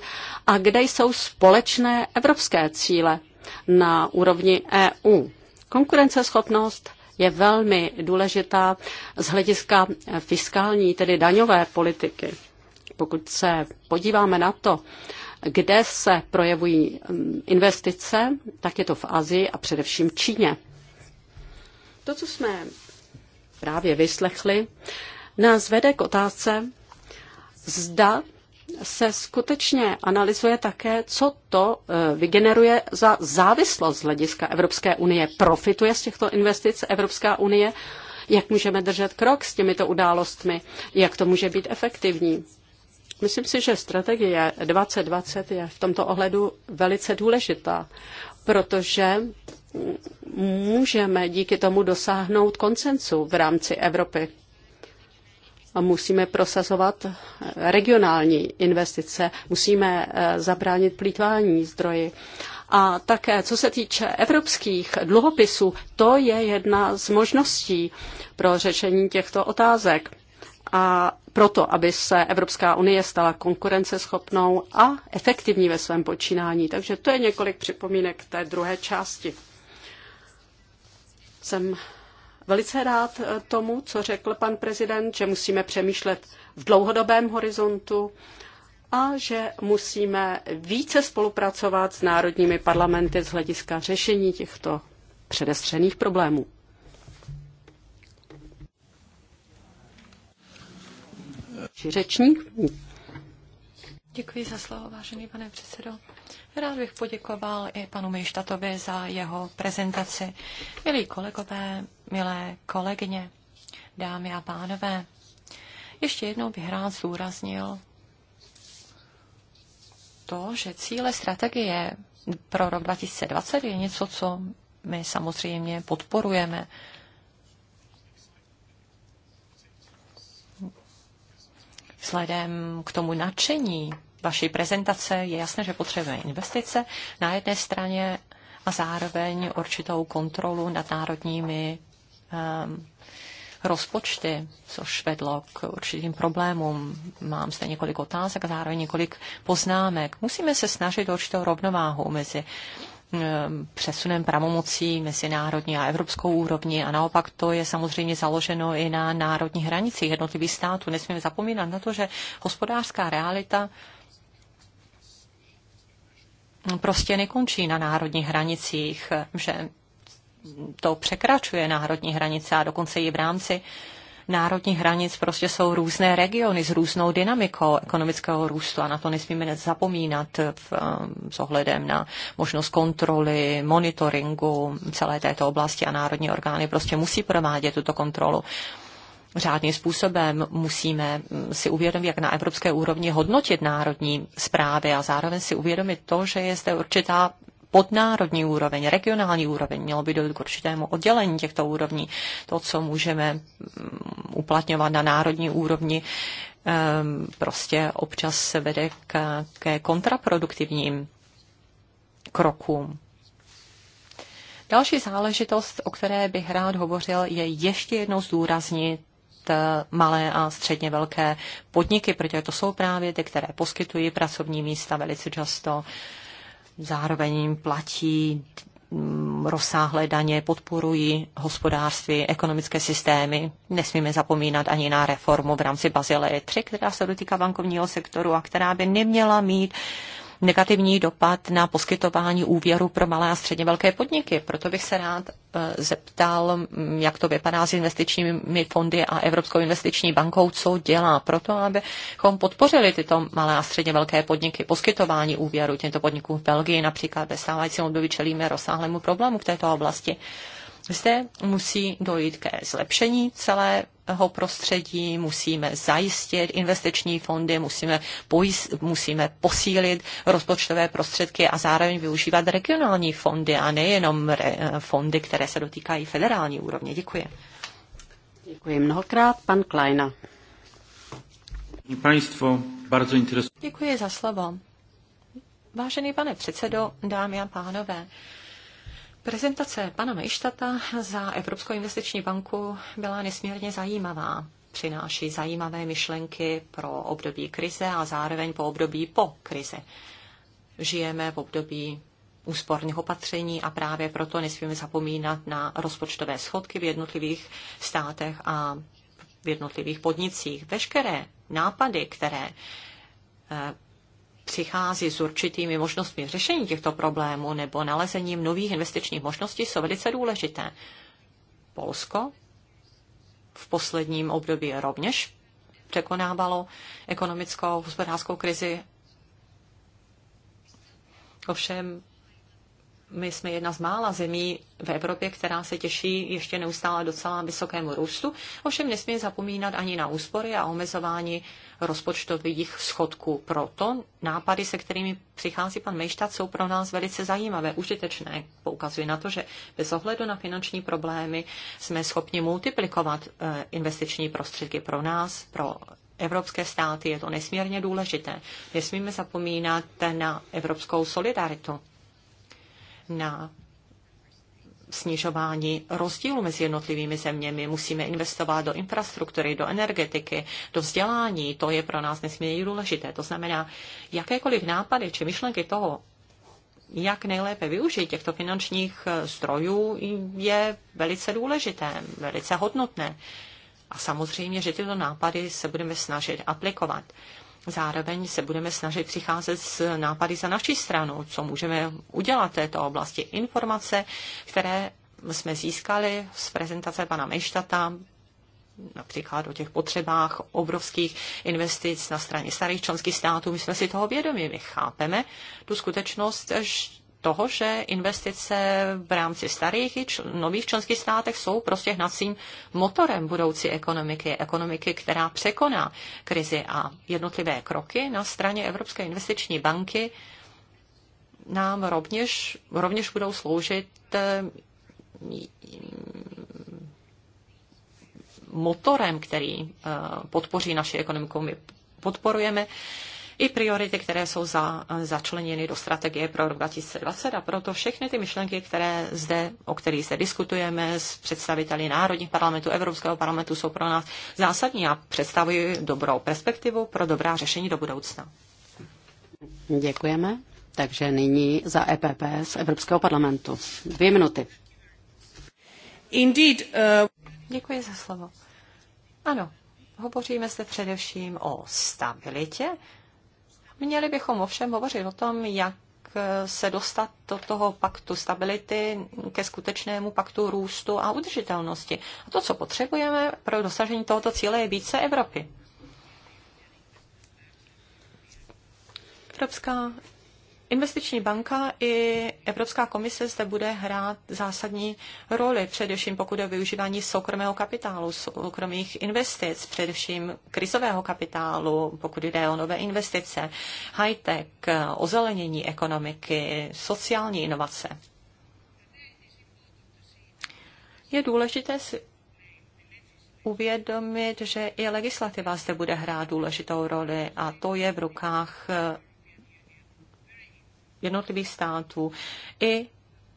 a kde jsou společné evropské cíle na úrovni EU. Konkurenceschopnost je velmi důležitá z hlediska fiskální, tedy daňové politiky. Pokud se podíváme na to, kde se projevují mm, investice, tak je to v Azii a především v Číně. To, co jsme právě vyslechli, nás vede k otázce, zda se skutečně analyzuje také, co to eh, vygeneruje za závislost z hlediska Evropské unie. Profituje z těchto investic Evropská unie? Jak můžeme držet krok s těmito událostmi? Jak to může být efektivní? Myslím si, že strategie 2020 je v tomto ohledu velice důležitá, protože můžeme díky tomu dosáhnout koncensu v rámci Evropy musíme prosazovat regionální investice, musíme eh, zabránit plítvání zdroji. A také, co se týče evropských dluhopisů, to je jedna z možností pro řešení těchto otázek. A proto, aby se Evropská unie stala konkurenceschopnou a efektivní ve svém počínání. Takže to je několik připomínek té druhé části. Jsem velice rád eh, tomu, co řekl pan prezident, že musíme přemýšlet v dlouhodobém horizontu a že musíme více spolupracovat s národními parlamenty z hlediska řešení těchto předestřených problémů. řečník? Děkuji za slovo, vážený pane předsedo. Rád bych poděkoval i panu Mejštatovi za jeho prezentaci. Milí kolegové, milé kolegyně, dámy a pánové, ještě jednou bych rád zúraznil to, že cíle strategie pro rok 2020 je něco, co my samozřejmě podporujeme. Vzhledem k tomu nadšení, vaší prezentace je jasné, že potřebujeme investice na jedné straně a zároveň určitou kontrolu nad národními um, rozpočty, což vedlo k určitým problémům. Mám zde několik otázek a zároveň několik poznámek. Musíme se snažit určitou rovnováhu mezi ehm, přesunem pramomocí mezi národní a evropskou úrovni a naopak to je samozřejmě založeno i na národních hranicích jednotlivých států. Nesmíme zapomínat na to, že hospodářská realita prostě nekončí na národních hranicích, že to překračuje národní hranice a dokonce i v rámci národních hranic prostě jsou různé regiony s různou dynamikou ekonomického růstu a na to nesmíme zapomínat v, eh, s ohledem na možnost kontroly, monitoringu celé této oblasti a národní orgány prostě musí provádět tuto kontrolu. Um, řádným způsobem. Musíme mm, si uvědomit, jak na evropské úrovni hodnotit národní zprávy a zároveň si uvědomit to, že je zde určitá podnárodní úroveň, regionální úroveň, mělo by dojít k určitému oddělení těchto úrovní. To, co můžeme mm, uplatňovat na národní úrovni, prostě občas se vede k, ke kontraproduktivním krokům. Další záležitost, o které bych rád hovořil, je ještě jednou zdůraznit E, malé a středně velké podniky, protože to jsou právě ty, které poskytují pracovní místa velice často. Zároveň platí mm, rozsáhlé daně, podporují hospodářství, ekonomické systémy. Nesmíme zapomínat ani na reformu v rámci Bazileje 3, která se dotýká bankovního sektoru a která by neměla mít uh, negativní dopad na poskytování úvěru pro malé a středně velké podniky. Proto bych se rád e, zeptal, jak to vypadá s investičními fondy a Evropskou investiční bankou, co dělá pro to, abychom podpořili tyto malé a středně velké podniky, poskytování úvěru těmto podnikům v Belgii například ve stávajícím období čelíme rozsáhlému problému v této oblasti. Zde musí dojít ke zlepšení celé prostředí, musíme zajistit investiční fondy, musíme, pojist, musíme posílit rozpočtové prostředky a zároveň využívat regionální fondy a nejenom re, fondy, které se dotýkají federální úrovně. Děkuji. Děkuji mnohokrát, pan Kleina. Państwo, bardzo interesující. Děkuji za slovo. Vážený pane předsedo, dámy a pánové, Prezentace pana Mejštata za Evropskou investiční banku byla nesmírně zajímavá. Přináší zajímavé myšlenky pro období krize a zároveň po období po krize. Žijeme v období úsporných opatření a právě proto nesmíme zapomínat na rozpočtové schodky v jednotlivých státech a v jednotlivých podnicích. Veškeré nápady, které eh, přichází s určitými možnostmi řešení těchto problémů nebo nalezením nových investičních možností, jsou velice důležité. Polsko v posledním období rovněž překonávalo ekonomickou hospodářskou krizi. Ovšem, my jsme jedna z mála zemí v Evropě, která se těší ještě neustále docela vysokému růstu. Ovšem nesmí zapomínat ani na úspory a omezování rozpočtových schodků. Proto nápady, se kterými přichází pan Mejštat, jsou pro nás velice zajímavé, užitečné. Poukazuje na to, že bez ohledu na finanční problémy jsme schopni multiplikovat eh, investiční prostředky pro nás, pro evropské státy. Je to nesmírně důležité. Nesmíme zapomínat na evropskou solidaritu, na snižování rozdílu mezi jednotlivými zeměmi. Musíme investovat do infrastruktury, do energetiky, do vzdělání. To je pro nás nesmírně důležité. To znamená, jakékoliv nápady či myšlenky toho, jak nejlépe využít těchto finančních strojů, eh, je velice důležité, velice hodnotné. A samozřejmě, že tyto nápady se budeme snažit aplikovat. Zároveň se budeme snažit přicházet s nápady za naší stranu, co můžeme udělat v této oblasti. Informace, které jsme získali z prezentace pana Mejštata, například o těch potřebách obrovských investic na straně starých členských států. My jsme si toho vědomi, my chápeme tu skutečnost, toho, že investice v rámci starých i čl- nových členských státech jsou prostě hnacím motorem budoucí ekonomiky, ekonomiky, která překoná krizi a jednotlivé kroky na straně Evropské investiční banky nám rovněž, rovněž budou sloužit eh, motorem, který eh, podpoří naši ekonomiku. My podporujeme i priority, které jsou za, začleněny do strategie pro rok 2020 a proto všechny ty myšlenky, které zde, o kterých se diskutujeme s představiteli Národních parlamentů, Evropského parlamentu, jsou pro nás zásadní a představují dobrou perspektivu pro dobrá řešení do budoucna. Děkujeme. Takže nyní za EPP z Evropského parlamentu. Dvě minuty. Indeed, uh... Děkuji za slovo. Ano, hovoříme se především o stabilitě Měli bychom ovšem hovořit o tom, jak se dostat do toho paktu stability ke skutečnému paktu růstu a udržitelnosti. A to, co potřebujeme pro dosažení tohoto cíle, je více Evropy. Evropská Investiční banka i Evropská komise zde bude hrát zásadní roli, především pokud je využívání soukromého kapitálu, soukromých investic, především krizového kapitálu, pokud jde o nové investice, high-tech, ozelenění ekonomiky, sociální inovace. Je důležité si uvědomit, že i legislativa zde bude hrát důležitou roli a to je v rukách jednotlivých států i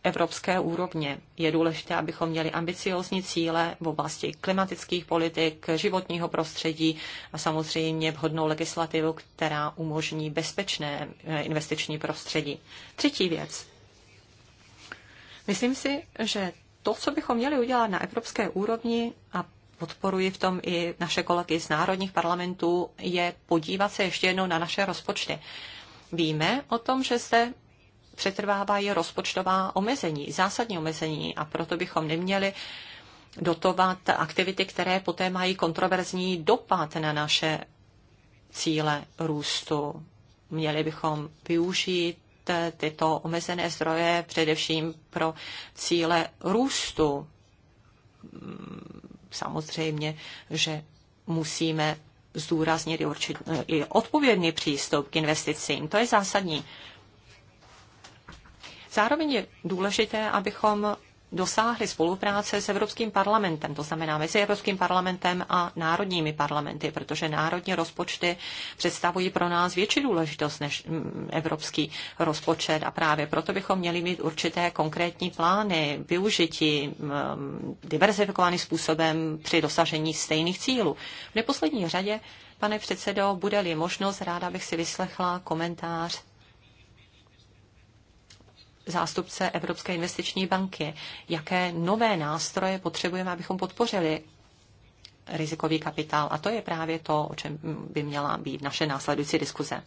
evropské úrovně. Je důležité, abychom měli ambiciozní cíle v oblasti klimatických politik, životního prostředí a samozřejmě vhodnou legislativu, která umožní bezpečné eh, investiční prostředí. Třetí věc. Myslím si, že to, co bychom měli udělat na evropské úrovni a podporuji v tom i naše kolegy z národních parlamentů, je podívat se ještě jednou na naše rozpočty víme o tom, že se přetrvávají rozpočtová omezení, zásadní omezení a proto bychom neměli dotovat aktivity, které poté mají kontroverzní dopad na naše cíle růstu. Měli bychom využít tyto omezené zdroje především pro cíle růstu. Samozřejmě, že musíme zdůraznit i, odpovědný přístup k investicím. To je zásadní. Zároveň je důležité, abychom dosáhli spolupráce s Evropským parlamentem, to znamená mezi Evropským parlamentem a národními parlamenty, protože národní rozpočty představují pro nás větší důležitost než mm, evropský rozpočet a právě proto bychom měli mít určité konkrétní plány využití mm, diversifikovaným způsobem při dosažení stejných cílů. V neposlední řadě, pane předsedo, bude-li možnost, ráda bych si vyslechla komentář zástupce Evropské investiční banky, jaké nové nástroje potřebujeme, abychom podpořili rizikový kapitál. A to je právě to, o čem by měla být naše následující diskuze.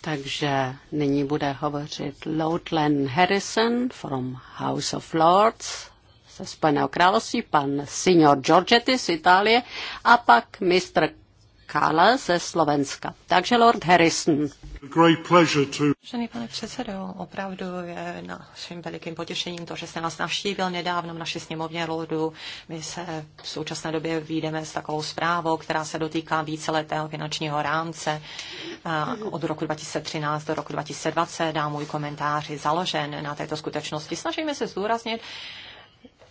Takže nyní bude hovořit Loudlen Harrison from House of Lords ze Spojeného království, pan signor Giorgetti z Itálie a pak mistr Kala ze Slovenska. Takže Lord Harrison. Vážený pane předsedo, opravdu je naším velikým potěšením to, že jste nás navštívil nedávno v naší sněmovně Lordu. My se v současné době výjdeme s takovou zprávou, která se dotýká víceletého finančního rámce od roku 2013 do roku 2020. Dá můj komentář založen na této skutečnosti. Snažíme se zdůraznit,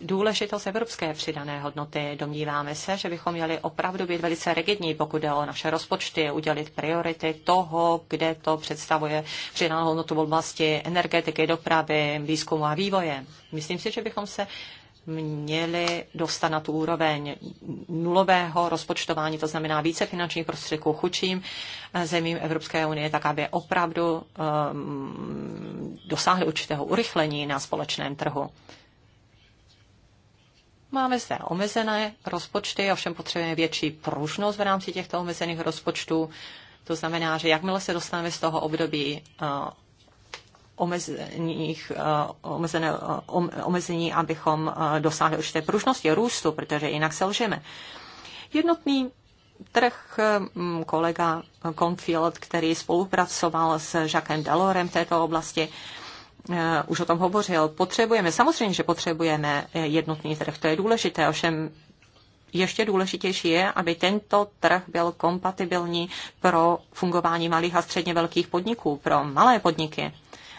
důležitost evropské přidané hodnoty. Domníváme se, že bychom měli opravdu být velice rigidní, pokud jde o naše rozpočty, udělit priority toho, kde to představuje přidanou hodnotu v oblasti energetiky, dopravy, výzkumu a vývoje. Myslím si, že bychom se měli dostat na tu úroveň nulového rozpočtování, to znamená více finančních prostředků chudším eh, zemím Evropské unie, tak aby opravdu um, dosáhli určitého urychlení na společném trhu. Máme zde omezené rozpočty, ovšem potřebujeme větší pružnost v rámci těchto omezených rozpočtů. To znamená, že jakmile se dostaneme z toho období eh, omezených, eh, omezené, eh, omezení, abychom dosáhli určité pružnosti růstu, protože jinak selžeme. Jednotný trh hm, kolega Confield, který spolupracoval s Jacquem Delorem v této oblasti, Eh, už o tom hovořil, potřebujeme, samozřejmě, že potřebujeme eh, jednotný trh, to je důležité, ovšem ještě důležitější je, aby tento trh byl kompatibilní pro fungování malých a středně velkých podniků, pro malé podniky.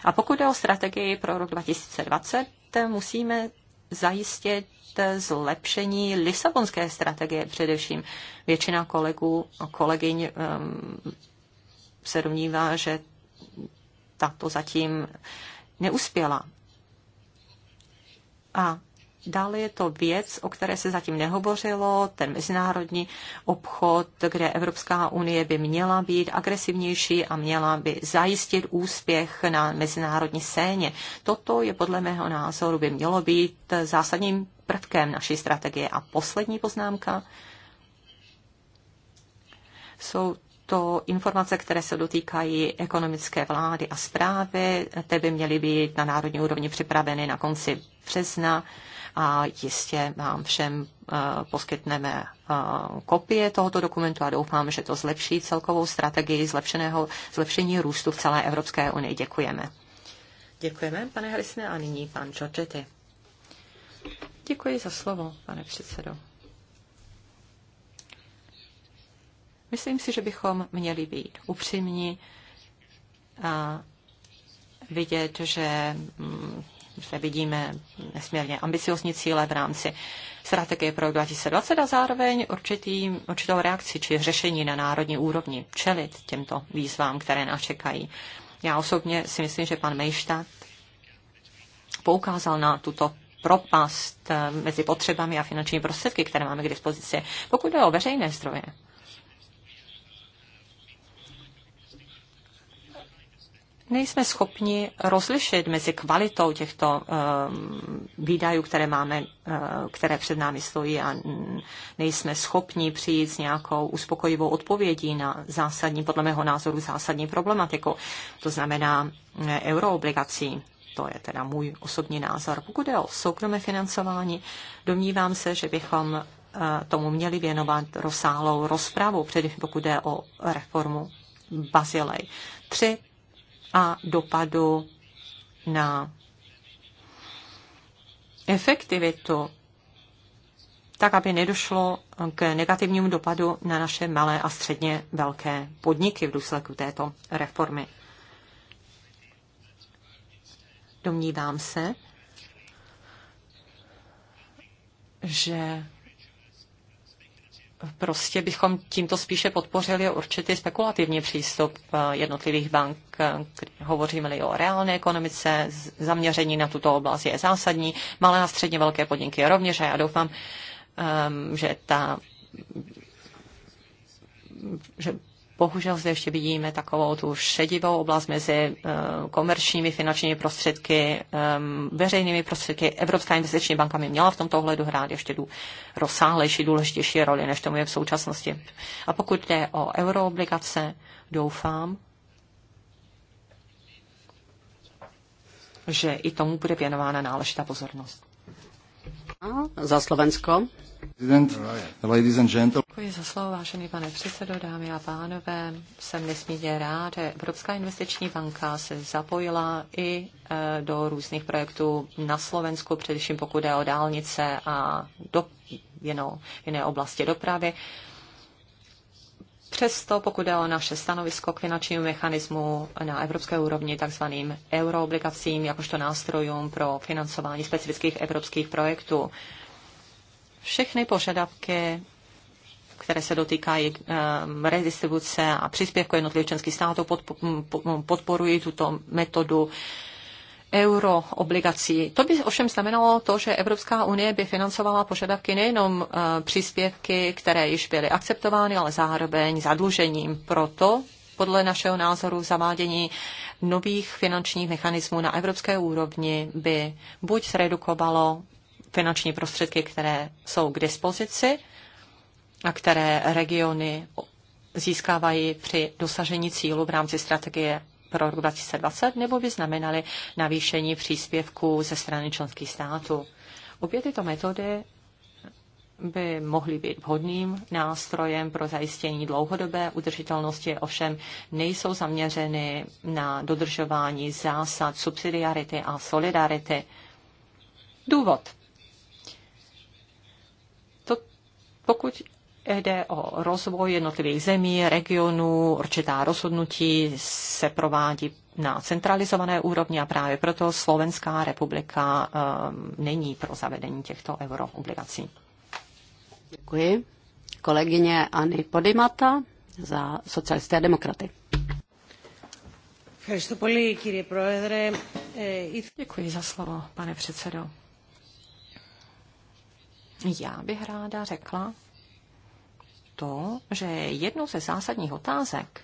A pokud jde o strategii pro rok 2020, musíme zajistit zlepšení Lisabonské strategie především. Většina kolegů a kolegyň um, se domnívá, že tato zatím neuspěla. A dále je to věc, o které se zatím nehovořilo, ten mezinárodní obchod, kde Evropská unie by měla být agresivnější a měla by zajistit úspěch na mezinárodní scéně. Toto je podle mého názoru by mělo být zásadním prvkem naší strategie. A poslední poznámka jsou to informace, které se dotýkají ekonomické vlády a zprávy, ty by měly být na národní úrovni připraveny na konci března a jistě vám všem eh, poskytneme eh, kopie tohoto dokumentu a doufám, že to zlepší celkovou strategii zlepšeného, zlepšení růstu v celé Evropské unii. Děkujeme. Děkujeme, pane Hrisne, a nyní pan Giorgetti. Děkuji za slovo, pane předsedo. Myslím si, že bychom měli být upřímní a vidět, že se mm, vidíme nesmírně ambiciozní cíle v rámci strategie pro 2020 a zároveň určitý, určitou reakci či řešení na národní úrovni čelit těmto výzvám, které nás čekají. Já osobně si myslím, že pan Mejštat poukázal na tuto propast eh, mezi potřebami a finančními prostředky, které máme k dispozici. Pokud jde o veřejné zdroje, nejsme schopni rozlišit mezi kvalitou těchto eh, výdajů, které máme, eh, které před námi stojí a nejsme schopni přijít s nějakou uspokojivou odpovědí na zásadní, podle mého názoru, zásadní problematiku. To znamená eh, euroobligací. To je teda můj osobní názor. Pokud je o soukromé financování, domnívám se, že bychom tomu měli věnovat rozsáhlou rozpravu, především pokud jde o reformu Bazilej. Tři a dopadu na efektivitu, tak aby nedošlo k negativnímu dopadu na naše malé a středně velké podniky v důsledku této reformy. Domnívám se, že prostě bychom tímto spíše podpořili určitý spekulativní přístup eh, jednotlivých bank. Eh, hovoříme-li o reálné ekonomice, zaměření na tuto oblast je zásadní. Malé a středně velké podniky je rovněž a já doufám, ehm, že ta že Bohužel zde ještě vidíme takovou tu šedivou oblast mezi eh, komerčními finančními prostředky, eh, veřejnými prostředky. Evropská investiční banka by měla v tomto ohledu hrát ještě tu rozsáhlejší, důležitější roli, než tomu je v současnosti. A pokud jde o euroobligace, doufám, že i tomu bude věnována náležitá pozornost za Slovensko. Děkuji za slovo, vážený pane předsedo, dámy a pánové. Jsem nesmírně rád, že Evropská investiční banka se zapojila i e, do různých projektů na Slovensku, především pokud jde o dálnice a do, jinou, jiné oblasti dopravy. Přesto, pokud je o naše stanovisko k finančnímu mechanismu na evropské úrovni, takzvaným euroobligacím, jakožto nástrojům pro financování specifických evropských projektů, všechny požadavky které se dotýkají ehm, redistribuce a příspěvku jednotlivých členských států, podporují tuto metodu euroobligací. To by ovšem znamenalo to, že Evropská unie by financovala požadavky nejenom eh, příspěvky, které již byly akceptovány, ale zároveň zadlužením. Proto podle našeho názoru zavádění nových finančních mechanismů na evropské úrovni by buď zredukovalo finanční prostředky, které jsou k dispozici a které regiony získávají při dosažení cílu v rámci strategie pro rok 2020 nebo by znamenaly navýšení příspěvků ze strany členských států. Obě tyto metody by mohly být vhodným nástrojem pro zajištění dlouhodobé udržitelnosti, ovšem nejsou zaměřeny na dodržování zásad subsidiarity a solidarity. Důvod. To, pokud jde o rozvoj jednotlivých zemí, regionů, určitá rozhodnutí se provádí na centralizované úrovni a právě proto Slovenská republika um, není pro zavedení těchto euroobligací. Děkuji. Kolegyně Anny Podimata za socialisté a demokraty. Děkuji za slovo, pane předsedo. Já bych ráda řekla, to, že jednou ze zásadních otázek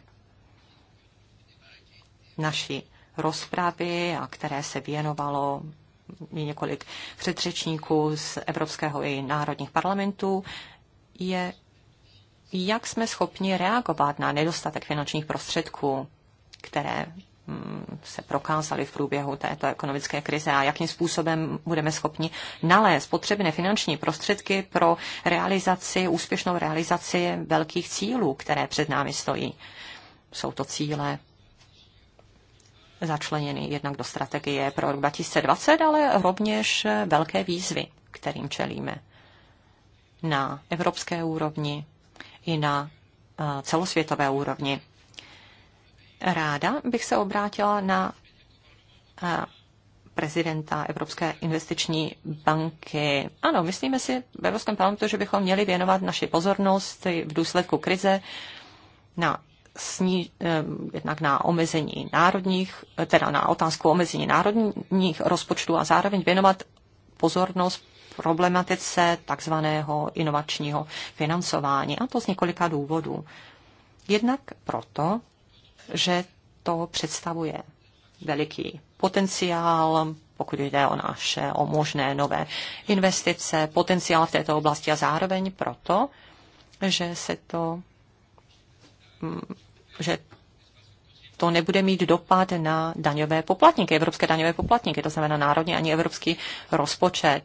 naší rozpravy, a které se věnovalo několik předřečníků z Evropského i národních parlamentů, je, jak jsme schopni reagovat na nedostatek finančních prostředků, které se prokázaly v průběhu této ekonomické krize a jakým způsobem budeme schopni nalézt potřebné finanční prostředky pro realizaci, úspěšnou realizaci velkých cílů, které před námi stojí. Jsou to cíle začleněny jednak do strategie pro rok 2020, ale rovněž velké výzvy, kterým čelíme na evropské úrovni i na eh, celosvětové úrovni. Ráda bych se obrátila na eh, prezidenta Evropské investiční banky. Ano, myslíme si v Evropském parlamentu, že bychom měli věnovat naši pozornost v důsledku krize na sní, eh, jednak na omezení národních, eh, teda na otázku omezení národních rozpočtů a zároveň věnovat pozornost problematice takzvaného inovačního financování. A to z několika důvodů. Jednak proto, že to představuje veliký potenciál, pokud jde o naše, o možné nové investice, potenciál v této oblasti a zároveň proto, že se to, mm, že to nebude mít dopad na daňové poplatníky, evropské daňové poplatníky, to znamená národní ani evropský rozpočet.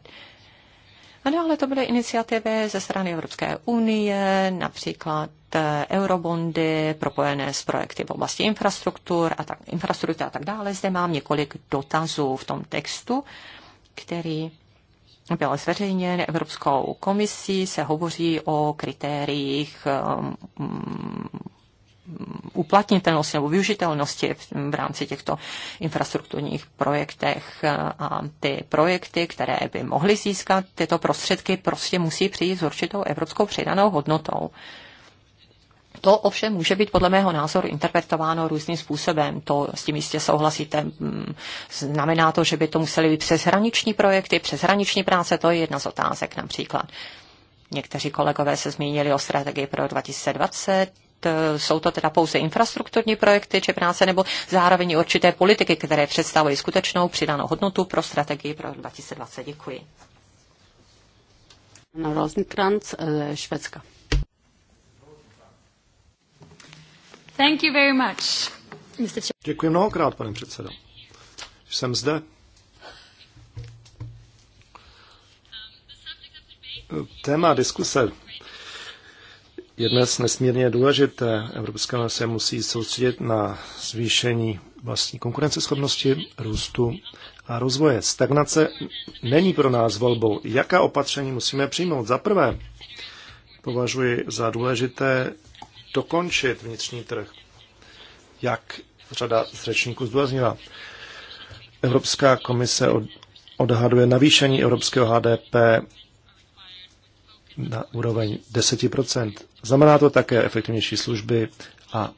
Ano, ale to byly iniciativy ze strany Evropské unie, například eurobondy propojené s projekty v oblasti infrastruktur a tak, infrastruktury a tak dále. Zde mám několik dotazů v tom textu, který byl zveřejněn Evropskou komisí, se hovoří o kritériích um, uplatnitelnosti nebo využitelnosti v rámci těchto infrastrukturních projektech a ty projekty, které by mohly získat tyto prostředky, prostě musí přijít s určitou evropskou přidanou hodnotou. Uh, to ovšem může být podle mého názoru interpretováno různým způsobem. To s tím jistě souhlasíte. Mm, znamená to, že by to museli být přeshraniční projekty, přeshraniční práce, to je jedna z otázek například. Někteří kolegové se zmínili o strategii pro 2020, jsou to teda pouze infrastrukturní projekty či práce nebo zároveň určité politiky, které představují skutečnou přidanou hodnotu pro strategii pro 2020. Děkuji. Rosenkranz, eh, Švédska. Thank you very much, Mr. Děkuji mnohokrát, pane předsedo. Jsem zde. Téma diskuse je dnes nesmírně důležité. Evropská unie se musí soustředit na zvýšení vlastní konkurenceschopnosti, růstu a rozvoje. Stagnace není pro nás volbou. Jaká opatření musíme přijmout? Za prvé, považuji za důležité dokončit vnitřní trh, jak řada z řečníků zdůraznila. Evropská komise odhaduje navýšení evropského HDP na úroveň 10%. Znamená to také efektivnější služby a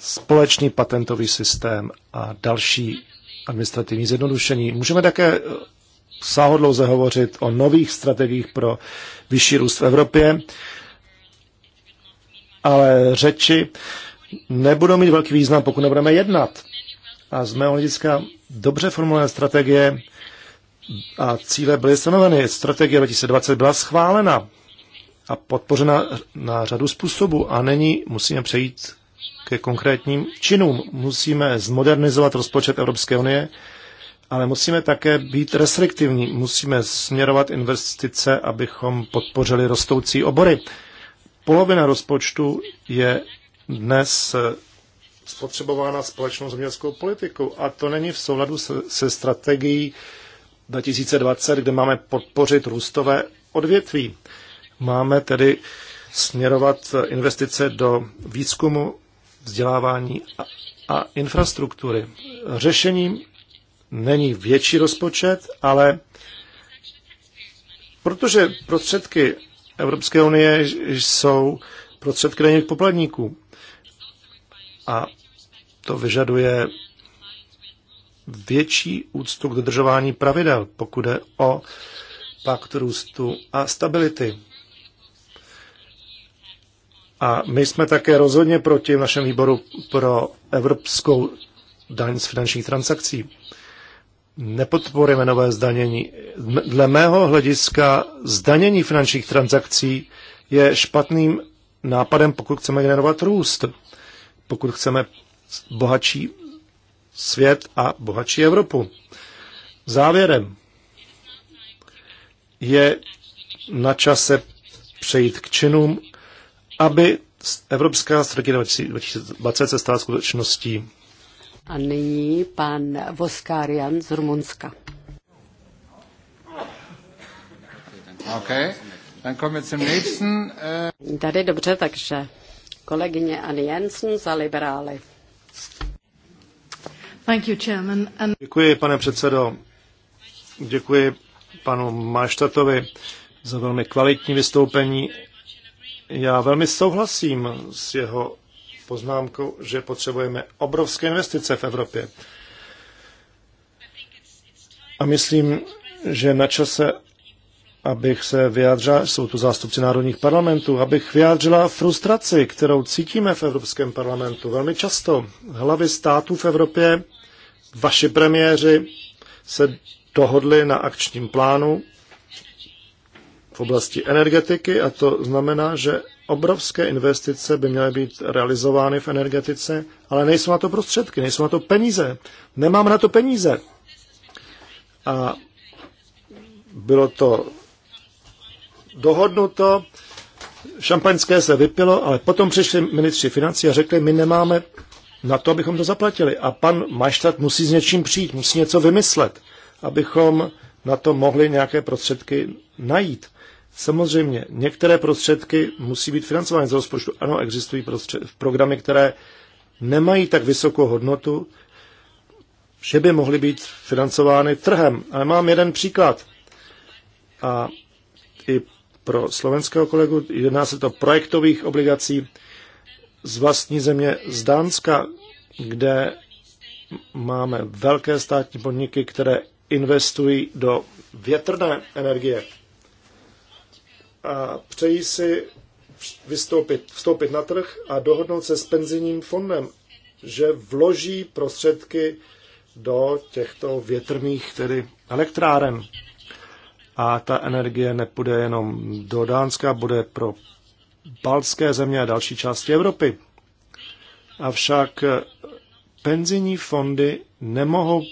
společný patentový systém a další administrativní zjednodušení. Můžeme také eh, sáhodlouze hovořit o nových strategiích pro vyšší růst v Evropě ale řeči nebudou mít velký význam, pokud nebudeme jednat. A z mého hlediska dobře formulované strategie a cíle byly stanoveny. Strategie 2020 byla schválena a podpořena na řadu způsobů a není, musíme přejít ke konkrétním činům. Musíme zmodernizovat rozpočet Evropské unie, ale musíme také být restriktivní. Musíme směrovat investice, abychom podpořili rostoucí obory. Polovina rozpočtu je dnes eh, spotřebována společnou zemědělskou politikou a to není v souladu se, se strategií 2020, kde máme podpořit růstové odvětví. Máme tedy směrovat eh, investice do výzkumu, vzdělávání a, a infrastruktury. Řešením není větší rozpočet, ale protože prostředky Evropské unie jsou prostředky daných poplatníků. A to vyžaduje větší úctu k dodržování pravidel, pokud je o pakt růstu a stability. A my jsme také rozhodně proti v našem výboru pro evropskou daň z finančních transakcí nepodporujeme nové zdanění. Dle mého hlediska zdanění finančních transakcí je špatným nápadem, pokud chceme generovat růst, pokud chceme bohatší svět a bohatší Evropu. Závěrem je na čase přejít k činům, aby Evropská strategie 2020 se stala skutečností. A nyní pan Voskarian z Rumunska. Äh, Tady dobře, takže kolegyně Anne Jensen za liberály. Děkuji, pane předsedo. Děkuji panu Maštatovi za velmi kvalitní vystoupení. Já velmi souhlasím s jeho poznámkou, že potřebujeme obrovské investice v Evropě. A myslím, že na čase, abych se vyjádřila, jsou tu zástupci národních parlamentů, abych vyjádřila frustraci, kterou cítíme v Evropském parlamentu velmi často. Hlavy států v Evropě, vaši premiéři se dohodli na akčním plánu v oblasti energetiky a to znamená, že Obrovské investice by měly být realizovány v energetice, ale nejsou na to prostředky, nejsou na to peníze. Nemám na to peníze. A bylo to dohodnuto, šampaňské se vypilo, ale potom přišli ministři financí a řekli, my nemáme na to, abychom to zaplatili. A pan Majštát musí s něčím přijít, musí něco vymyslet, abychom na to mohli nějaké prostředky najít. Samozřejmě, některé prostředky musí být financovány z rozpočtu. Ano, existují programy, které nemají tak vysokou hodnotu, že by mohly být financovány trhem. Ale mám jeden příklad. A i pro slovenského kolegu jedná se to projektových obligací z vlastní země z Dánska, kde máme velké státní podniky, které investují do větrné energie a přejí si vystoupit, vstoupit na trh a dohodnout se s penzijním fondem, že vloží prostředky do těchto větrných tedy elektráren. A ta energie nepůjde jenom do Dánska, bude pro baltské země a další části Evropy. Avšak penzijní fondy nemohou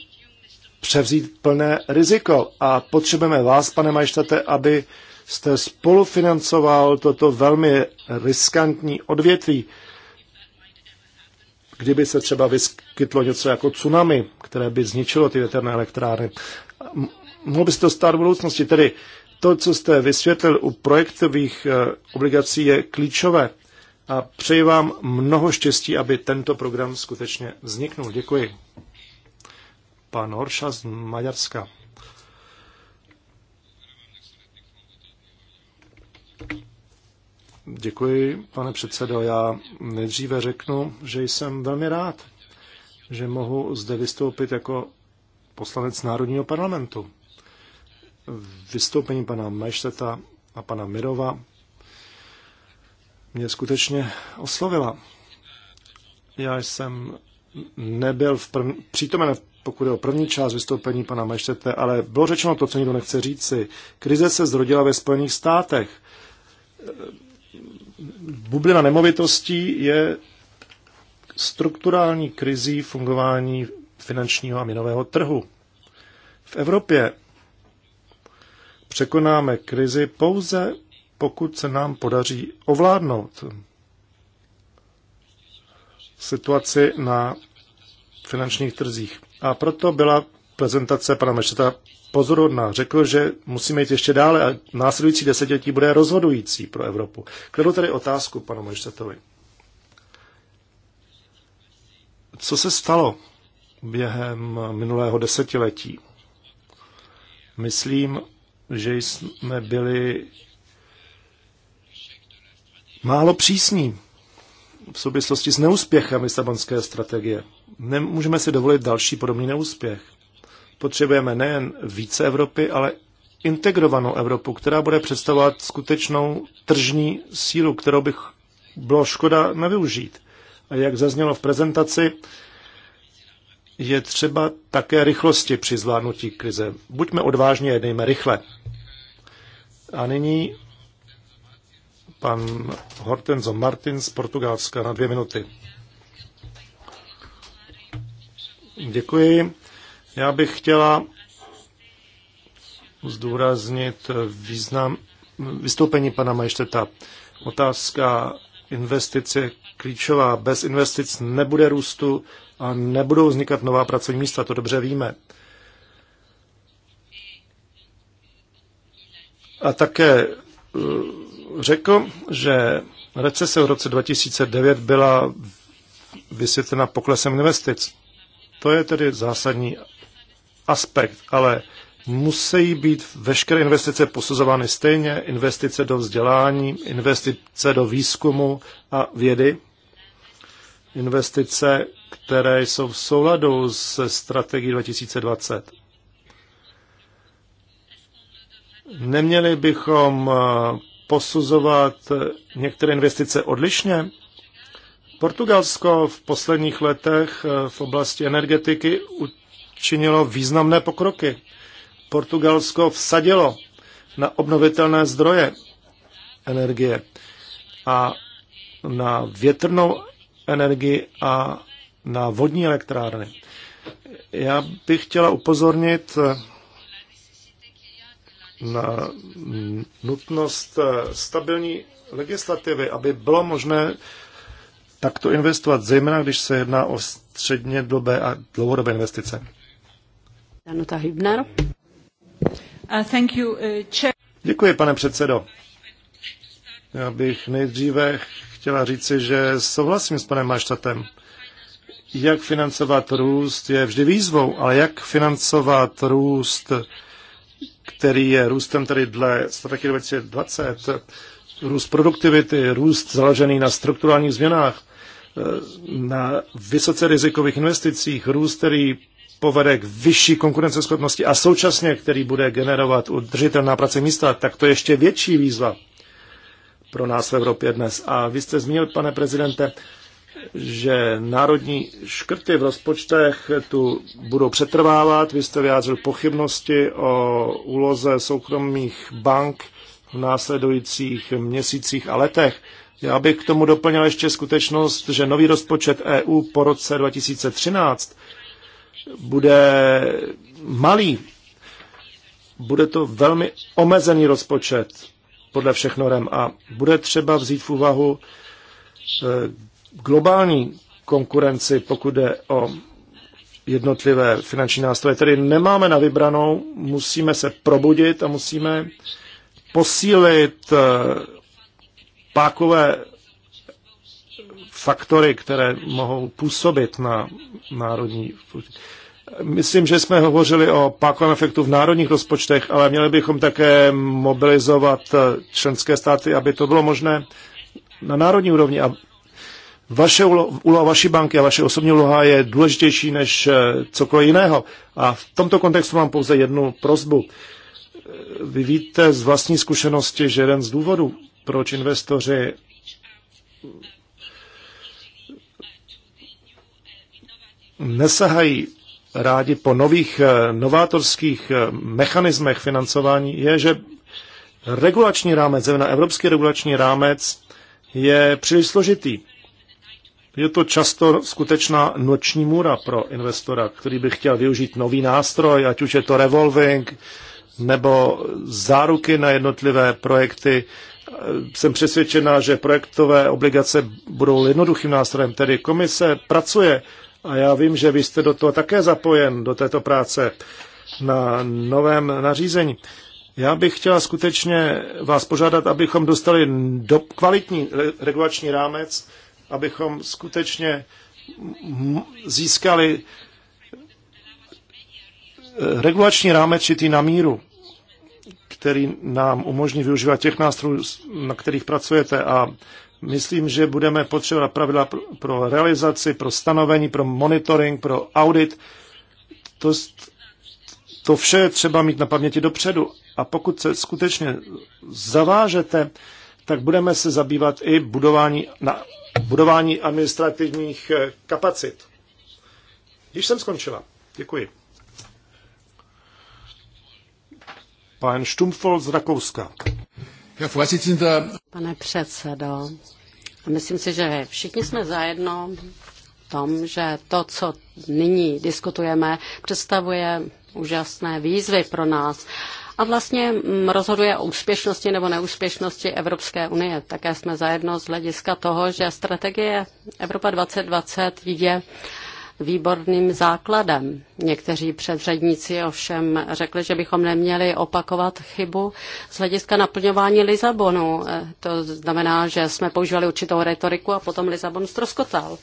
převzít plné riziko a potřebujeme vás, pane majštate, aby jste spolufinancoval toto velmi riskantní odvětví. Kdyby se třeba vyskytlo něco jako tsunami, které by zničilo ty větrné elektrárny, Mohl by se to stát v budoucnosti. Tedy to, co jste vysvětlil u projektových eh, obligací, je klíčové. A přeji vám mnoho štěstí, aby tento program skutečně vzniknul. Děkuji. Pan Horša z Maďarska. Děkuji, pane předsedo. Já nejdříve řeknu, že jsem velmi rád, že mohu zde vystoupit jako poslanec Národního parlamentu. Vystoupení pana Majšteta a pana Mirova mě skutečně oslovila. Já jsem nebyl v prv... přítomen, pokud je o první část vystoupení pana Majštete, ale bylo řečeno to, co nikdo nechce říci. Krize se zrodila ve Spojených státech – bublina nemovitostí je strukturální krizí fungování finančního a měnového trhu. V Evropě překonáme krizi pouze pokud se nám podaří ovládnout situaci na finančních trzích. A proto byla prezentace pana Mešeta pozorodná. Řekl, že musíme jít ještě dále a následující desetiletí bude rozhodující pro Evropu. Kladu tedy otázku panu Mojštetovi. Co se stalo během minulého desetiletí? Myslím, že jsme byli málo přísní v souvislosti s neúspěchem Lisabonské strategie. Nemůžeme si dovolit další podobný neúspěch. Potřebujeme nejen více Evropy, ale integrovanou Evropu, která bude představovat skutečnou tržní sílu, kterou bych bylo škoda nevyužít. A jak zaznělo v prezentaci, je třeba také rychlosti při zvládnutí krize. Buďme odvážní jednejme rychle. A nyní pan Hortenzo Martin z Portugalska na dvě minuty. Děkuji. Já bych chtěla zdůraznit význam vystoupení pana Majšteta. Otázka investice klíčová. Bez investic nebude růstu a nebudou vznikat nová pracovní místa, to dobře víme. A také eh, řekl, že recese v roce 2009 byla vysvětlena poklesem investic. To je tedy zásadní aspekt, ale musí být veškeré investice posuzovány stejně, investice do vzdělání, investice do výzkumu a vědy, investice, které jsou v souladu se strategií 2020. Neměli bychom eh, posuzovat některé investice odlišně? Portugalsko v posledních letech eh, v oblasti energetiky činilo významné pokroky. Portugalsko vsadilo na obnovitelné zdroje energie a na větrnou energii a na vodní elektrárny. Já bych chtěla upozornit na nutnost stabilní legislativy, aby bylo možné takto investovat, zejména když se jedná o středně dobé a dlouhodobé investice. Uh, uh, Děkuji, pane předsedo. Já bych nejdříve chtěla říci, že souhlasím s panem Maštatem. Jak financovat růst je vždy výzvou, ale jak financovat růst, který je růstem tedy dle strategie 2020, růst produktivity, růst založený na strukturálních změnách, eh, na vysoce rizikových investicích, růst, který povede k vyšší konkurenceschopnosti a současně, který bude generovat udržitelná pracovní místa, tak to je ještě větší výzva pro nás v Evropě dnes. A vy jste zmínil, pane prezidente, že národní škrty v rozpočtech tu budou přetrvávat. Vy jste vyjádřil pochybnosti o úloze soukromých bank v následujících měsících a letech. Já bych k tomu doplnil ještě skutečnost, že nový rozpočet EU po roce 2013 bude malý. Bude to velmi omezený rozpočet podle všech norem a bude třeba vzít v úvahu eh, globální konkurenci, pokud jde o jednotlivé finanční nástroje. Tedy nemáme na vybranou, musíme se probudit a musíme posílit eh, pákové faktory, které mohou působit na národní. Myslím, že jsme hovořili o pákovém efektu v národních rozpočtech, ale měli bychom také mobilizovat členské státy, aby to bylo možné na národní úrovni. A vaše úloha, vaší banky a vaše osobní úloha je důležitější než cokoliv jiného. A v tomto kontextu mám pouze jednu prozbu. Vy víte z vlastní zkušenosti, že jeden z důvodů, proč investoři nesahají rádi po nových eh, novátorských eh, mechanismech financování, je, že regulační rámec, zejména evropský regulační rámec, je příliš složitý. Je to často skutečná noční můra pro investora, který by chtěl využít nový nástroj, ať už je to revolving nebo záruky na jednotlivé projekty. Eh, Jsem přesvědčená, že projektové obligace budou jednoduchým nástrojem, tedy komise pracuje a já vím, že vy jste do toho také zapojen, do této práce na novém nařízení. Já bych chtěla skutečně vás požádat, abychom dostali do kvalitní regulační rámec, abychom skutečně získali eh, regulační rámec šitý na míru, který nám umožní využívat těch nástrojů, na kterých pracujete a Myslím, že budeme potřebovat pravidla pro realizaci, pro stanovení, pro monitoring, pro audit. To, to vše je třeba mít na paměti dopředu. A pokud se skutečně zavážete, tak budeme se zabývat i budování, na, budování administrativních eh, kapacit. Již jsem skončila. Děkuji. Pán Štumfol z Rakouska. Pane předsedo, myslím si, že všichni jsme zajedno v tom, že to, co nyní diskutujeme, představuje úžasné výzvy pro nás a vlastně mm, rozhoduje o úspěšnosti nebo neúspěšnosti Evropské unie. Také jsme zajedno z hlediska toho, že strategie Evropa 2020 je výborným základem. Někteří předředníci ovšem řekli, že bychom neměli opakovat chybu z hlediska naplňování Lisabonu. Eh, to znamená, že jsme používali určitou retoriku a potom Lisabon ztroskotal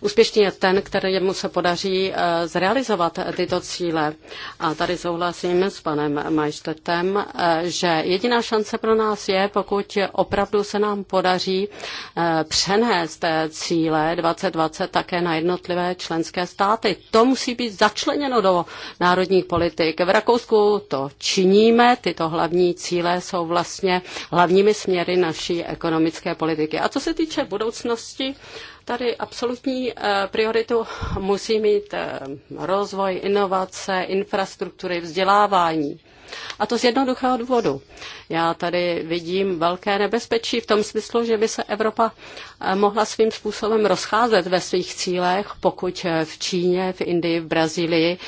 úspěšný je ten, který mu se podaří eh, zrealizovat tyto cíle. A tady souhlasím s panem Majštetem, eh, že jediná šance pro nás je, pokud opravdu se nám podaří eh, přenést cíle 2020 také na jednotlivé členské státy. To musí být začleněno do národních politik. V Rakousku to činíme, tyto hlavní cíle jsou vlastně hlavními směry naší ekonomické politiky. A co se týče budoucnosti, Tady absolutní eh, prioritu musí mít eh, rozvoj, inovace, infrastruktury, vzdělávání. A to z jednoduchého důvodu. Já tady vidím velké nebezpečí v tom smyslu, že by se Evropa mohla svým způsobem rozcházet ve svých cílech, pokud v Číně, v Indii, v Brazílii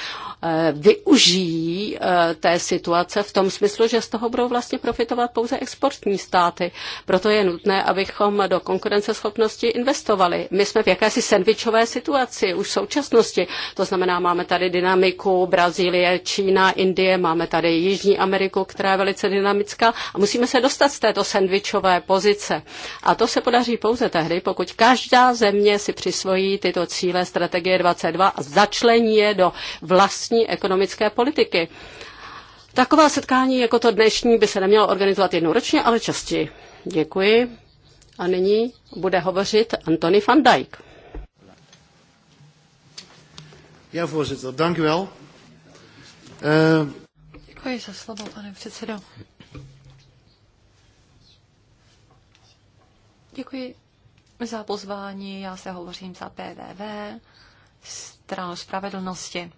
eh, využijí eh, té situace v tom smyslu, že z toho budou vlastně profitovat pouze exportní státy. Proto je nutné, abychom do konkurenceschopnosti investovali. My jsme v jakési sandvičové situaci už v současnosti. To znamená, máme tady dynamiku Brazílie, Čína, Indie, máme tady Jižní Ameriku, která je velice dynamická a musíme se dostat z této sandvičové pozice. A to se podaří pouze té hry, pokud každá země si přisvojí tyto cíle strategie 22 a začlení je do vlastní ekonomické politiky. Taková setkání jako to dnešní by se nemělo organizovat jednou ročně, ale častěji. Děkuji. A nyní bude hovořit Antony van Dijk. Ja, voorzitter, dank u wel. Eh, Děkuji za slovo, pane předsedo. Děkuji za pozvání. Já se hovořím za PVV, stranu spravedlnosti.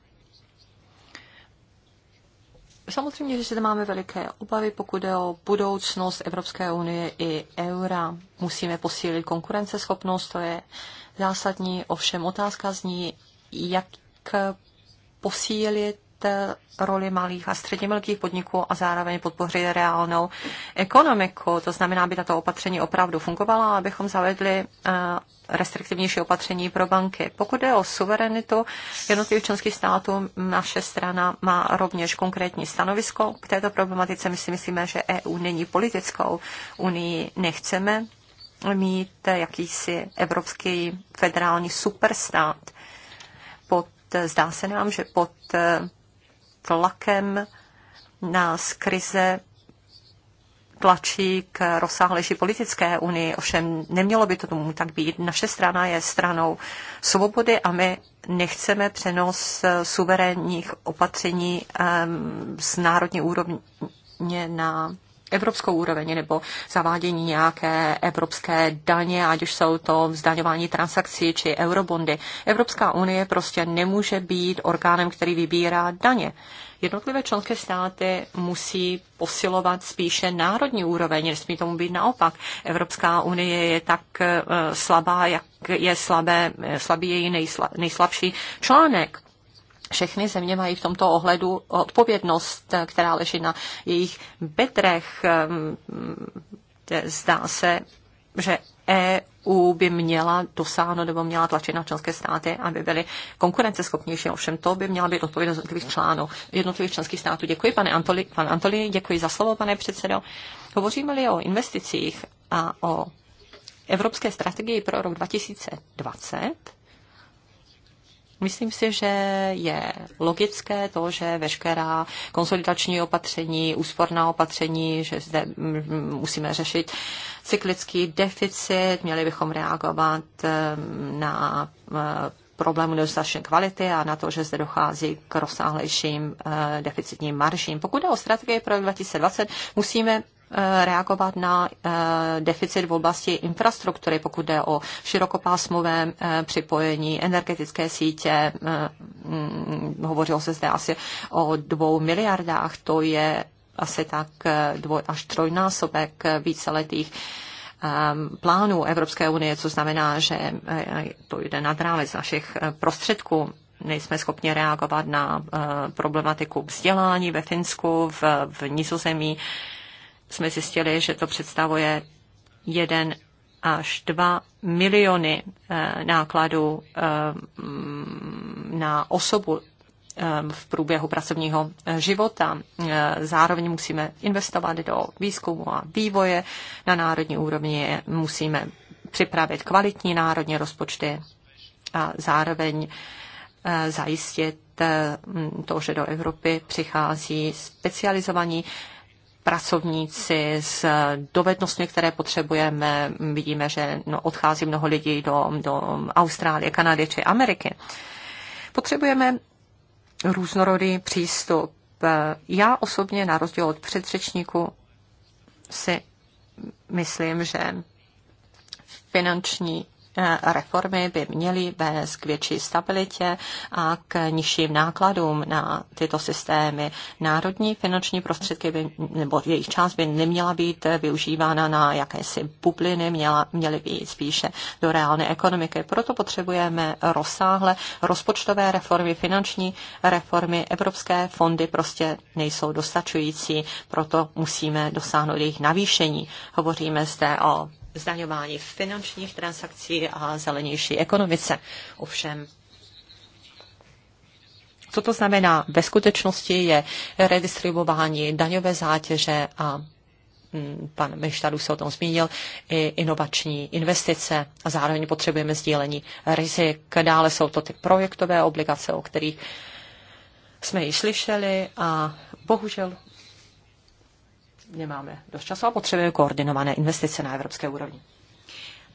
Samozřejmě, že se máme veliké obavy, pokud je o budoucnost Evropské unie i eura. Musíme posílit konkurenceschopnost, to je zásadní. Ovšem otázka zní, jak posílit roli malých a středně velkých podniků a zároveň podpořit reálnou ekonomiku. To znamená, aby tato opatření opravdu fungovala, abychom zavedli eh, restriktivnější opatření pro banky. Pokud je o suverenitu jednotlivých členských států, naše strana má rovněž konkrétní stanovisko k této problematice. My si myslíme, že EU není politickou unii, nechceme mít jakýsi evropský federální superstát. Pod, zdá se nám, že pod eh, tlakem nás krize tlačí k rozsáhlejší politické unii, ovšem nemělo by to tomu tak být. Naše strana je stranou svobody a my nechceme přenos suverénních opatření z národní úrovně na evropskou úroveň nebo zavádění nějaké evropské daně, ať už jsou to vzdaňování transakcí či eurobondy. Evropská unie prostě nemůže být orgánem, který vybírá daně. Jednotlivé členské státy musí posilovat spíše národní úroveň, nesmí tomu být naopak. Evropská unie je tak eh, slabá, jak je slabé, eh, slabý její nejsla, nejslabší článek všechny země mají v tomto ohledu odpovědnost, která leží na jejich bedrech. Zdá se, že EU by měla dosáhnout nebo měla tlačit na členské státy, aby byly konkurenceschopnější. Ovšem to by měla být odpovědnost jednotlivých článů, jednotlivých členských států. Děkuji, pane Antoli, pan Antoli, děkuji za slovo, pane předsedo. Hovoříme-li o investicích a o evropské strategii pro rok 2020, Myslím si, že je logické to, že veškerá konsolidační opatření, úsporná opatření, že zde mm, musíme řešit cyklický deficit, měli bychom reagovat mm, na mm, problém nedostatečné kvality a na to, že zde dochází k rozsáhlejším eh, deficitním maržím. Pokud jde o strategii pro 2020, musíme reagovat na eh, deficit v oblasti infrastruktury, pokud jde o širokopásmové eh, připojení, energetické sítě. Eh, mm, hovořilo se zde asi o dvou miliardách, to je asi tak dvoj až trojnásobek víceletých plánů Evropské unie, co znamená, že to jde nad rámec našich prostředků nejsme schopni reagovat na problematiku vzdělání ve Finsku, v, v Nizozemí jsme zjistili, že to představuje jeden až dva miliony eh, nákladů eh, na osobu eh, v průběhu pracovního života. Zároveň musíme investovat do výzkumu a vývoje na národní úrovni, musíme připravit kvalitní národní rozpočty a zároveň zajistit to, že do Evropy přichází specializovaní pracovníci s dovednostmi, které potřebujeme. Vidíme, že no, odchází mnoho lidí do, do Austrálie, Kanady či Ameriky. Potřebujeme různorodý přístup. Já osobně, na rozdíl od předřečníku, si myslím, že finanční Eh, reformy by měly vést k větší stabilitě a k nižším nákladům na tyto systémy. Národní finanční prostředky by, nebo jejich část by neměla být využívána na jakési bubliny, měla, měly by jít spíše do reálné ekonomiky. Proto potřebujeme rozsáhlé rozpočtové reformy, finanční reformy. Evropské fondy prostě nejsou dostačující, proto musíme dosáhnout jejich navýšení. Hovoříme zde o zdaňování finančních transakcí a zelenější ekonomice. Ovšem, co to znamená? Ve skutečnosti je redistribuování daňové zátěže a mm, pan Meštadu se o tom zmínil, i inovační investice a zároveň potřebujeme sdílení rizik. Dále jsou to ty projektové obligace, o kterých jsme již slyšeli a bohužel nemáme dost času a potřebujeme koordinované investice na evropské úrovni.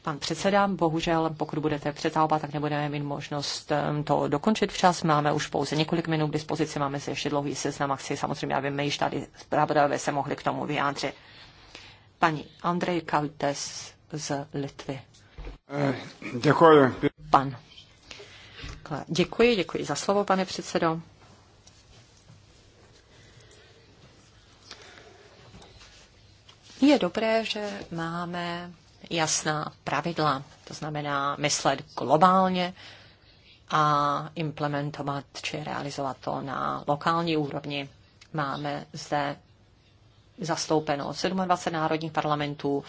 Pan předseda, bohužel, pokud budete přetávat, tak nebudeme mít možnost um, to dokončit včas. Máme už pouze několik minut k dispozici, máme se ještě dlouhý seznam akcí, samozřejmě, aby my již tady zpravodajové se mohli k tomu vyjádřit. Paní Andrej Kaltes z Litvy. Eh, děkuji. Pan. Děkuji, děkuji za slovo, pane předsedo. Je dobré, že máme jasná pravidla, to znamená myslet globálně a implementovat či realizovat to na lokální úrovni. Máme zde zastoupeno 27 národních parlamentů.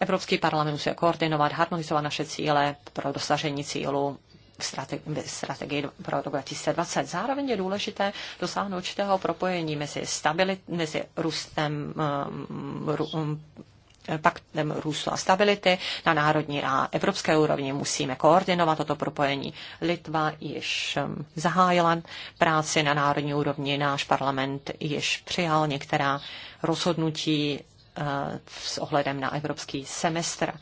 Evropský parlament musí koordinovat, harmonizovat naše cíle pro dosažení cílu v strategii pro rok 2020. Zároveň je důležité dosáhnout určitého propojení mezi, stabilit, mezi růstem um, um, paktem růstu a stability na národní a evropské úrovni musíme koordinovat toto propojení. Litva již um, zahájila práci na národní úrovni, náš parlament již přijal některá rozhodnutí uh, s ohledem na evropský semestr.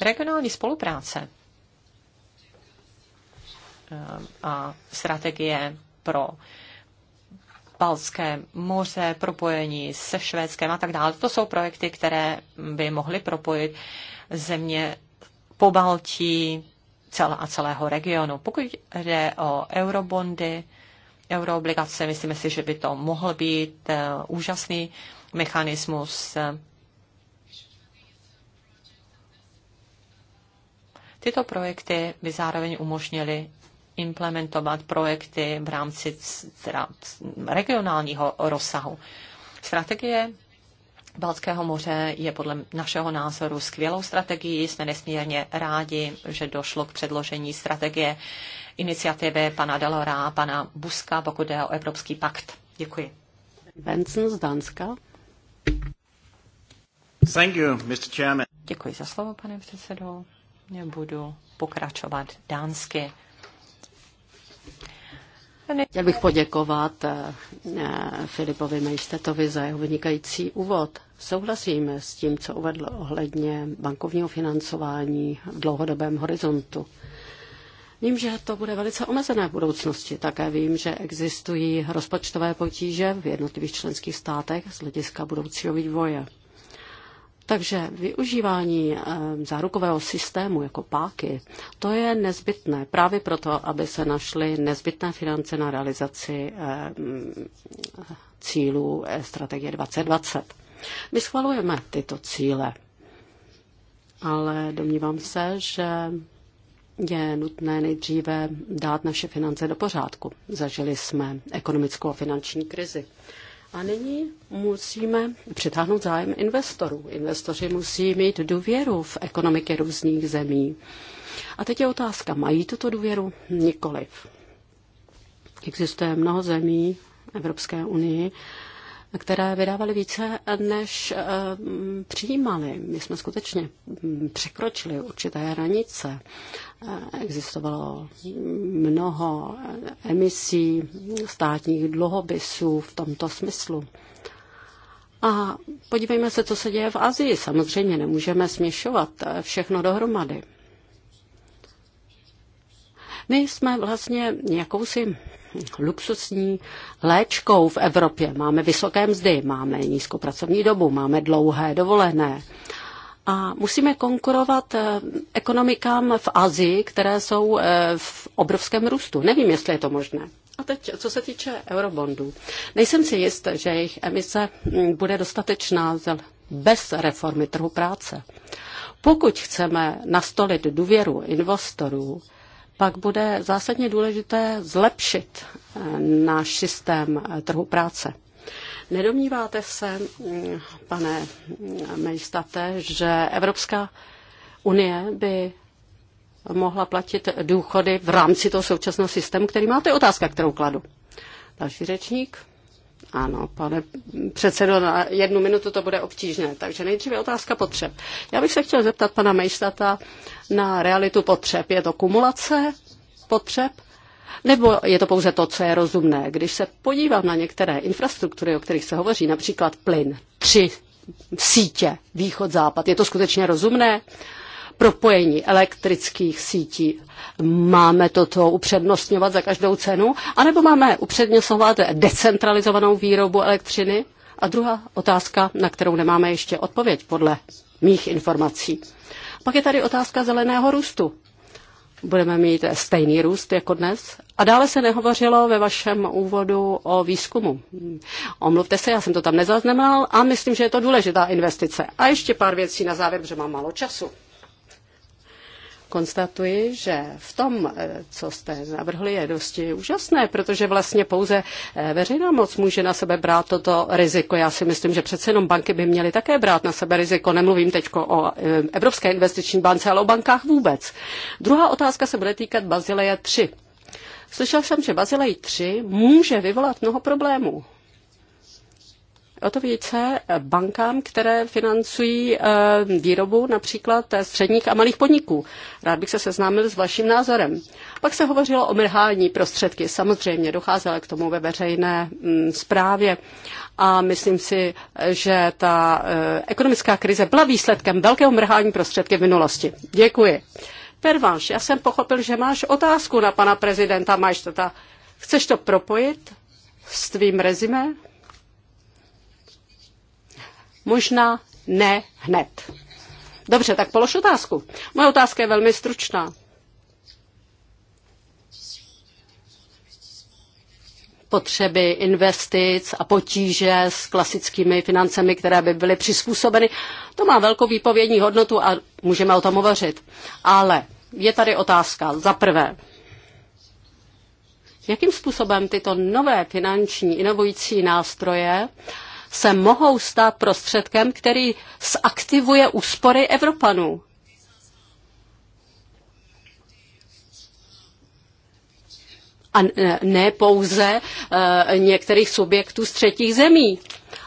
Regionální spolupráce a strategie pro Balské moře, propojení se Švédskem a tak dále. To jsou projekty, které by mohly propojit země po Baltí celé a celého regionu. Pokud jde o eurobondy, euroobligace, myslíme si, že by to mohl být eh, úžasný mechanismus. Tyto projekty by zároveň umožnily implementovat projekty v rámci teda regionálního rozsahu. Strategie Balckého moře je podle našeho názoru skvělou strategií. Jsme nesmírně rádi, že došlo k předložení strategie iniciativy pana Delora a pana Buska, pokud jde o Evropský pakt. Děkuji. Benson z Danska. Thank you, Mr. Chairman. Děkuji za slovo, pane předsedo. Nebudu budu pokračovat dánsky. Chtěl bych poděkovat eh, Filipovi Mejstetovi za jeho vynikající úvod. Souhlasím s tím, co uvedl ohledně bankovního financování v dlouhodobém horizontu. Vím, že to bude velice omezené v budoucnosti. Také vím, že existují rozpočtové potíže v jednotlivých členských státech z hlediska budoucího vývoje. Takže využívání eh, zárukového systému jako páky, to je nezbytné právě proto, aby se našly nezbytné finance na realizaci eh, mm, cílů eh, strategie 2020. My schvalujeme tyto cíle, ale domnívám se, že je nutné nejdříve dát naše finance do pořádku. Zažili jsme ekonomickou a finanční krizi. A nyní musíme přitáhnout zájem investorů. Investoři musí mít důvěru v ekonomiky různých zemí. A teď je otázka, mají tuto důvěru? Nikoliv. Existuje mnoho zemí Evropské unii, které vydávali více, než eh, přijímali. My jsme skutečně mm, překročili určité hranice. Eh, existovalo mnoho emisí státních dluhopisů v tomto smyslu. A podívejme se, co se děje v Azii. Samozřejmě nemůžeme směšovat eh, všechno dohromady. My jsme vlastně jakousi luxusní léčkou v Evropě. Máme vysoké mzdy, máme nízkou pracovní dobu, máme dlouhé dovolené. A musíme konkurovat eh, ekonomikám v Azii, které jsou eh, v obrovském růstu. Nevím, jestli je to možné. A teď, co se týče eurobondů. Nejsem si jist, že jejich emise hm, bude dostatečná bez reformy trhu práce. Pokud chceme nastolit důvěru investorů, pak bude zásadně důležité zlepšit eh, náš systém eh, trhu práce. Nedomníváte se, mm, pane Mejstate, mm, že Evropská unie by mohla platit důchody v rámci toho současného systému, který máte? Otázka, kterou kladu. Další řečník. Ano, pane předsedo, na jednu minutu to bude obtížné. Takže nejdříve otázka potřeb. Já bych se chtěl zeptat pana Mejstata na realitu potřeb. Je to kumulace potřeb? Nebo je to pouze to, co je rozumné? Když se podívám na některé infrastruktury, o kterých se hovoří, například plyn, tři sítě, východ, západ, je to skutečně rozumné? propojení elektrických sítí. Máme toto upřednostňovat za každou cenu, anebo máme upřednostňovat decentralizovanou výrobu elektřiny? A druhá otázka, na kterou nemáme ještě odpověď podle mých informací. Pak je tady otázka zeleného růstu. Budeme mít stejný růst jako dnes. A dále se nehovořilo ve vašem úvodu o výzkumu. Omluvte se, já jsem to tam nezaznamenal a myslím, že je to důležitá investice. A ještě pár věcí na závěr, protože mám málo času konstatuji, že v tom, eh, co jste navrhli, je dosti úžasné, protože vlastně pouze eh, veřejná moc může na sebe brát toto riziko. Já si myslím, že přece jenom banky by měly také brát na sebe riziko. Nemluvím teď o eh, Evropské investiční bance, ale o bankách vůbec. Druhá otázka se bude týkat Bazileje 3. Slyšel jsem, že Bazilej 3 může vyvolat mnoho problémů. O to více bankám, které financují eh, výrobu například středních a malých podniků. Rád bych se seznámil s vaším názorem. Pak se hovořilo o mrhání prostředky. Samozřejmě docházelo k tomu ve veřejné zprávě mm, a myslím si, že ta eh, ekonomická krize byla výsledkem velkého mrhání prostředky v minulosti. Děkuji. Pervanš, já jsem pochopil, že máš otázku na pana prezidenta Majštata. Chceš to propojit s tvým rezimem? Možná ne hned. Dobře, tak polož otázku. Moje otázka je velmi stručná. potřeby investic a potíže s klasickými financemi, které by byly přizpůsobeny. To má velkou výpovědní hodnotu a můžeme o tom hovořit. Ale je tady otázka. Za prvé, jakým způsobem tyto nové finanční inovující nástroje uh, se mohou stát prostředkem, který zaktivuje úspory Evropanů. A e, ne pouze e, některých subjektů z třetích zemí.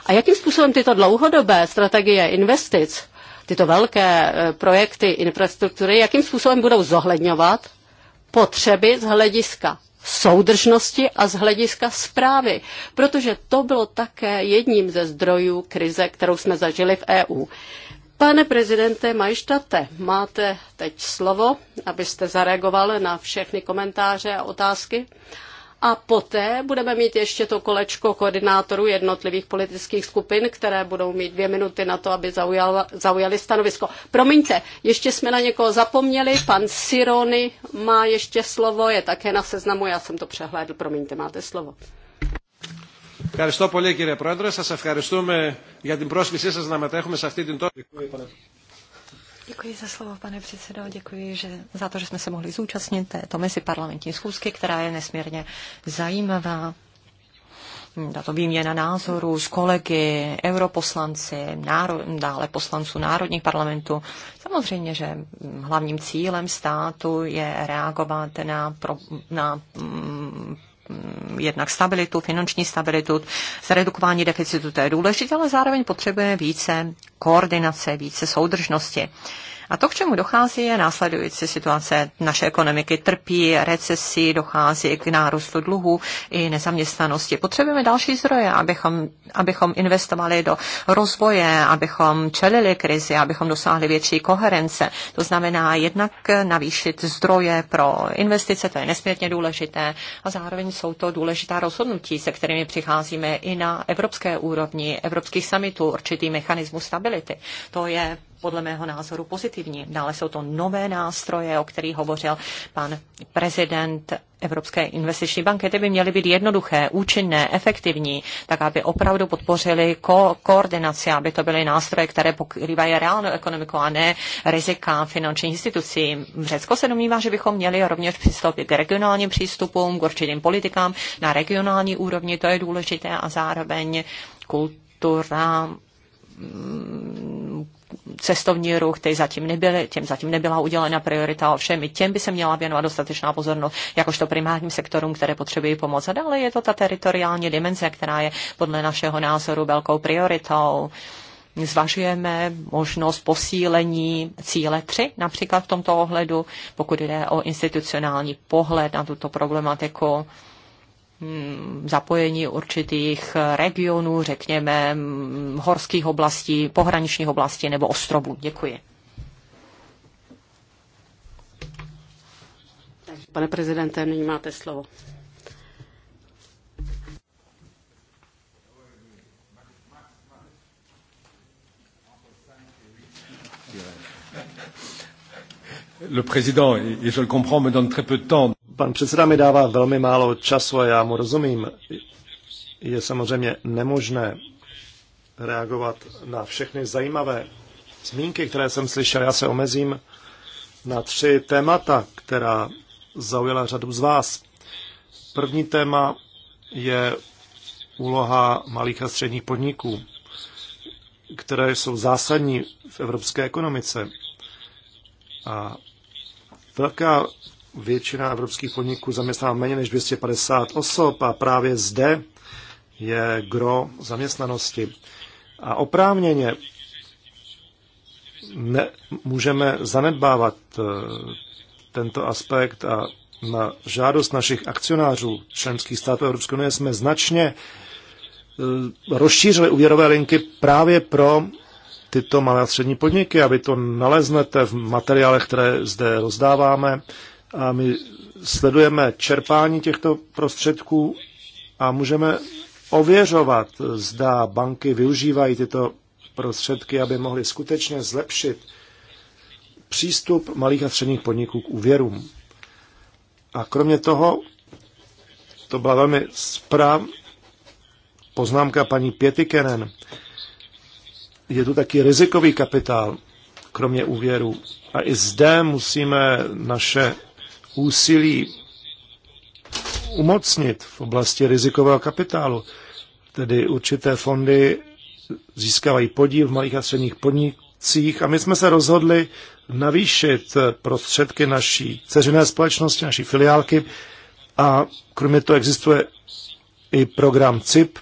A jakým způsobem tyto dlouhodobé strategie investic, tyto velké e, projekty infrastruktury, jakým způsobem budou zohledňovat potřeby z hlediska soudržnosti a z hlediska zprávy, protože to bylo také jedním ze zdrojů krize, kterou jsme zažili v EU. Pane prezidente Majštate, máte teď slovo, abyste zareagoval na všechny komentáře a otázky. A poté budeme mít ještě to kolečko koordinátorů jednotlivých politických skupin, které budou mít dvě minuty na to, aby zaujala, zaujali stanovisko. Promiňte, ještě jsme na někoho zapomněli. Pan Sirony má ještě slovo, je také na seznamu, já jsem to přehlédl. Promiňte, máte slovo. Ευχαριστώ πολύ κύριε Πρόεδρε. Σας ευχαριστούμε για την πρόσκλησή σας να μετέχουμε σε αυτή την τόσο... Děkuji za slovo, pane předsedo. Děkuji že, za to, že jsme se mohli zúčastnit této mezi parlamentní schůzky, která je nesmírně zajímavá. Tato výměna názorů s kolegy, europoslanci, náro, dále poslanců národních parlamentů. Samozřejmě, že hlavním cílem státu je reagovat na, pro, na mm, Mm, jednak stabilitu, finanční stabilitu, zredukování deficitu, to je důležité, ale zároveň potřebujeme více koordinace, více soudržnosti. Uh, a to, k čemu dochází, je následující situace. Naše ekonomiky trpí, recesí, dochází k nárůstu dluhu i nezaměstnanosti. Potřebujeme další zdroje, abychom, abychom investovali do rozvoje, abychom čelili krizi, abychom dosáhli větší koherence. To znamená jednak navýšit zdroje pro investice, to je nesmírně důležité, a zároveň jsou to důležitá rozhodnutí, se kterými přicházíme i na evropské úrovni, evropských samitů, určitý mechanismus stability. To je podle mého názoru pozitivní. Dále jsou to nové nástroje, o kterých hovořil pan prezident Evropské investiční banky, ty by měly být jednoduché, účinné, efektivní, tak aby opravdu podpořili ko- koordinaci, aby to byly nástroje, které pokrývají reálnou ekonomiku a ne rizika finančních institucí. Řecko se domnívá, že bychom měli rovněž přistoupit k regionálním přístupům, k určitým politikám na regionální úrovni, to je důležité a zároveň kultura mm, cestovní ruch, ty zatím nebyly, těm zatím nebyla udělena priorita, ovšem i těm by se měla věnovat dostatečná pozornost, jakožto primárním sektorům, které potřebují pomoc. A dále je to ta teritoriální dimenze, která je podle našeho názoru velkou prioritou zvažujeme možnost posílení cíle 3, například v tomto ohledu, pokud jde o institucionální pohled na tuto problematiku. Mm, zapojení určitých regionů, řekněme, mm, horských oblastí, pohraničních oblastí nebo ostrovů. Děkuji. pane prezidente, nyní máte slovo. Le président, et je le comprends, me donne très peu de temps. Pan předseda mi dává velmi málo času a já mu rozumím. Je samozřejmě nemožné reagovat na všechny zajímavé zmínky, které jsem slyšel. Já se omezím na tři témata, která zaujala řadu z vás. První téma je úloha malých a středních podniků, které jsou zásadní v evropské ekonomice. A velká většina evropských podniků zaměstnává méně než 250 osob a právě zde je gro zaměstnanosti. A oprávněně ne, můžeme zanedbávat eh, tento aspekt a na žádost našich akcionářů členských států Evropské unie jsme značně eh, rozšířili úvěrové linky právě pro tyto malé a střední podniky, aby to naleznete v materiálech, které zde rozdáváme a my sledujeme čerpání těchto prostředků a můžeme ověřovat, zda banky využívají tyto prostředky, aby mohly skutečně zlepšit přístup malých a středních podniků k úvěrům. A kromě toho, to byla velmi správ, poznámka paní Pětikenen, je tu taky rizikový kapitál, kromě úvěru. A i zde musíme naše úsilí umocnit v oblasti rizikového kapitálu. Tedy určité fondy získávají podíl v malých a středních podnicích a my jsme se rozhodli navýšit prostředky naší ceřiné společnosti, naší filiálky a kromě toho existuje i program CIP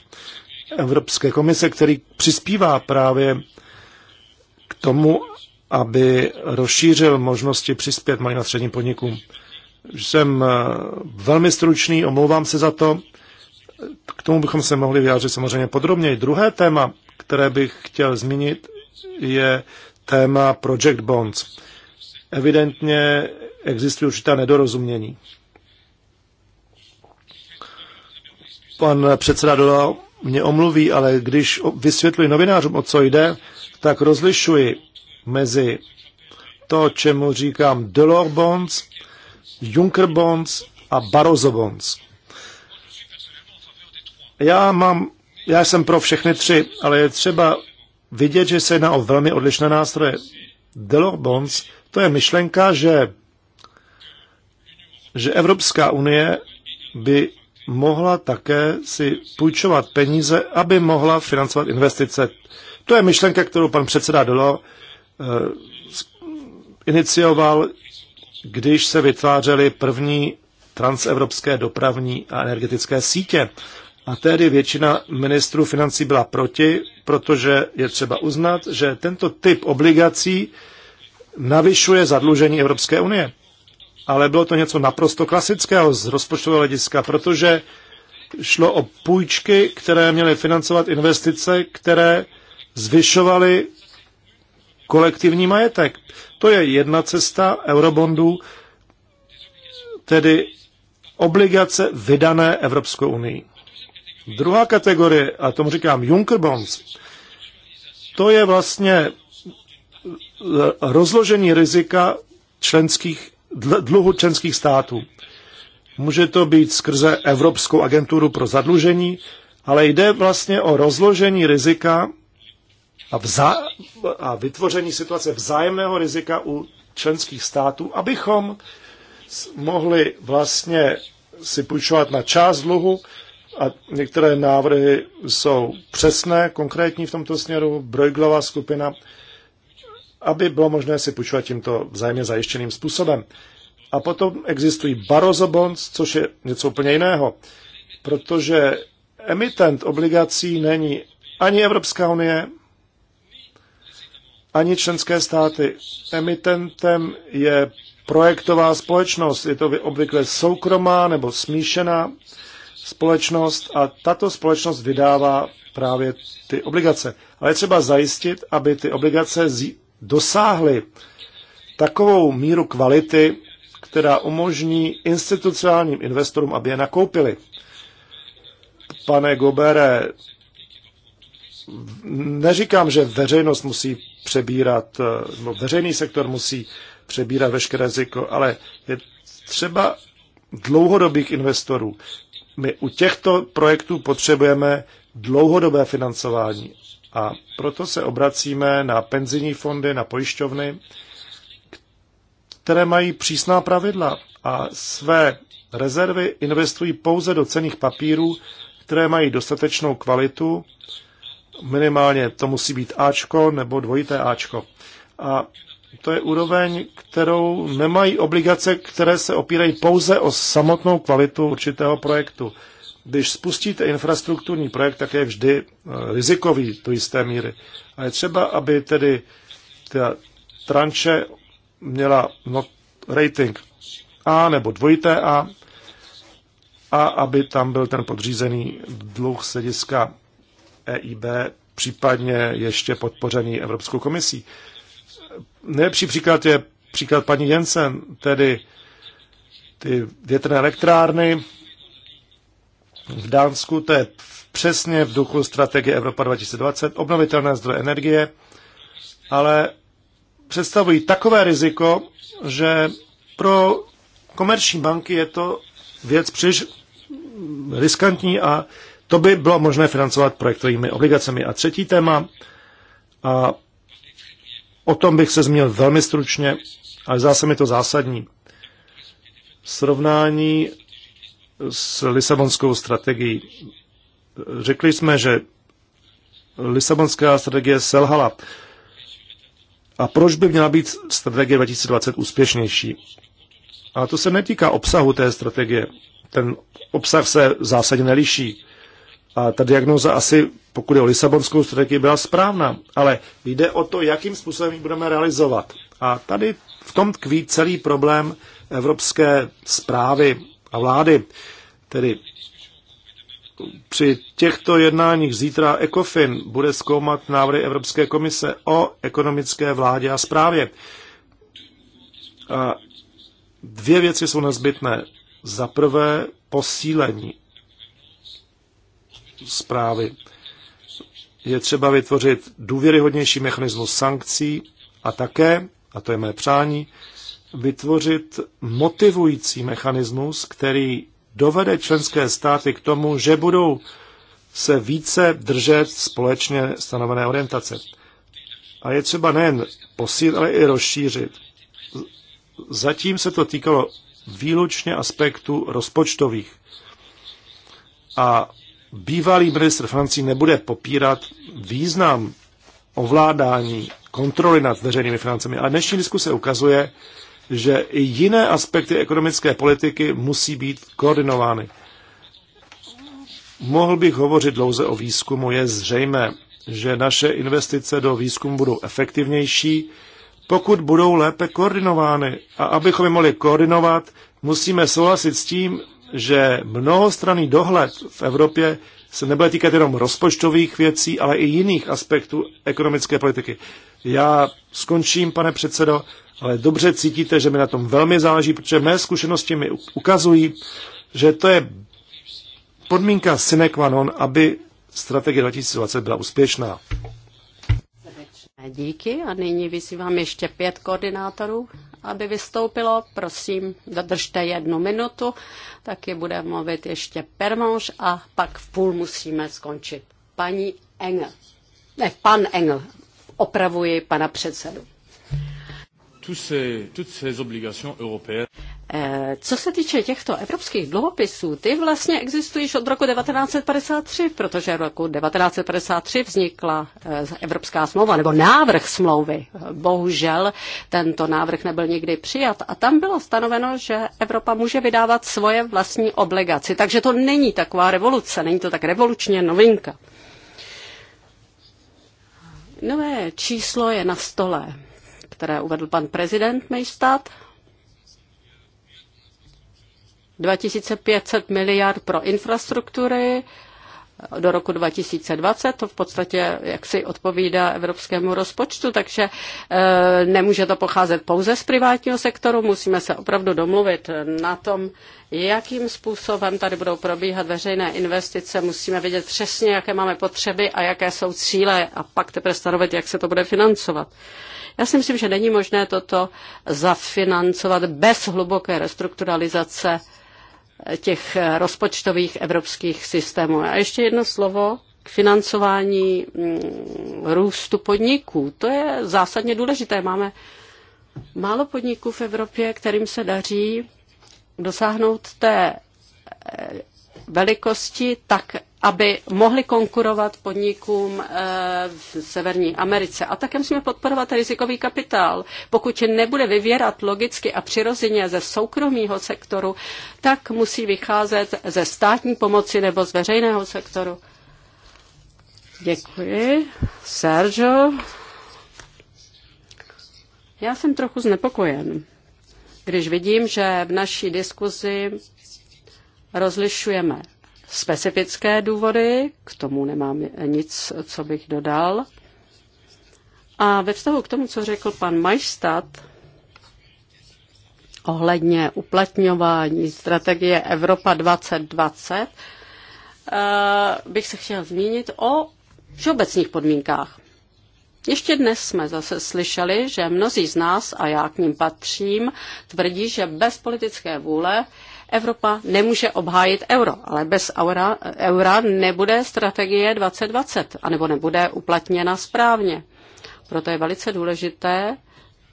Evropské komise, který přispívá právě k tomu, aby rozšířil možnosti přispět malým a středním podnikům. Jsem eh, velmi stručný, omlouvám se za to. K tomu bychom se mohli vyjádřit samozřejmě podrobněji. Druhé téma, které bych chtěl zmínit, je téma Project Bonds. Evidentně existují určitá nedorozumění. Pan předseda Dola mě omluví, ale když vysvětluji novinářům, o co jde, tak rozlišuji mezi to, čemu říkám Delors Bonds Juncker Bonds a Barroso Bonds. Já, mám, já jsem pro všechny tři, ale je třeba vidět, že se jedná o velmi odlišné nástroje. Delo Bonds, to je myšlenka, že, že Evropská unie by mohla také si půjčovat peníze, aby mohla financovat investice. To je myšlenka, kterou pan předseda Delo eh, inicioval když se vytvářely první transevropské dopravní a energetické sítě. A tedy většina ministrů financí byla proti, protože je třeba uznat, že tento typ obligací navyšuje zadlužení Evropské unie. Ale bylo to něco naprosto klasického z rozpočtového hlediska, protože šlo o půjčky, které měly financovat investice, které zvyšovaly kolektivní majetek. To je jedna cesta eurobondů, tedy obligace vydané Evropskou unii. Druhá kategorie, a tomu říkám Juncker bonds, to je vlastně rozložení rizika členských, dluhu členských států. Může to být skrze Evropskou agenturu pro zadlužení, ale jde vlastně o rozložení rizika a, vzá- a vytvoření situace vzájemného rizika u členských států, abychom mohli vlastně si půjčovat na část dluhu a některé návrhy jsou přesné, konkrétní v tomto směru, Brojglová skupina, aby bylo možné si půjčovat tímto vzájemně zajištěným způsobem. A potom existují Barozo bonds, což je něco úplně jiného, protože emitent obligací není ani Evropská unie, ani členské státy. Emitentem je projektová společnost, je to obvykle soukromá nebo smíšená společnost a tato společnost vydává právě ty obligace. Ale je třeba zajistit, aby ty obligace dosáhly takovou míru kvality, která umožní institucionálním investorům, aby je nakoupili. Pane Gobere, neříkám, že veřejnost musí přebírat, eh, no veřejný sektor musí přebírat veškeré riziko, ale je třeba dlouhodobých investorů. My u těchto projektů potřebujeme dlouhodobé financování a proto se obracíme na penzijní fondy, na pojišťovny, které mají přísná pravidla a své rezervy investují pouze do cených papírů, které mají dostatečnou kvalitu minimálně to musí být Ačko nebo dvojité Ačko. A to je úroveň, kterou nemají obligace, které se opírají pouze o samotnou kvalitu určitého projektu. Když spustíte infrastrukturní projekt, tak je vždy e, rizikový do jisté míry. A je třeba, aby tedy ta tranče měla not, rating A nebo dvojité A a aby tam byl ten podřízený dluh sediska EIB, případně ještě podpořený Evropskou komisí. Nejlepší příklad je příklad paní Jensen, tedy ty větrné elektrárny v Dánsku, to je přesně v duchu strategie Evropa 2020, obnovitelné zdroje energie, ale představují takové riziko, že pro komerční banky je to věc příliš riskantní a to by bylo možné financovat projektovými obligacemi. A třetí téma, a o tom bych se zmínil velmi stručně, ale zdá se mi to zásadní. Srovnání s Lisabonskou strategií. Řekli jsme, že Lisabonská strategie selhala. A proč by měla být strategie 2020 úspěšnější? A to se netýká obsahu té strategie. Ten obsah se zásadně neliší. A ta diagnoza asi, pokud je o Lisabonskou strategii, byla správná, ale jde o to, jakým způsobem ji budeme realizovat. A tady v tom tkví celý problém evropské zprávy a vlády. Tedy při těchto jednáních zítra ECOFIN bude zkoumat návrhy Evropské komise o ekonomické vládě a zprávě. A dvě věci jsou nezbytné. Za prvé posílení zprávy. Je třeba vytvořit důvěryhodnější mechanismus sankcí a také, a to je mé přání, vytvořit motivující mechanismus, který dovede členské státy k tomu, že budou se více držet společně stanovené orientace. A je třeba nejen posílit, ale i rozšířit. Zatím se to týkalo výlučně aspektů rozpočtových. A bývalý ministr Francí nebude popírat význam ovládání, kontroly nad veřejnými financemi. A dnešní diskuse ukazuje, že i jiné aspekty ekonomické politiky musí být koordinovány. Mohl bych hovořit dlouze o výzkumu. Je zřejmé, že naše investice do výzkumu budou efektivnější, pokud budou lépe koordinovány. A abychom je mohli koordinovat, musíme souhlasit s tím, že mnohostranný dohled v Evropě se nebude týkat jenom rozpočtových věcí, ale i jiných aspektů ekonomické politiky. Já skončím, pane předsedo, ale dobře cítíte, že mi na tom velmi záleží, protože mé zkušenosti mi ukazují, že to je podmínka sine qua non, aby strategie 2020 byla úspěšná. Díky a nyní vyzývám ještě pět koordinátorů, aby vystoupilo. Prosím, dodržte jednu minutu, taky bude mluvit ještě Permanš a pak v půl musíme skončit. Paní Engel, ne, pan Engel, opravuji pana předsedu. Eh, co se týče těchto evropských dluhopisů, ty vlastně existují již od roku 1953, protože roku 1953 vznikla eh, Evropská smlouva nebo návrh smlouvy. Bohužel tento návrh nebyl nikdy přijat a tam bylo stanoveno, že Evropa může vydávat svoje vlastní obligaci. Takže to není taková revoluce, není to tak revolučně novinka. Nové číslo je na stole, které uvedl pan prezident Mejstát 2500 miliard pro infrastruktury do roku 2020. To v podstatě jak si odpovídá evropskému rozpočtu, takže e, nemůže to pocházet pouze z privátního sektoru. Musíme se opravdu domluvit na tom, jakým způsobem tady budou probíhat veřejné investice. Musíme vědět přesně, jaké máme potřeby a jaké jsou cíle a pak teprve stanovit, jak se to bude financovat. Já si myslím, že není možné toto zafinancovat bez hluboké restrukturalizace těch rozpočtových evropských systémů. A ještě jedno slovo k financování mm, růstu podniků. To je zásadně důležité. Máme málo podniků v Evropě, kterým se daří dosáhnout té eh, velikosti tak, aby mohli konkurovat podnikům eh, v Severní Americe. A také musíme podporovat rizikový kapitál. Pokud nebude vyvěrat logicky a přirozeně ze soukromého sektoru, tak musí vycházet ze státní pomoci nebo z veřejného sektoru. Děkuji. Sergio. Já jsem trochu znepokojen, když vidím, že v naší diskuzi rozlišujeme specifické důvody, k tomu nemám nic, co bych dodal. A ve vztahu k tomu, co řekl pan Majstad ohledně uplatňování strategie Evropa 2020, eh, bych se chtěl zmínit o všeobecných podmínkách. Ještě dnes jsme zase slyšeli, že mnozí z nás, a já k ním patřím, tvrdí, že bez politické vůle Evropa nemůže obhájit euro, ale bez eura, eura nebude strategie 2020, anebo nebude uplatněna správně. Proto je velice důležité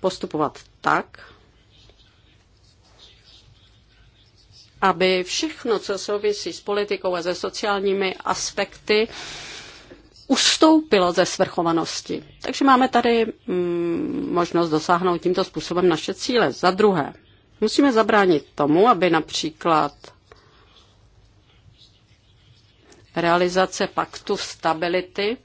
postupovat tak, aby všechno, co souvisí s politikou a se sociálními aspekty, ustoupilo ze svrchovanosti. Takže máme tady mm, možnost dosáhnout tímto způsobem naše cíle. Za druhé, Musíme zabránit tomu, aby například realizace paktu stability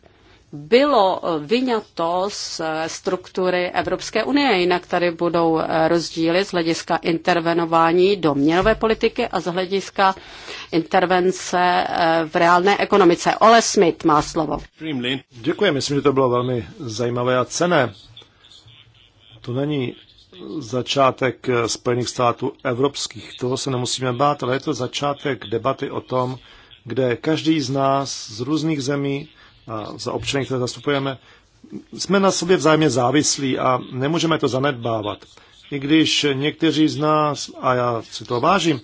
bylo vyňato z struktury Evropské unie, jinak tady budou rozdíly z hlediska intervenování do měnové politiky a z hlediska intervence eh, v reálné ekonomice. Ole Smith má slovo. Děkuji, myslím, že to bylo velmi zajímavé a cené. To není začátek eh, Spojených států evropských. Toho se nemusíme bát, ale je to začátek debaty o tom, kde každý z nás z různých zemí a za občany, které zastupujeme, jsme na sobě vzájemně závislí a nemůžeme to zanedbávat. I když někteří z nás, a já si to vážím,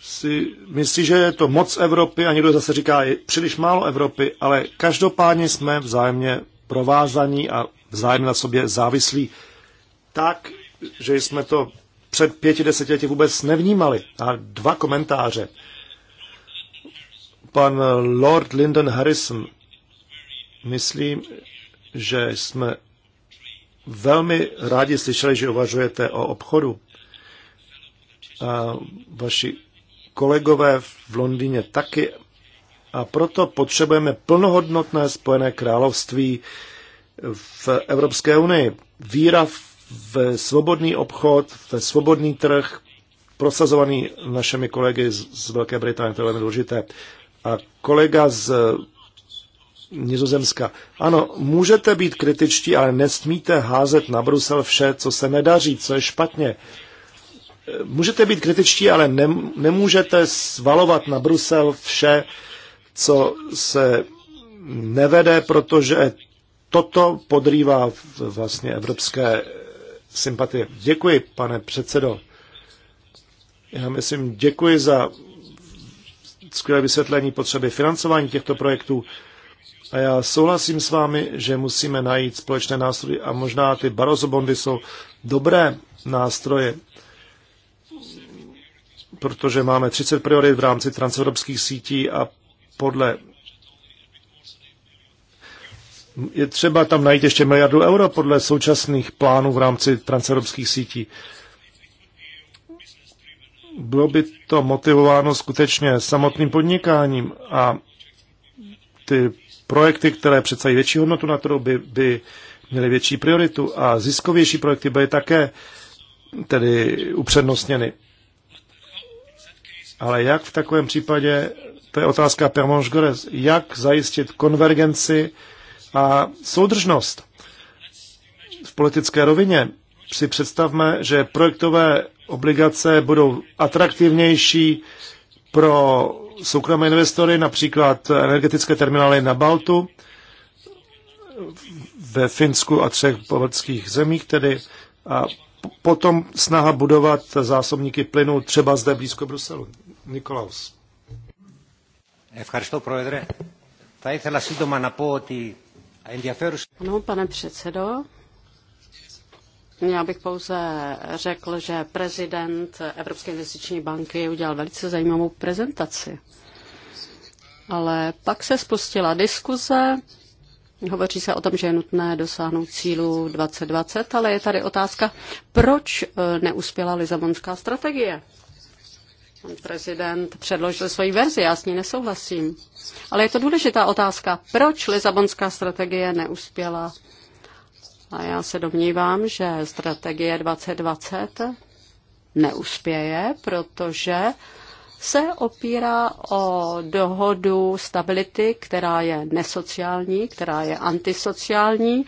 si myslí, že je to moc Evropy a někdo zase říká, je příliš málo Evropy, ale každopádně jsme vzájemně provázaní a vzájemně na sobě závislí tak, že jsme to před pěti desetiletí vůbec nevnímali. A dva komentáře. Pan Lord Lyndon Harrison, myslím, že jsme velmi rádi slyšeli, že uvažujete o obchodu. A vaši kolegové v Londýně taky. A proto potřebujeme plnohodnotné Spojené království v Evropské unii. Víra v v svobodný obchod, v svobodný trh, prosazovaný našimi kolegy z Velké Británie, to je velmi důležité. A kolega z eh, Nizozemska. Ano, můžete být kritičtí, ale nesmíte házet na Brusel vše, co se nedaří, co je špatně. Eh, můžete být kritičtí, ale ne, nemůžete svalovat na Brusel vše, co se nevede, protože toto podrývá vlastně evropské sympatie. Děkuji, pane předsedo. Já myslím, děkuji za skvělé vysvětlení potřeby financování těchto projektů. A já souhlasím s vámi, že musíme najít společné nástroje a možná ty Barozobondy jsou dobré nástroje, protože máme 30 priorit v rámci transevropských sítí a podle je třeba tam najít ještě miliardu euro podle současných plánů v rámci transevropských sítí. Bylo by to motivováno skutečně samotným podnikáním a ty projekty, které představí větší hodnotu na trhu, by, by měly větší prioritu a ziskovější projekty byly také tedy upřednostněny. Ale jak v takovém případě, to je otázka Permanche Gores, jak zajistit konvergenci a soudržnost v politické rovině si představme, že projektové obligace budou atraktivnější pro soukromé investory, například energetické terminály na Baltu, ve Finsku a třech povrtských zemích tedy. A potom snaha budovat zásobníky plynu třeba zde blízko Bruselu. Nikolaus. Ευχαριστώ, Πρόεδρε. tady ήθελα σύντομα να ano, pane předsedo, já bych pouze řekl, že prezident Evropské investiční banky udělal velice zajímavou prezentaci. Ale pak se spustila diskuze, hovoří se o tom, že je nutné dosáhnout cílu 2020, ale je tady otázka, proč eh, neuspěla Lizabonská strategie. Pan prezident předložil svoji verzi, já s ní nesouhlasím. Ale je to důležitá otázka. Proč Lisabonská strategie neuspěla? A já se domnívám, že strategie 2020 neuspěje, protože se opírá o dohodu stability, která je nesociální, která je antisociální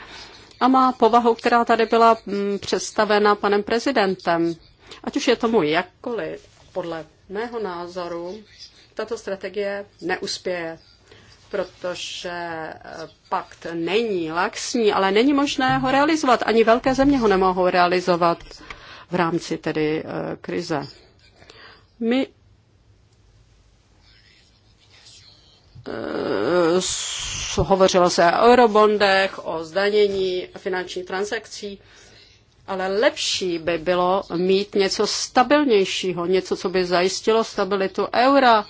a má povahu, která tady byla mm, představena panem prezidentem. Ať už je tomu jakkoliv, podle mého názoru tato strategie neuspěje, protože eh, pakt není laxní, ale není možné ho realizovat. Ani velké země ho nemohou realizovat v rámci tedy eh, krize. My eh, hovořilo se o eurobondech, o zdanění finančních transakcí ale lepší by bylo mít něco stabilnějšího, něco, co by zajistilo stabilitu eura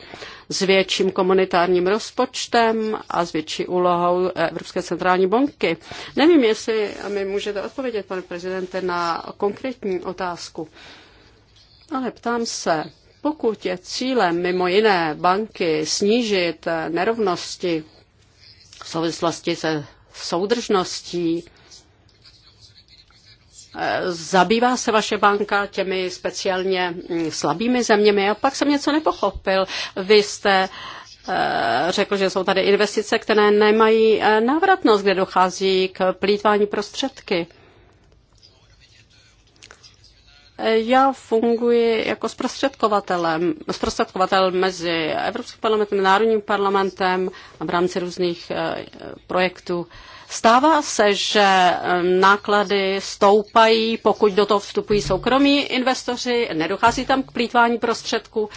s větším komunitárním rozpočtem a s větší úlohou Evropské centrální banky. Nevím, jestli mi můžete odpovědět, pane prezidente, na konkrétní otázku. Ale ptám se, pokud je cílem mimo jiné banky snížit nerovnosti v souvislosti se soudržností, Zabývá se vaše banka těmi speciálně mm, slabými zeměmi? A pak jsem něco nepochopil. Vy jste eh, řekl, že jsou tady investice, které nemají eh, návratnost, kde dochází k plítvání prostředky. Já funguji jako zprostředkovatelem, zprostředkovatel mezi Evropským parlamentem, Národním parlamentem a v rámci různých eh, projektů. Stává se, že náklady stoupají, pokud do toho vstupují soukromí investoři, nedochází tam k plítvání prostředků.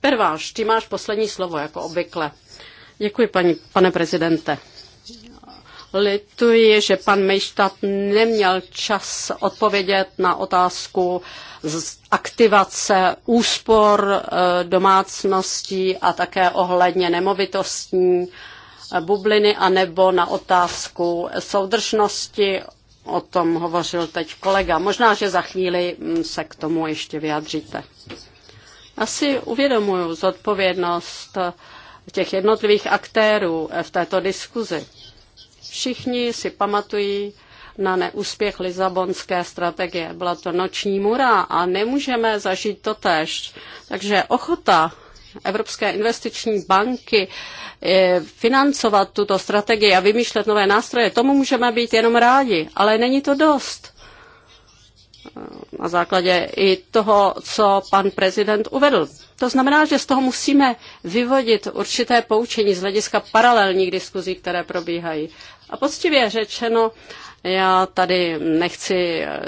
Perváš, ty máš poslední slovo, jako obvykle. Děkuji, paní, pane prezidente. Lituji, že pan Mejštat neměl čas odpovědět na otázku z aktivace úspor e, domácností a také ohledně nemovitostní bubliny, anebo na otázku soudržnosti. O tom hovořil teď kolega. Možná, že za chvíli mm, se k tomu ještě vyjadříte. Asi uvědomuju zodpovědnost těch jednotlivých aktérů v této diskuzi. Všichni si pamatují na neúspěch Lisabonské strategie. Byla to noční mura a nemůžeme zažít to tež. Takže ochota Evropské investiční banky eh, financovat tuto strategii a vymýšlet nové nástroje, tomu můžeme být jenom rádi, ale není to dost. Eh, na základě i toho, co pan prezident uvedl. To znamená, že z toho musíme vyvodit určité poučení z hlediska paralelních diskuzí, které probíhají. A poctivě řečeno, já tady nechci eh,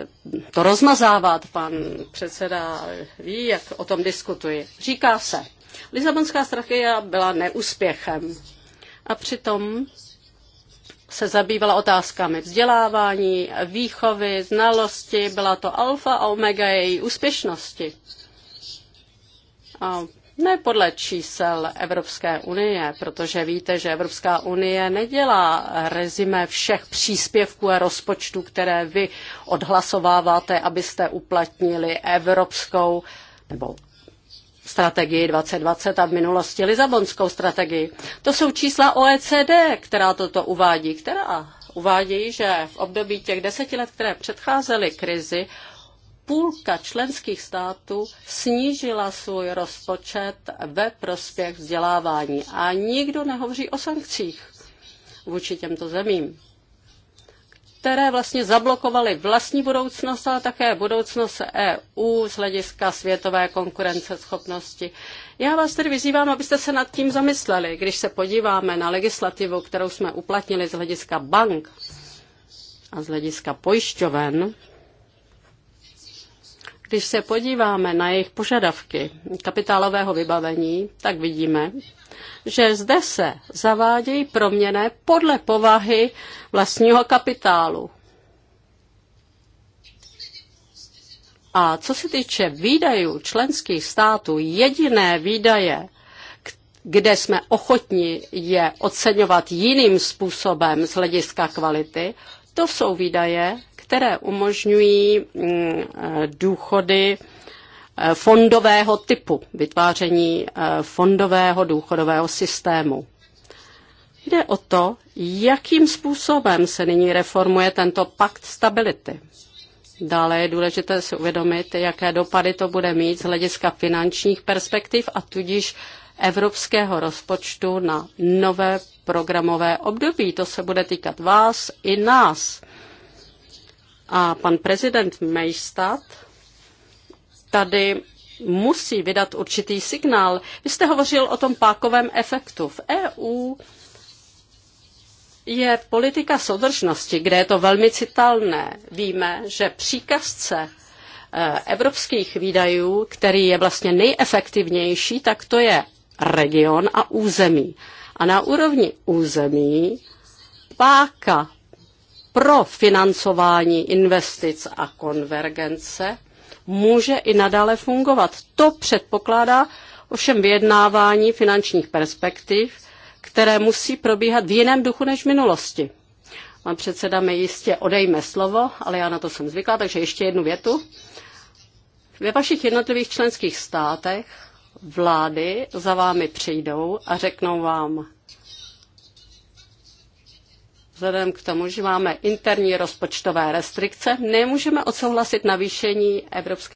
to rozmazávat, pan předseda ví, jak o tom diskutuji. Říká se, Lisabonská strategie byla neúspěchem a přitom se zabývala otázkami vzdělávání, výchovy, znalosti, byla to alfa a omega její úspěšnosti. A ne podle čísel Evropské unie, protože víte, že Evropská unie nedělá rezime všech příspěvků a rozpočtů, které vy odhlasováváte, abyste uplatnili evropskou nebo strategii 2020 a v minulosti Lizabonskou strategii. To jsou čísla OECD, která toto uvádí, která uvádí, že v období těch deseti let, které předcházely krizi, půlka členských států snížila svůj rozpočet ve prospěch vzdělávání. A nikdo nehovoří o sankcích vůči těmto zemím které vlastně zablokovaly vlastní budoucnost, ale také budoucnost EU z hlediska světové konkurenceschopnosti. Já vás tedy vyzývám, abyste se nad tím zamysleli, když se podíváme na legislativu, kterou jsme uplatnili z hlediska bank a z hlediska pojišťoven, když se podíváme na jejich požadavky kapitálového vybavení, tak vidíme, že zde se zavádějí proměny podle povahy vlastního kapitálu. A co se týče výdajů členských států, jediné výdaje, kde jsme ochotni je oceňovat jiným způsobem z hlediska kvality, to jsou výdaje, které umožňují mm, eh, důchody fondového typu, vytváření eh, fondového důchodového systému. Jde o to, jakým způsobem se nyní reformuje tento pakt stability. Dále je důležité si uvědomit, jaké dopady to bude mít z hlediska finančních perspektiv a tudíž evropského rozpočtu na nové programové období. To se bude týkat vás i nás. A pan prezident Mejstad tady musí vydat určitý signál. Vy jste hovořil o tom pákovém efektu. V EU je politika soudržnosti, kde je to velmi citelné. Víme, že příkazce eh, evropských výdajů, který je vlastně nejefektivnější, tak to je region a území. A na úrovni území páka pro financování investic a konvergence může i nadále fungovat. To předpokládá ovšem vyjednávání finančních perspektiv, které musí probíhat v jiném duchu než v minulosti. Pan předseda mi jistě odejme slovo, ale já na to jsem zvyklá, takže ještě jednu větu. Ve vašich jednotlivých členských státech vlády za vámi přijdou a řeknou vám, vzhledem k tomu, že máme interní rozpočtové restrikce, nemůžeme odsouhlasit navýšení evropské